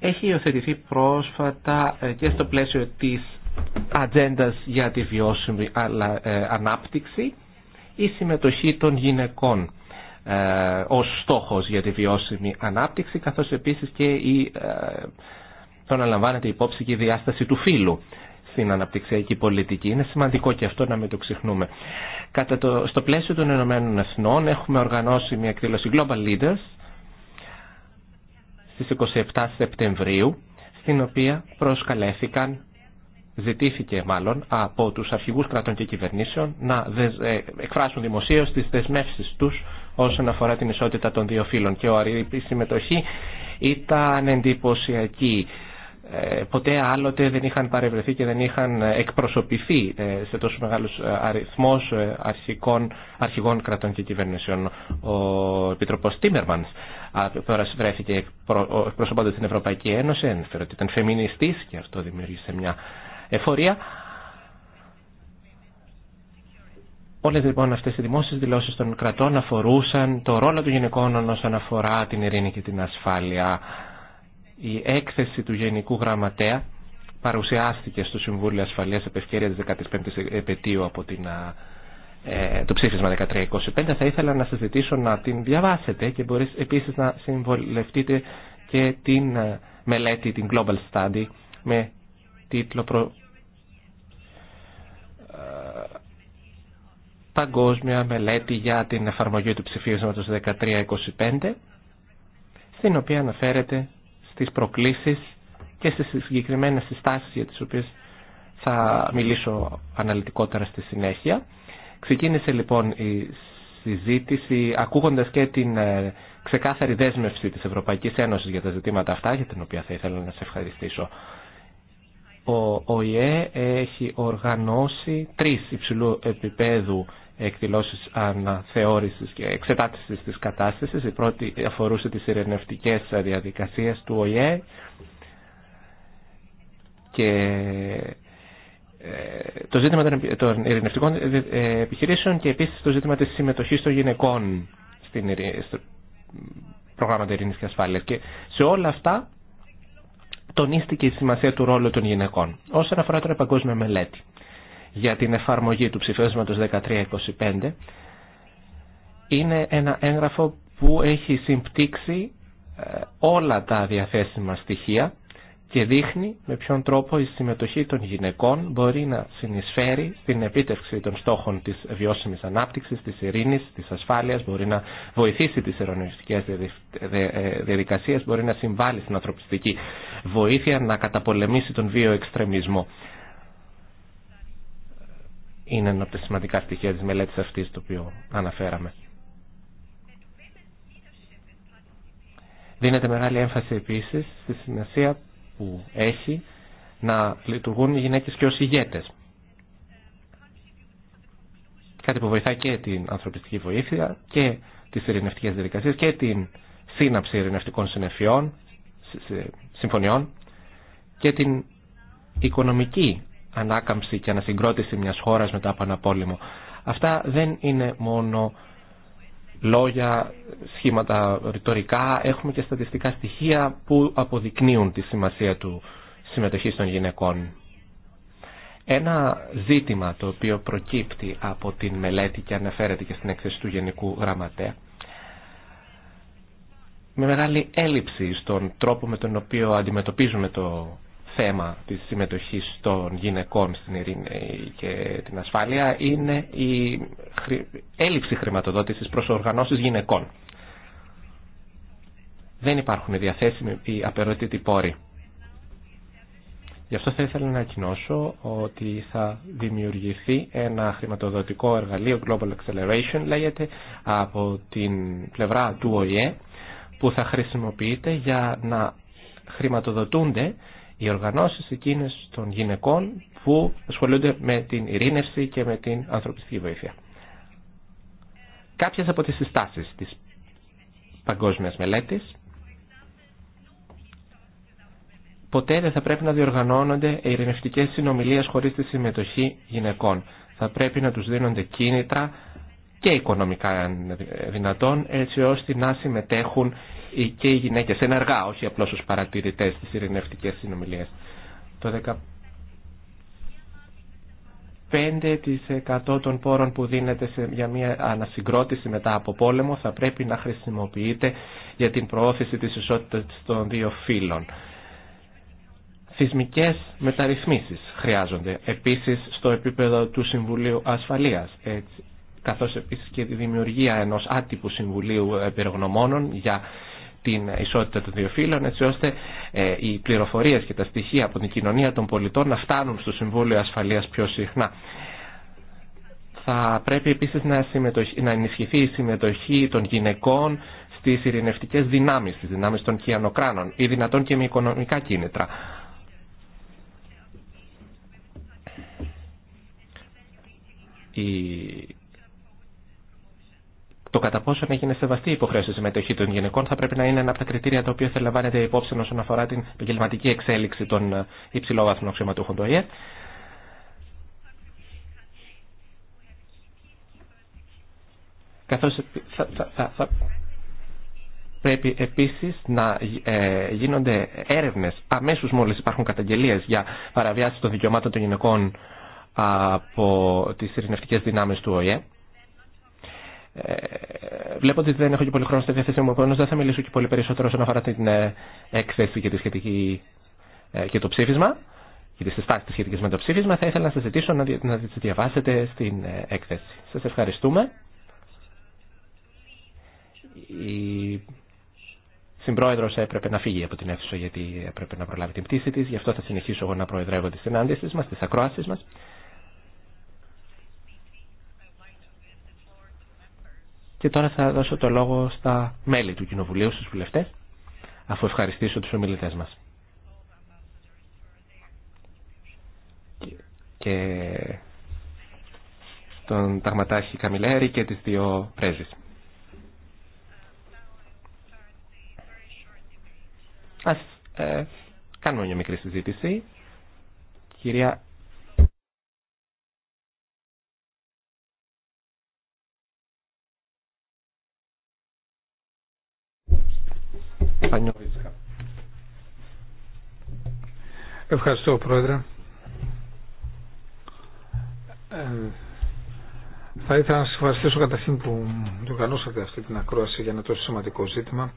έχει υιοθετηθεί πρόσφατα ε, και στο πλαίσιο της ατζέντα για τη βιώσιμη ε, ανάπτυξη ή συμμετοχή των γυναικών ε, ως στόχος για τη βιώσιμη ανάπτυξη καθώς επίσης και η, ε, το να λαμβάνεται υπόψη και η διάσταση του φύλου στην αναπτυξιακή πολιτική. Είναι σημαντικό και αυτό να μην το ξεχνούμε. Κατά το, στο πλαίσιο των Ηνωμένων Εθνών έχουμε οργανώσει μια εκδήλωση Global Leaders στις 27 Σεπτεμβρίου στην οποία προσκαλέθηκαν ζητήθηκε μάλλον από τους αρχηγούς κρατών και κυβερνήσεων να ε, εκφράσουν δημοσίως τις δεσμεύσεις τους όσον αφορά την ισότητα των δύο φύλων και η συμμετοχή ήταν εντυπωσιακή. Ε, ποτέ άλλοτε δεν είχαν παρευρεθεί και δεν είχαν εκπροσωπηθεί ε, σε τόσο μεγάλους αριθμός αρχικών, αρχηγών κρατών και κυβερνήσεων. Ο Επιτροπός Τίμερμανς τώρα βρέθηκε εκπροσωπώντας την Ευρωπαϊκή Ένωση, ήταν φεμινιστής και αυτό δημιούργησε μια εφορία. Όλε λοιπόν αυτέ οι δημόσιε δηλώσει των κρατών αφορούσαν το ρόλο του γυναικών όσον αφορά την ειρήνη και την ασφάλεια. Η έκθεση του Γενικού Γραμματέα παρουσιάστηκε στο Συμβούλιο Ασφαλεία επευκαιρία τη 15η επαιτίου από την, ε, το ψήφισμα 1325. Θα ήθελα να σα ζητήσω να την διαβάσετε και μπορεί επίση να συμβολευτείτε και την ε, μελέτη, την Global Study, με τίτλο προ... Ε, Παγκόσμια μελέτη για την εφαρμογή του ψηφίσματος 1325 στην οποία αναφέρεται στις προκλήσεις και στις συγκεκριμένες συστάσεις για τις οποίες θα μιλήσω αναλυτικότερα στη συνέχεια. Ξεκίνησε λοιπόν η συζήτηση ακούγοντας και την ε, ξεκάθαρη δέσμευση της Ευρωπαϊκής Ένωσης για τα ζητήματα αυτά για την οποία θα ήθελα να σε ευχαριστήσω ο ΟΗΕ έχει οργανώσει τρεις υψηλού επίπεδου εκδηλώσεις αναθεώρησης και εξετάτησης της κατάστασης. Η πρώτη αφορούσε τις ειρηνευτικές διαδικασίες του ΟΗΕ και ε, το ζήτημα των ειρηνευτικών ε, επιχειρήσεων και επίσης το ζήτημα της συμμετοχής των γυναικών στην πρόγραμμα ειρήνης και ασφάλειας. Και σε όλα αυτά τονίστηκε η σημασία του ρόλου των γυναικών. Όσον αφορά τώρα παγκόσμια μελέτη για την εφαρμογή του ψηφίσματος 1325, είναι ένα έγγραφο που έχει συμπτύξει ε, όλα τα διαθέσιμα στοιχεία και δείχνει με ποιον τρόπο η συμμετοχή των γυναικών μπορεί να συνεισφέρει στην επίτευξη των στόχων της βιώσιμης ανάπτυξης, της ειρήνης, της ασφάλειας, μπορεί να βοηθήσει τις ειρωνιστικές ε, διαδικασίες, μπορεί να συμβάλλει στην ανθρωπιστική βοήθεια, να καταπολεμήσει τον βίο εξτρεμισμό. Είναι ένα από τα σημαντικά στοιχεία της μελέτης αυτής το οποίο αναφέραμε. Δίνεται μεγάλη έμφαση επίσης στη σημασία που έχει να λειτουργούν οι γυναίκες και ως ηγέτες. Κάτι που βοηθάει και την ανθρωπιστική βοήθεια και τις ειρηνευτικές διαδικασίες και την σύναψη ειρηνευτικών συνεφιών, συμφωνιών και την οικονομική ανάκαμψη και ανασυγκρότηση μιας χώρας μετά από ένα πόλεμο. Αυτά δεν είναι μόνο λόγια, σχήματα ρητορικά, έχουμε και στατιστικά στοιχεία που αποδεικνύουν τη σημασία του συμμετοχής των γυναικών. Ένα ζήτημα το οποίο προκύπτει από την μελέτη και αναφέρεται και στην έκθεση του Γενικού Γραμματέα με μεγάλη έλλειψη στον τρόπο με τον οποίο αντιμετωπίζουμε το θέμα της συμμετοχής των γυναικών στην ειρήνη και την ασφάλεια είναι η έλλειψη χρηματοδότησης προς οργανώσεις γυναικών. Δεν υπάρχουν διαθέσιμοι οι απερώτητοι πόροι. Γι' αυτό θα ήθελα να ανακοινώσω ότι θα δημιουργηθεί ένα χρηματοδοτικό εργαλείο Global Acceleration λέγεται από την πλευρά του ΟΗΕ που θα χρησιμοποιείται για να χρηματοδοτούνται οι οργανώσεις εκείνες των γυναικών που ασχολούνται με την ειρήνευση και με την ανθρωπιστική βοήθεια. Κάποιες από τις συστάσεις της παγκόσμιας μελέτης Ποτέ δεν θα πρέπει να διοργανώνονται ειρηνευτικές συνομιλίες χωρίς τη συμμετοχή γυναικών. Θα πρέπει να τους δίνονται κίνητρα και οικονομικά δυνατόν, έτσι ώστε να συμμετέχουν και οι γυναίκες ενεργά, όχι απλώς ως παρατηρητές στις ειρηνευτικές συνομιλίες. Το 15% των πόρων που δίνεται για μια ανασυγκρότηση μετά από πόλεμο θα πρέπει να χρησιμοποιείται για την προώθηση της ισότητας των δύο φύλων. Θυσμικές μεταρρυθμίσεις χρειάζονται επίσης στο επίπεδο του Συμβουλίου Ασφαλείας, έτσι καθώς επίσης και τη δημιουργία ενός άτυπου συμβουλίου επιρρογνωμόνων για την ισότητα των δύο φύλων, έτσι ώστε ε, οι πληροφορίε και τα στοιχεία από την κοινωνία των πολιτών να φτάνουν στο Συμβούλιο Ασφαλεία πιο συχνά. Θα πρέπει επίση να, να ενισχυθεί η συμμετοχή των γυναικών στι ειρηνευτικέ δυνάμει, στι δυνάμει των κυανοκράνων ή δυνατόν και με οικονομικά κίνητρα. Η το κατά πόσον έγινε σεβαστή η υποχρέωση συμμετοχή των γυναικών θα πρέπει να είναι ένα από τα κριτήρια τα οποία θα λαμβάνεται υπόψη όσον αφορά την επαγγελματική εξέλιξη των ε, υψηλόβαθμων αξιωματούχων του ΟΕΕ. Καθώς θα, θα, θα, πρέπει επίσης να ε, γίνονται έρευνες αμέσω, μόλις υπάρχουν καταγγελίες για παραβιάσει των δικαιωμάτων των γυναικών από τις ειρηνευτικές δυνάμεις του ΟΗΕ. Ε, βλέπω ότι δεν έχω και πολύ χρόνο στη διάθεσή μου, οπότε δεν θα μιλήσω και πολύ περισσότερο όσον αφορά την ε, έκθεση και, ε, και το ψήφισμα και τι συστάσει σχετικέ με το ψήφισμα. Θα ήθελα να σα ζητήσω να, να τι διαβάσετε στην έκθεση. Σα ευχαριστούμε. Η συμπρόεδρο έπρεπε να φύγει από την αίθουσα γιατί έπρεπε να προλάβει την πτήση τη. Γι' αυτό θα συνεχίσω εγώ να προεδρεύω τι συνάντησει μα, τι ακροάσει μα. Και τώρα θα δώσω το λόγο στα μέλη του Κοινοβουλίου, στους βουλευτές, αφού ευχαριστήσω τους ομιλητές μας. Και τον Ταγματάρχη Καμιλέρη και τις δύο πρέζες. Ας ε, κάνουμε μια μικρή συζήτηση. Κυρία Ευχαριστώ Πρόεδρε. Ε, θα ήθελα να σας ευχαριστήσω καταρχήν που διοργανώσατε αυτή την ακρόαση για ένα τόσο σημαντικό ζήτημα,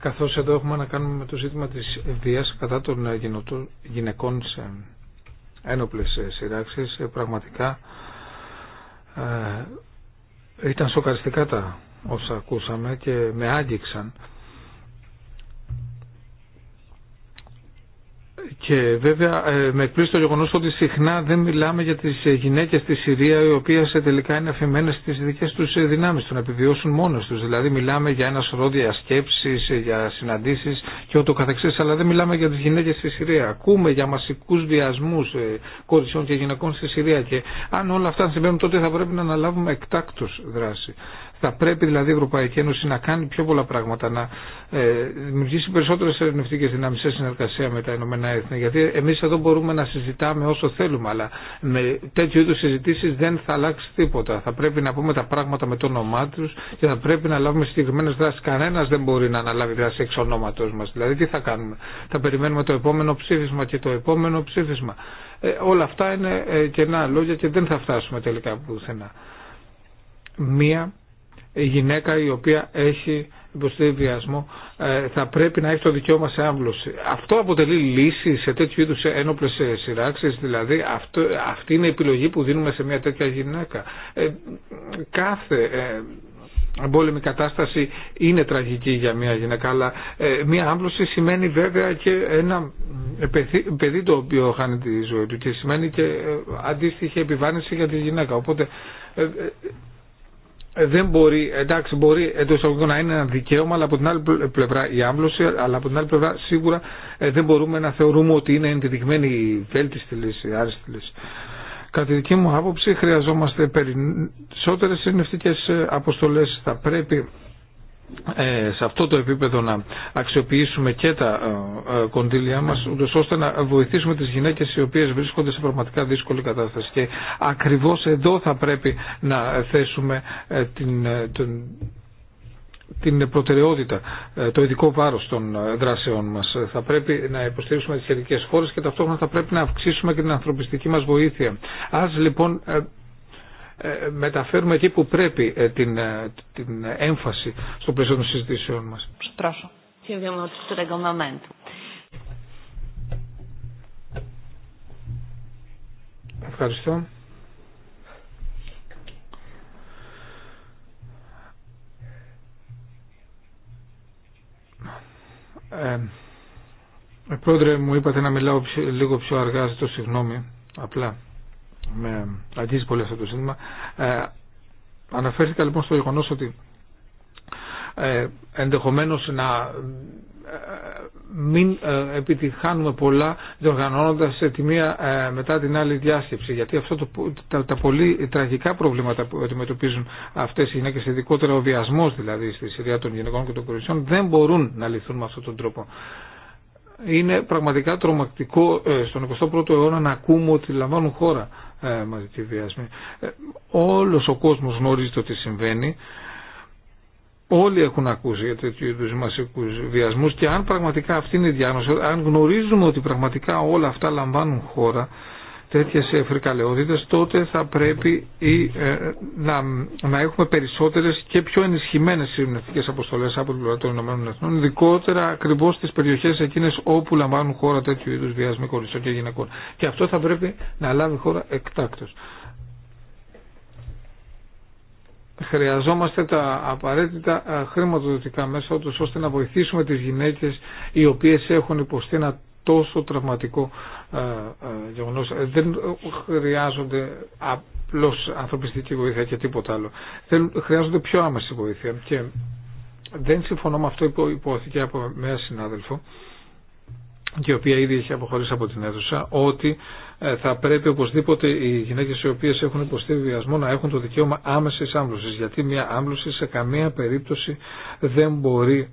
καθώς εδώ έχουμε να κάνουμε με το ζήτημα της βίας κατά των γυναικών σε ένοπλες σειράξεις. Ε, πραγματικά ε, ήταν σοκαριστικά τα όσα ακούσαμε και με άγγιξαν Και βέβαια ε, με εκπλήσει το γεγονό ότι συχνά δεν μιλάμε για τι ε, γυναίκε στη Συρία οι οποίε ε, τελικά είναι αφημένε στι δικέ του δυνάμει, το να επιβιώσουν μόνε του. Δηλαδή μιλάμε για ένα σωρό διασκέψει, για συναντήσει και ούτω καθεξή, αλλά δεν μιλάμε για τι γυναίκε στη Συρία. Ακούμε για μασικού βιασμού κοριτσιών και γυναικών στη Συρία και αν όλα αυτά συμβαίνουν τότε θα πρέπει να αναλάβουμε εκτάκτω δράση. Θα πρέπει δηλαδή η Ευρωπαϊκή Ένωση να κάνει πιο πολλά πράγματα, να ε, δημιουργήσει περισσότερε ερευνητικέ δυνάμει σε συνεργασία με τα Ηνωμένα Έθνη. Γιατί εμεί εδώ μπορούμε να συζητάμε όσο θέλουμε, αλλά με τέτοιου είδου συζητήσει δεν θα αλλάξει τίποτα. Θα πρέπει να πούμε τα πράγματα με το όνομά του και θα πρέπει να λάβουμε συγκεκριμένε δράσει. Κανένα δεν μπορεί να αναλάβει δράση εξ ονόματό μα. Δηλαδή τι θα κάνουμε. Θα περιμένουμε το επόμενο ψήφισμα και το επόμενο ψήφισμα. Ε, όλα αυτά είναι ε, κενά λόγια και δεν θα φτάσουμε τελικά πουθενά. Μία η γυναίκα η οποία έχει υποστεί βιασμό ε, θα πρέπει να έχει το δικαίωμα σε άμβλωση. Αυτό αποτελεί λύση σε τέτοιου είδου ένοπλε σειράξει, δηλαδή αυτό, αυτή είναι η επιλογή που δίνουμε σε μια τέτοια γυναίκα. Ε, κάθε ε, εμπόλεμη κατάσταση είναι τραγική για μια γυναίκα, αλλά μια άμβλωση σημαίνει βέβαια και ένα παιδί, το οποίο χάνει τη ζωή του και σημαίνει και αντίστοιχη επιβάρυνση για τη γυναίκα. Οπότε δεν μπορεί, εντάξει μπορεί εντό εισαγωγικών να είναι ένα δικαίωμα, αλλά από την άλλη πλευρά η άμβλωση, αλλά από την άλλη πλευρά σίγουρα ε, δεν μπορούμε να θεωρούμε ότι είναι ενδεδειγμένη η βέλτιστη λύση, η άριστη λύση. Κατά τη δική μου άποψη χρειαζόμαστε περισσότερες συνευτικές ε, αποστολές. Θα πρέπει ε, σε αυτό το επίπεδο να αξιοποιήσουμε και τα ε, ε, κονδύλια μας ούτως ώστε να βοηθήσουμε τις γυναίκες οι οποίες βρίσκονται σε πραγματικά δύσκολη κατάσταση και ακριβώς εδώ θα πρέπει να θέσουμε την, την, την προτεραιότητα, το ειδικό βάρος των δράσεών μας. Θα πρέπει να υποστηρίξουμε τις ειδικές χώρες και ταυτόχρονα θα πρέπει να αυξήσουμε και την ανθρωπιστική μας βοήθεια. Ας λοιπόν ε, μεταφέρουμε εκεί που πρέπει ε, την, ε, την έμφαση στο πλαίσιο των συζητήσεων μας. Ευχαριστώ. Ε, πρόεδρε, μου είπατε να μιλάω λίγο πιο αργά, ζητώ συγγνώμη, απλά με αγγίζει πολύ αυτό το σύνδημα, Ε, αναφέρθηκα λοιπόν στο γεγονό ότι ε, ενδεχομένως να ε, μην ε, επιτυχάνουμε πολλά διοργανώνοντας τη μία ε, μετά την άλλη διάσκεψη γιατί αυτό το, τα, πολύ τραγικά προβλήματα που αντιμετωπίζουν αυτές οι γυναίκες ειδικότερα ο βιασμός δηλαδή στη σειρά των γυναικών και των κοριτσιών δεν μπορούν να λυθούν με αυτόν τον τρόπο είναι πραγματικά τρομακτικό ε, στον 21ο αιώνα να ακούμε ότι λαμβάνουν χώρα ε, μαζικοί βιασμοί. Ε, όλος ο κόσμος γνωρίζει το τι συμβαίνει. Όλοι έχουν ακούσει για τέτοιου είδου μαζικού βιασμού και αν πραγματικά αυτή είναι η διάγνωση, αν γνωρίζουμε ότι πραγματικά όλα αυτά λαμβάνουν χώρα, τέτοιες φρικαλαιότητες, τότε θα πρέπει ή, ε, να, έχουμε περισσότερες και πιο ενισχυμένες συνευτικές αποστολές από την πλευρά των Ηνωμένων Εθνών, ειδικότερα ακριβώς στις περιοχές εκείνες όπου λαμβάνουν χώρα τέτοιου είδους βιασμοί και γυναικών. Και αυτό θα πρέπει να λάβει χώρα εκτάκτως. Χρειαζόμαστε τα απαραίτητα ε, χρηματοδοτικά μέσα, ώστε να βοηθήσουμε τις γυναίκες οι οποίες έχουν υποστεί ένα τόσο τραυματικό ε, ε, ε, δεν χρειάζονται απλώ ανθρωπιστική βοήθεια και τίποτα άλλο. χρειάζονται πιο άμεση βοήθεια. Και δεν συμφωνώ με αυτό που υπόθηκε από μια συνάδελφο και η οποία ήδη έχει αποχωρήσει από την αίθουσα, ότι θα πρέπει οπωσδήποτε οι γυναίκες οι οποίες έχουν υποστεί βιασμό να έχουν το δικαίωμα άμεσης άμβλωσης, γιατί μια άμβλωση σε καμία περίπτωση δεν μπορεί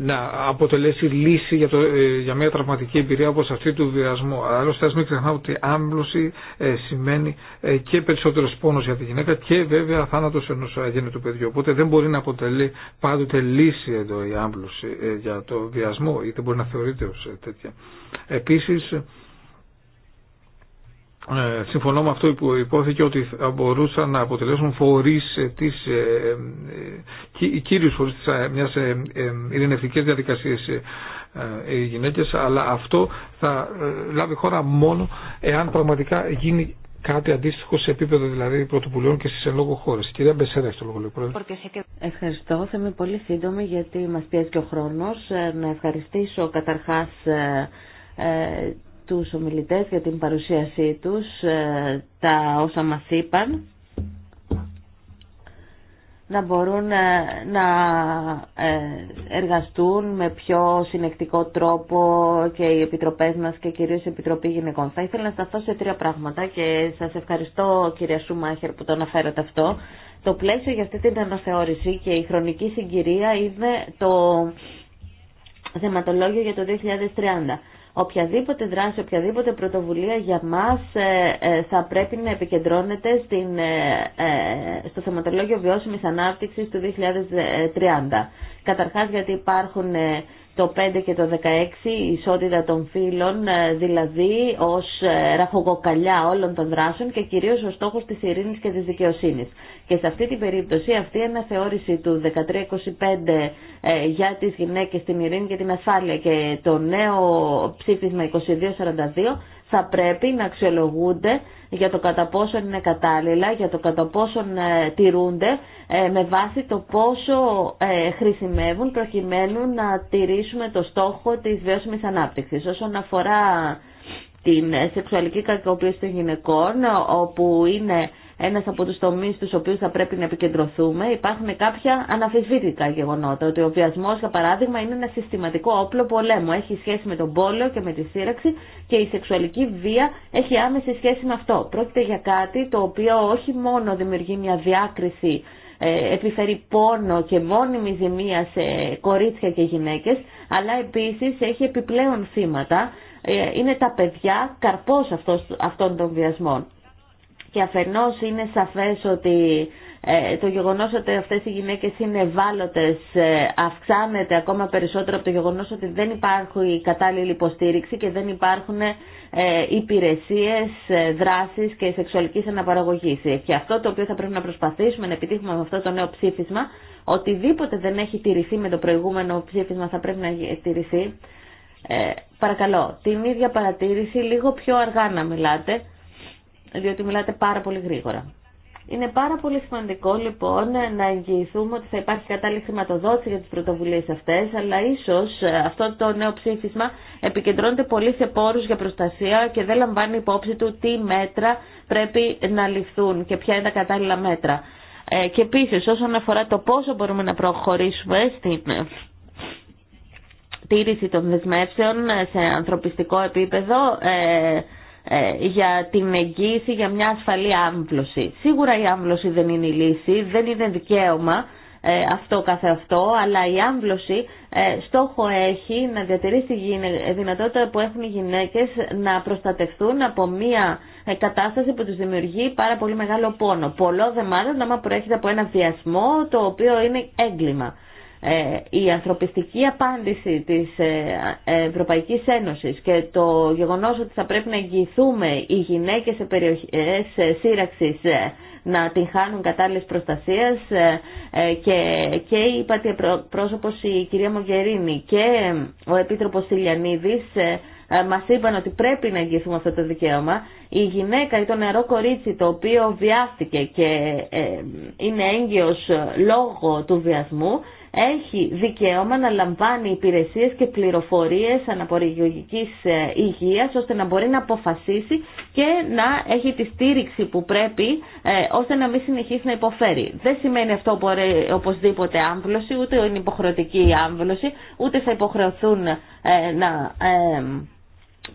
να αποτελέσει λύση για, το, ε, για μια τραυματική εμπειρία όπως αυτή του βιασμού. Άλλωστε ας μην ξεχνάω ότι άμπλωση ε, σημαίνει ε, και περισσότερος πόνος για τη γυναίκα και βέβαια θάνατος ενός του παιδιού. Οπότε δεν μπορεί να αποτελεί πάντοτε λύση εδώ η άμπλωση ε, για το βιασμό ή δεν μπορεί να θεωρείται ως τέτοια. Επίσης ε, συμφωνώ με αυτό που υπόθηκε ότι θα μπορούσαν να αποτελέσουν φορείς της, ε, ε, κύριους φορείς της μιας ειρηνευτικής διαδικασίας οι γυναίκες, αλλά αυτό θα λάβει χώρα μόνο εάν πραγματικά γίνει κάτι αντίστοιχο σε επίπεδο δηλαδή πρωτοβουλειών και στι εν λόγω χώρε. Κυρία Μπεσέρα, έχει το λόγο, πρόεδρε. Ευχαριστώ. Θα είμαι πολύ σύντομη γιατί μα πιέζει και ο χρόνο. Να ευχαριστήσω καταρχά τους ομιλητές για την παρουσίασή τους, ε, τα όσα μας είπαν, να μπορούν ε, να ε, εργαστούν με πιο συνεκτικό τρόπο και οι επιτροπές μας και κυρίως η Επιτροπή Γυναικών. Θα ήθελα να σταθώ σε τρία πράγματα και σας ευχαριστώ κυρία Σούμαχερ που το αναφέρατε αυτό. Το πλαίσιο για αυτή την αναθεώρηση και η χρονική συγκυρία είναι το θεματολόγιο για το 2030 οποιαδήποτε δράση, οποιαδήποτε πρωτοβουλία για μας ε, ε, θα πρέπει να επικεντρώνεται στην, ε, στο θεματολόγιο βιώσιμης ανάπτυξης του 2030. Καταρχάς γιατί υπάρχουν το 5 και το 16 η ισότητα των φύλων, ε, δηλαδή ως ε, ραχοκοκαλιά όλων των δράσεων και κυρίως ο στόχος της ειρήνης και της δικαιοσύνης. Και σε αυτή την περίπτωση αυτή η αναθεώρηση του 1325 ε, για τις γυναίκες, την ειρήνη και την ασφάλεια και το νέο ψήφισμα 2242 θα πρέπει να αξιολογούνται για το κατά πόσο είναι κατάλληλα, για το κατά πόσον ε, τηρούνται ε, με βάση το πόσο ε, χρησιμεύουν προκειμένου να τηρήσουμε το στόχο της βιώσιμης ανάπτυξης. Όσον αφορά την σεξουαλική κακοποίηση των γυναικών, όπου είναι ένας από τους τομείς στους οποίους θα πρέπει να επικεντρωθούμε. Υπάρχουν κάποια αναφυσβήτητα γεγονότα, ότι ο βιασμός, για παράδειγμα, είναι ένα συστηματικό όπλο πολέμου. Έχει σχέση με τον πόλεμο και με τη σύραξη και η σεξουαλική βία έχει άμεση σχέση με αυτό. Πρόκειται για κάτι το οποίο όχι μόνο δημιουργεί μια διάκριση ε, επιφέρει πόνο και μόνιμη ζημία σε κορίτσια και γυναίκες, αλλά επίσης έχει επιπλέον θύματα. Ε, είναι τα παιδιά καρπός αυτών των βιασμών και αφενός είναι σαφές ότι ε, το γεγονός ότι αυτές οι γυναίκες είναι ευάλωτες ε, αυξάνεται ακόμα περισσότερο από το γεγονός ότι δεν υπάρχει η κατάλληλη υποστήριξη και δεν υπάρχουν ε, υπηρεσίες, δράσεις και σεξουαλικής αναπαραγωγής. Και αυτό το οποίο θα πρέπει να προσπαθήσουμε να επιτύχουμε με αυτό το νέο ψήφισμα, οτιδήποτε δεν έχει τηρηθεί με το προηγούμενο ψήφισμα θα πρέπει να τηρηθεί. Ε, παρακαλώ, την ίδια παρατήρηση λίγο πιο αργά να μιλάτε διότι μιλάτε πάρα πολύ γρήγορα. Είναι πάρα πολύ σημαντικό λοιπόν να εγγυηθούμε ότι θα υπάρχει κατάλληλη χρηματοδότηση για τις πρωτοβουλίες αυτές, αλλά ίσως ε, αυτό το νέο ψήφισμα επικεντρώνεται πολύ σε πόρους για προστασία και δεν λαμβάνει υπόψη του τι μέτρα πρέπει να ληφθούν και ποια είναι τα κατάλληλα μέτρα. Ε, και επίσης όσον αφορά το πόσο μπορούμε να προχωρήσουμε στην ε, τήρηση των δεσμεύσεων σε ανθρωπιστικό επίπεδο, ε, για την εγγύηση για μια ασφαλή άμβλωση. Σίγουρα η άμβλωση δεν είναι η λύση, δεν είναι δικαίωμα ε, αυτό καθε αυτό, αλλά η άμβλωση ε, στόχο έχει να διατηρήσει τη δυνατότητα που έχουν οι γυναίκες να προστατευτούν από μια κατάσταση που τους δημιουργεί πάρα πολύ μεγάλο πόνο. Πολλό δε μάλλον άμα προέρχεται από ένα βιασμό το οποίο είναι έγκλημα. Ε, η ανθρωπιστική απάντηση της ε, Ευρωπαϊκής Ένωσης και το γεγονός ότι θα πρέπει να εγγυηθούμε οι γυναίκες σε περιοχές ε, σύραξης να την χάνουν κατάλληλης προστασίας και, και η πατία πρόσωπος η κυρία Μογκερίνη και ο Επίτροπος Σιλιανίδης μας είπαν ότι πρέπει να εγγυηθούμε αυτό το δικαίωμα. Η γυναίκα ή το νερό κορίτσι το οποίο βιάστηκε και είναι έγκυος λόγω του βιασμού έχει δικαίωμα να λαμβάνει υπηρεσίες και πληροφορίες αναπορυγιογικής ε, υγείας ώστε να μπορεί να αποφασίσει και να έχει τη στήριξη που πρέπει ε, ώστε να μην συνεχίσει να υποφέρει. Δεν σημαίνει αυτό οπωσδήποτε άμβλωση, ούτε είναι υποχρεωτική η άμβλωση, ούτε θα υποχρεωθούν ε, να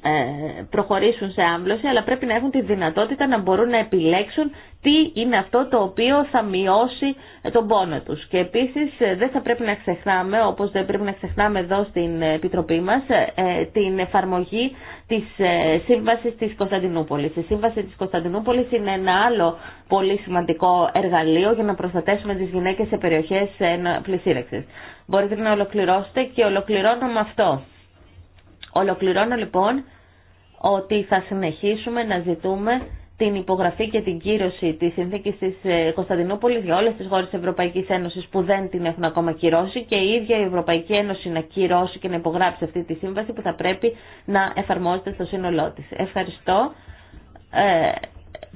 ε, προχωρήσουν σε άμβλωση, αλλά πρέπει να έχουν τη δυνατότητα να μπορούν να επιλέξουν τι είναι αυτό το οποίο θα μειώσει τον πόνο τους. Και επίσης ε, δεν θα πρέπει να ξεχνάμε, όπως δεν πρέπει να ξεχνάμε εδώ στην Επιτροπή μας, ε, την εφαρμογή της Σύμβασης της Κωνσταντινούπολης. Η Σύμβαση της Κωνσταντινούπολης είναι ένα άλλο πολύ σημαντικό εργαλείο για να προστατέσουμε τις γυναίκες σε περιοχές πλησίρεξης. Μπορείτε να ολοκληρώσετε και ολοκληρώνω με αυτό. Ολοκληρώνω λοιπόν ότι θα συνεχίσουμε να ζητούμε την υπογραφή και την κύρωση της συνθήκης της ε, Κωνσταντινούπολη για όλες τις χώρες της Ευρωπαϊκής Ένωσης που δεν την έχουν ακόμα κυρώσει και η ίδια η Ευρωπαϊκή Ένωση να κυρώσει και να υπογράψει αυτή τη σύμβαση που θα πρέπει να εφαρμόζεται στο σύνολό της. Ευχαριστώ. Ε,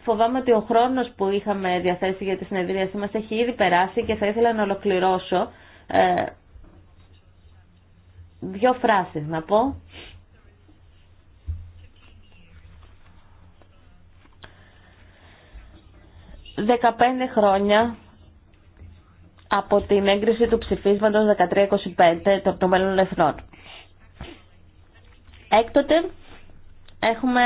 φοβάμαι ότι ο χρόνο που είχαμε διαθέσει για τη συνεδρίασή μα έχει ήδη περάσει και θα ήθελα να ολοκληρώσω. Ε, δύο φράσεις να πω. Δεκαπέντε χρόνια από την έγκριση του ψηφίσματος 1325 των μέλλον Εθνών. Έκτοτε έχουμε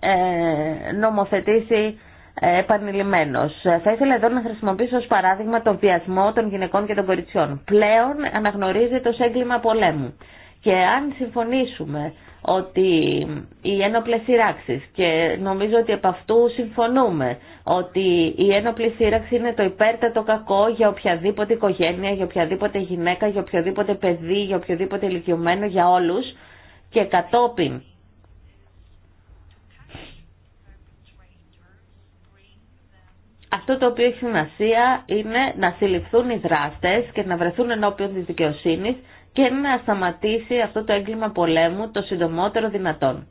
ε, νομοθετήσει επανειλημμένος. Θα ήθελα εδώ να χρησιμοποιήσω ω παράδειγμα τον βιασμό των γυναικών και των κοριτσιών. Πλέον αναγνωρίζεται ω έγκλημα πολέμου. Και αν συμφωνήσουμε ότι οι ένοπλε σειράξει. και νομίζω ότι από αυτού συμφωνούμε ότι η ένοπλη σύραξη είναι το υπέρτατο κακό για οποιαδήποτε οικογένεια, για οποιαδήποτε γυναίκα, για οποιοδήποτε παιδί, για οποιοδήποτε ηλικιωμένο, για όλου και κατόπιν Αυτό το οποίο έχει σημασία είναι να συλληφθούν οι δράστες και να βρεθούν ενώπιον της δικαιοσύνης και να σταματήσει αυτό το έγκλημα πολέμου το συντομότερο δυνατόν.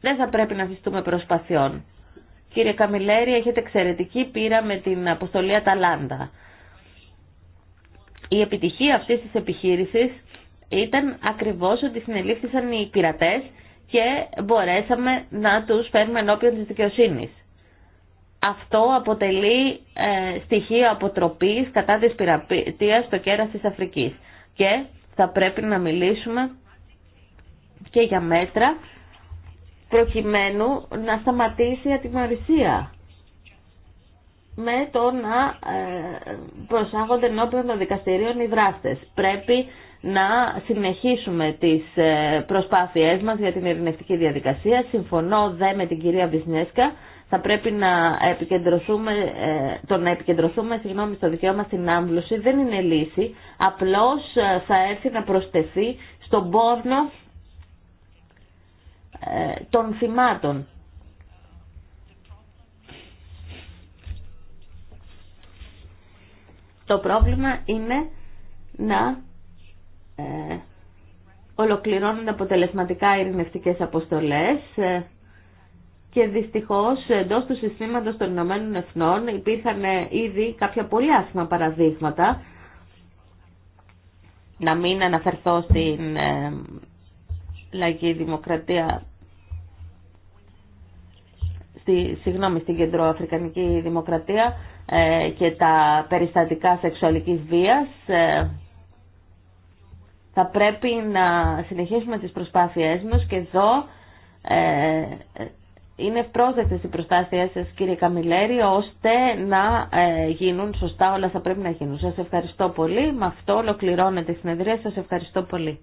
Δεν θα πρέπει να αφιστούμε προσπαθειών. Κύριε Καμιλέρη, έχετε εξαιρετική πείρα με την αποστολή Αταλάντα. Η επιτυχία αυτής της επιχείρησης ήταν ακριβώς ότι συνελήφθησαν οι πειρατές και μπορέσαμε να τους φέρουμε ενώπιον της δικαιοσύνης. Αυτό αποτελεί ε, στοιχείο αποτροπής κατά της πειραπητίας στο κέρας της Αφρικής. Και θα πρέπει να μιλήσουμε και για μέτρα προκειμένου να σταματήσει η ατιμορρησία με το να ε, προσάγονται ενώπιον των δικαστηρίων οι δράστες. Πρέπει να συνεχίσουμε τις ε, προσπάθειές μας για την ειρηνευτική διαδικασία. Συμφωνώ δε με την κυρία Βισνέσκα Θα πρέπει να επικεντρωθούμε, ε, το να επικεντρωθούμε συγγνώμη, στο δικαίωμα στην άμβλωση δεν είναι λύση. Απλώς ε, θα έρθει να προσθεθεί στον πόρνο των θυμάτων. Το πρόβλημα είναι να ε, αποτελεσματικά ειρηνευτικές αποστολές ε, και δυστυχώς εντός του συστήματος των Ηνωμένων Εθνών υπήρχαν ε, ήδη κάποια πολύ άσχημα παραδείγματα να μην αναφερθώ στην ε, δημοκρατία στη, συγγνώμη, στην κεντροαφρικανική δημοκρατία και τα περιστατικά σεξουαλικής βίας θα πρέπει να συνεχίσουμε τις προσπάθειές μας και εδώ ε, είναι πρόσδεκτες οι προστάσεις σας κύριε Καμιλέρη ώστε να ε, γίνουν σωστά όλα θα πρέπει να γίνουν. Σας ευχαριστώ πολύ. Με αυτό ολοκληρώνεται η συνεδρία. Σας ευχαριστώ πολύ.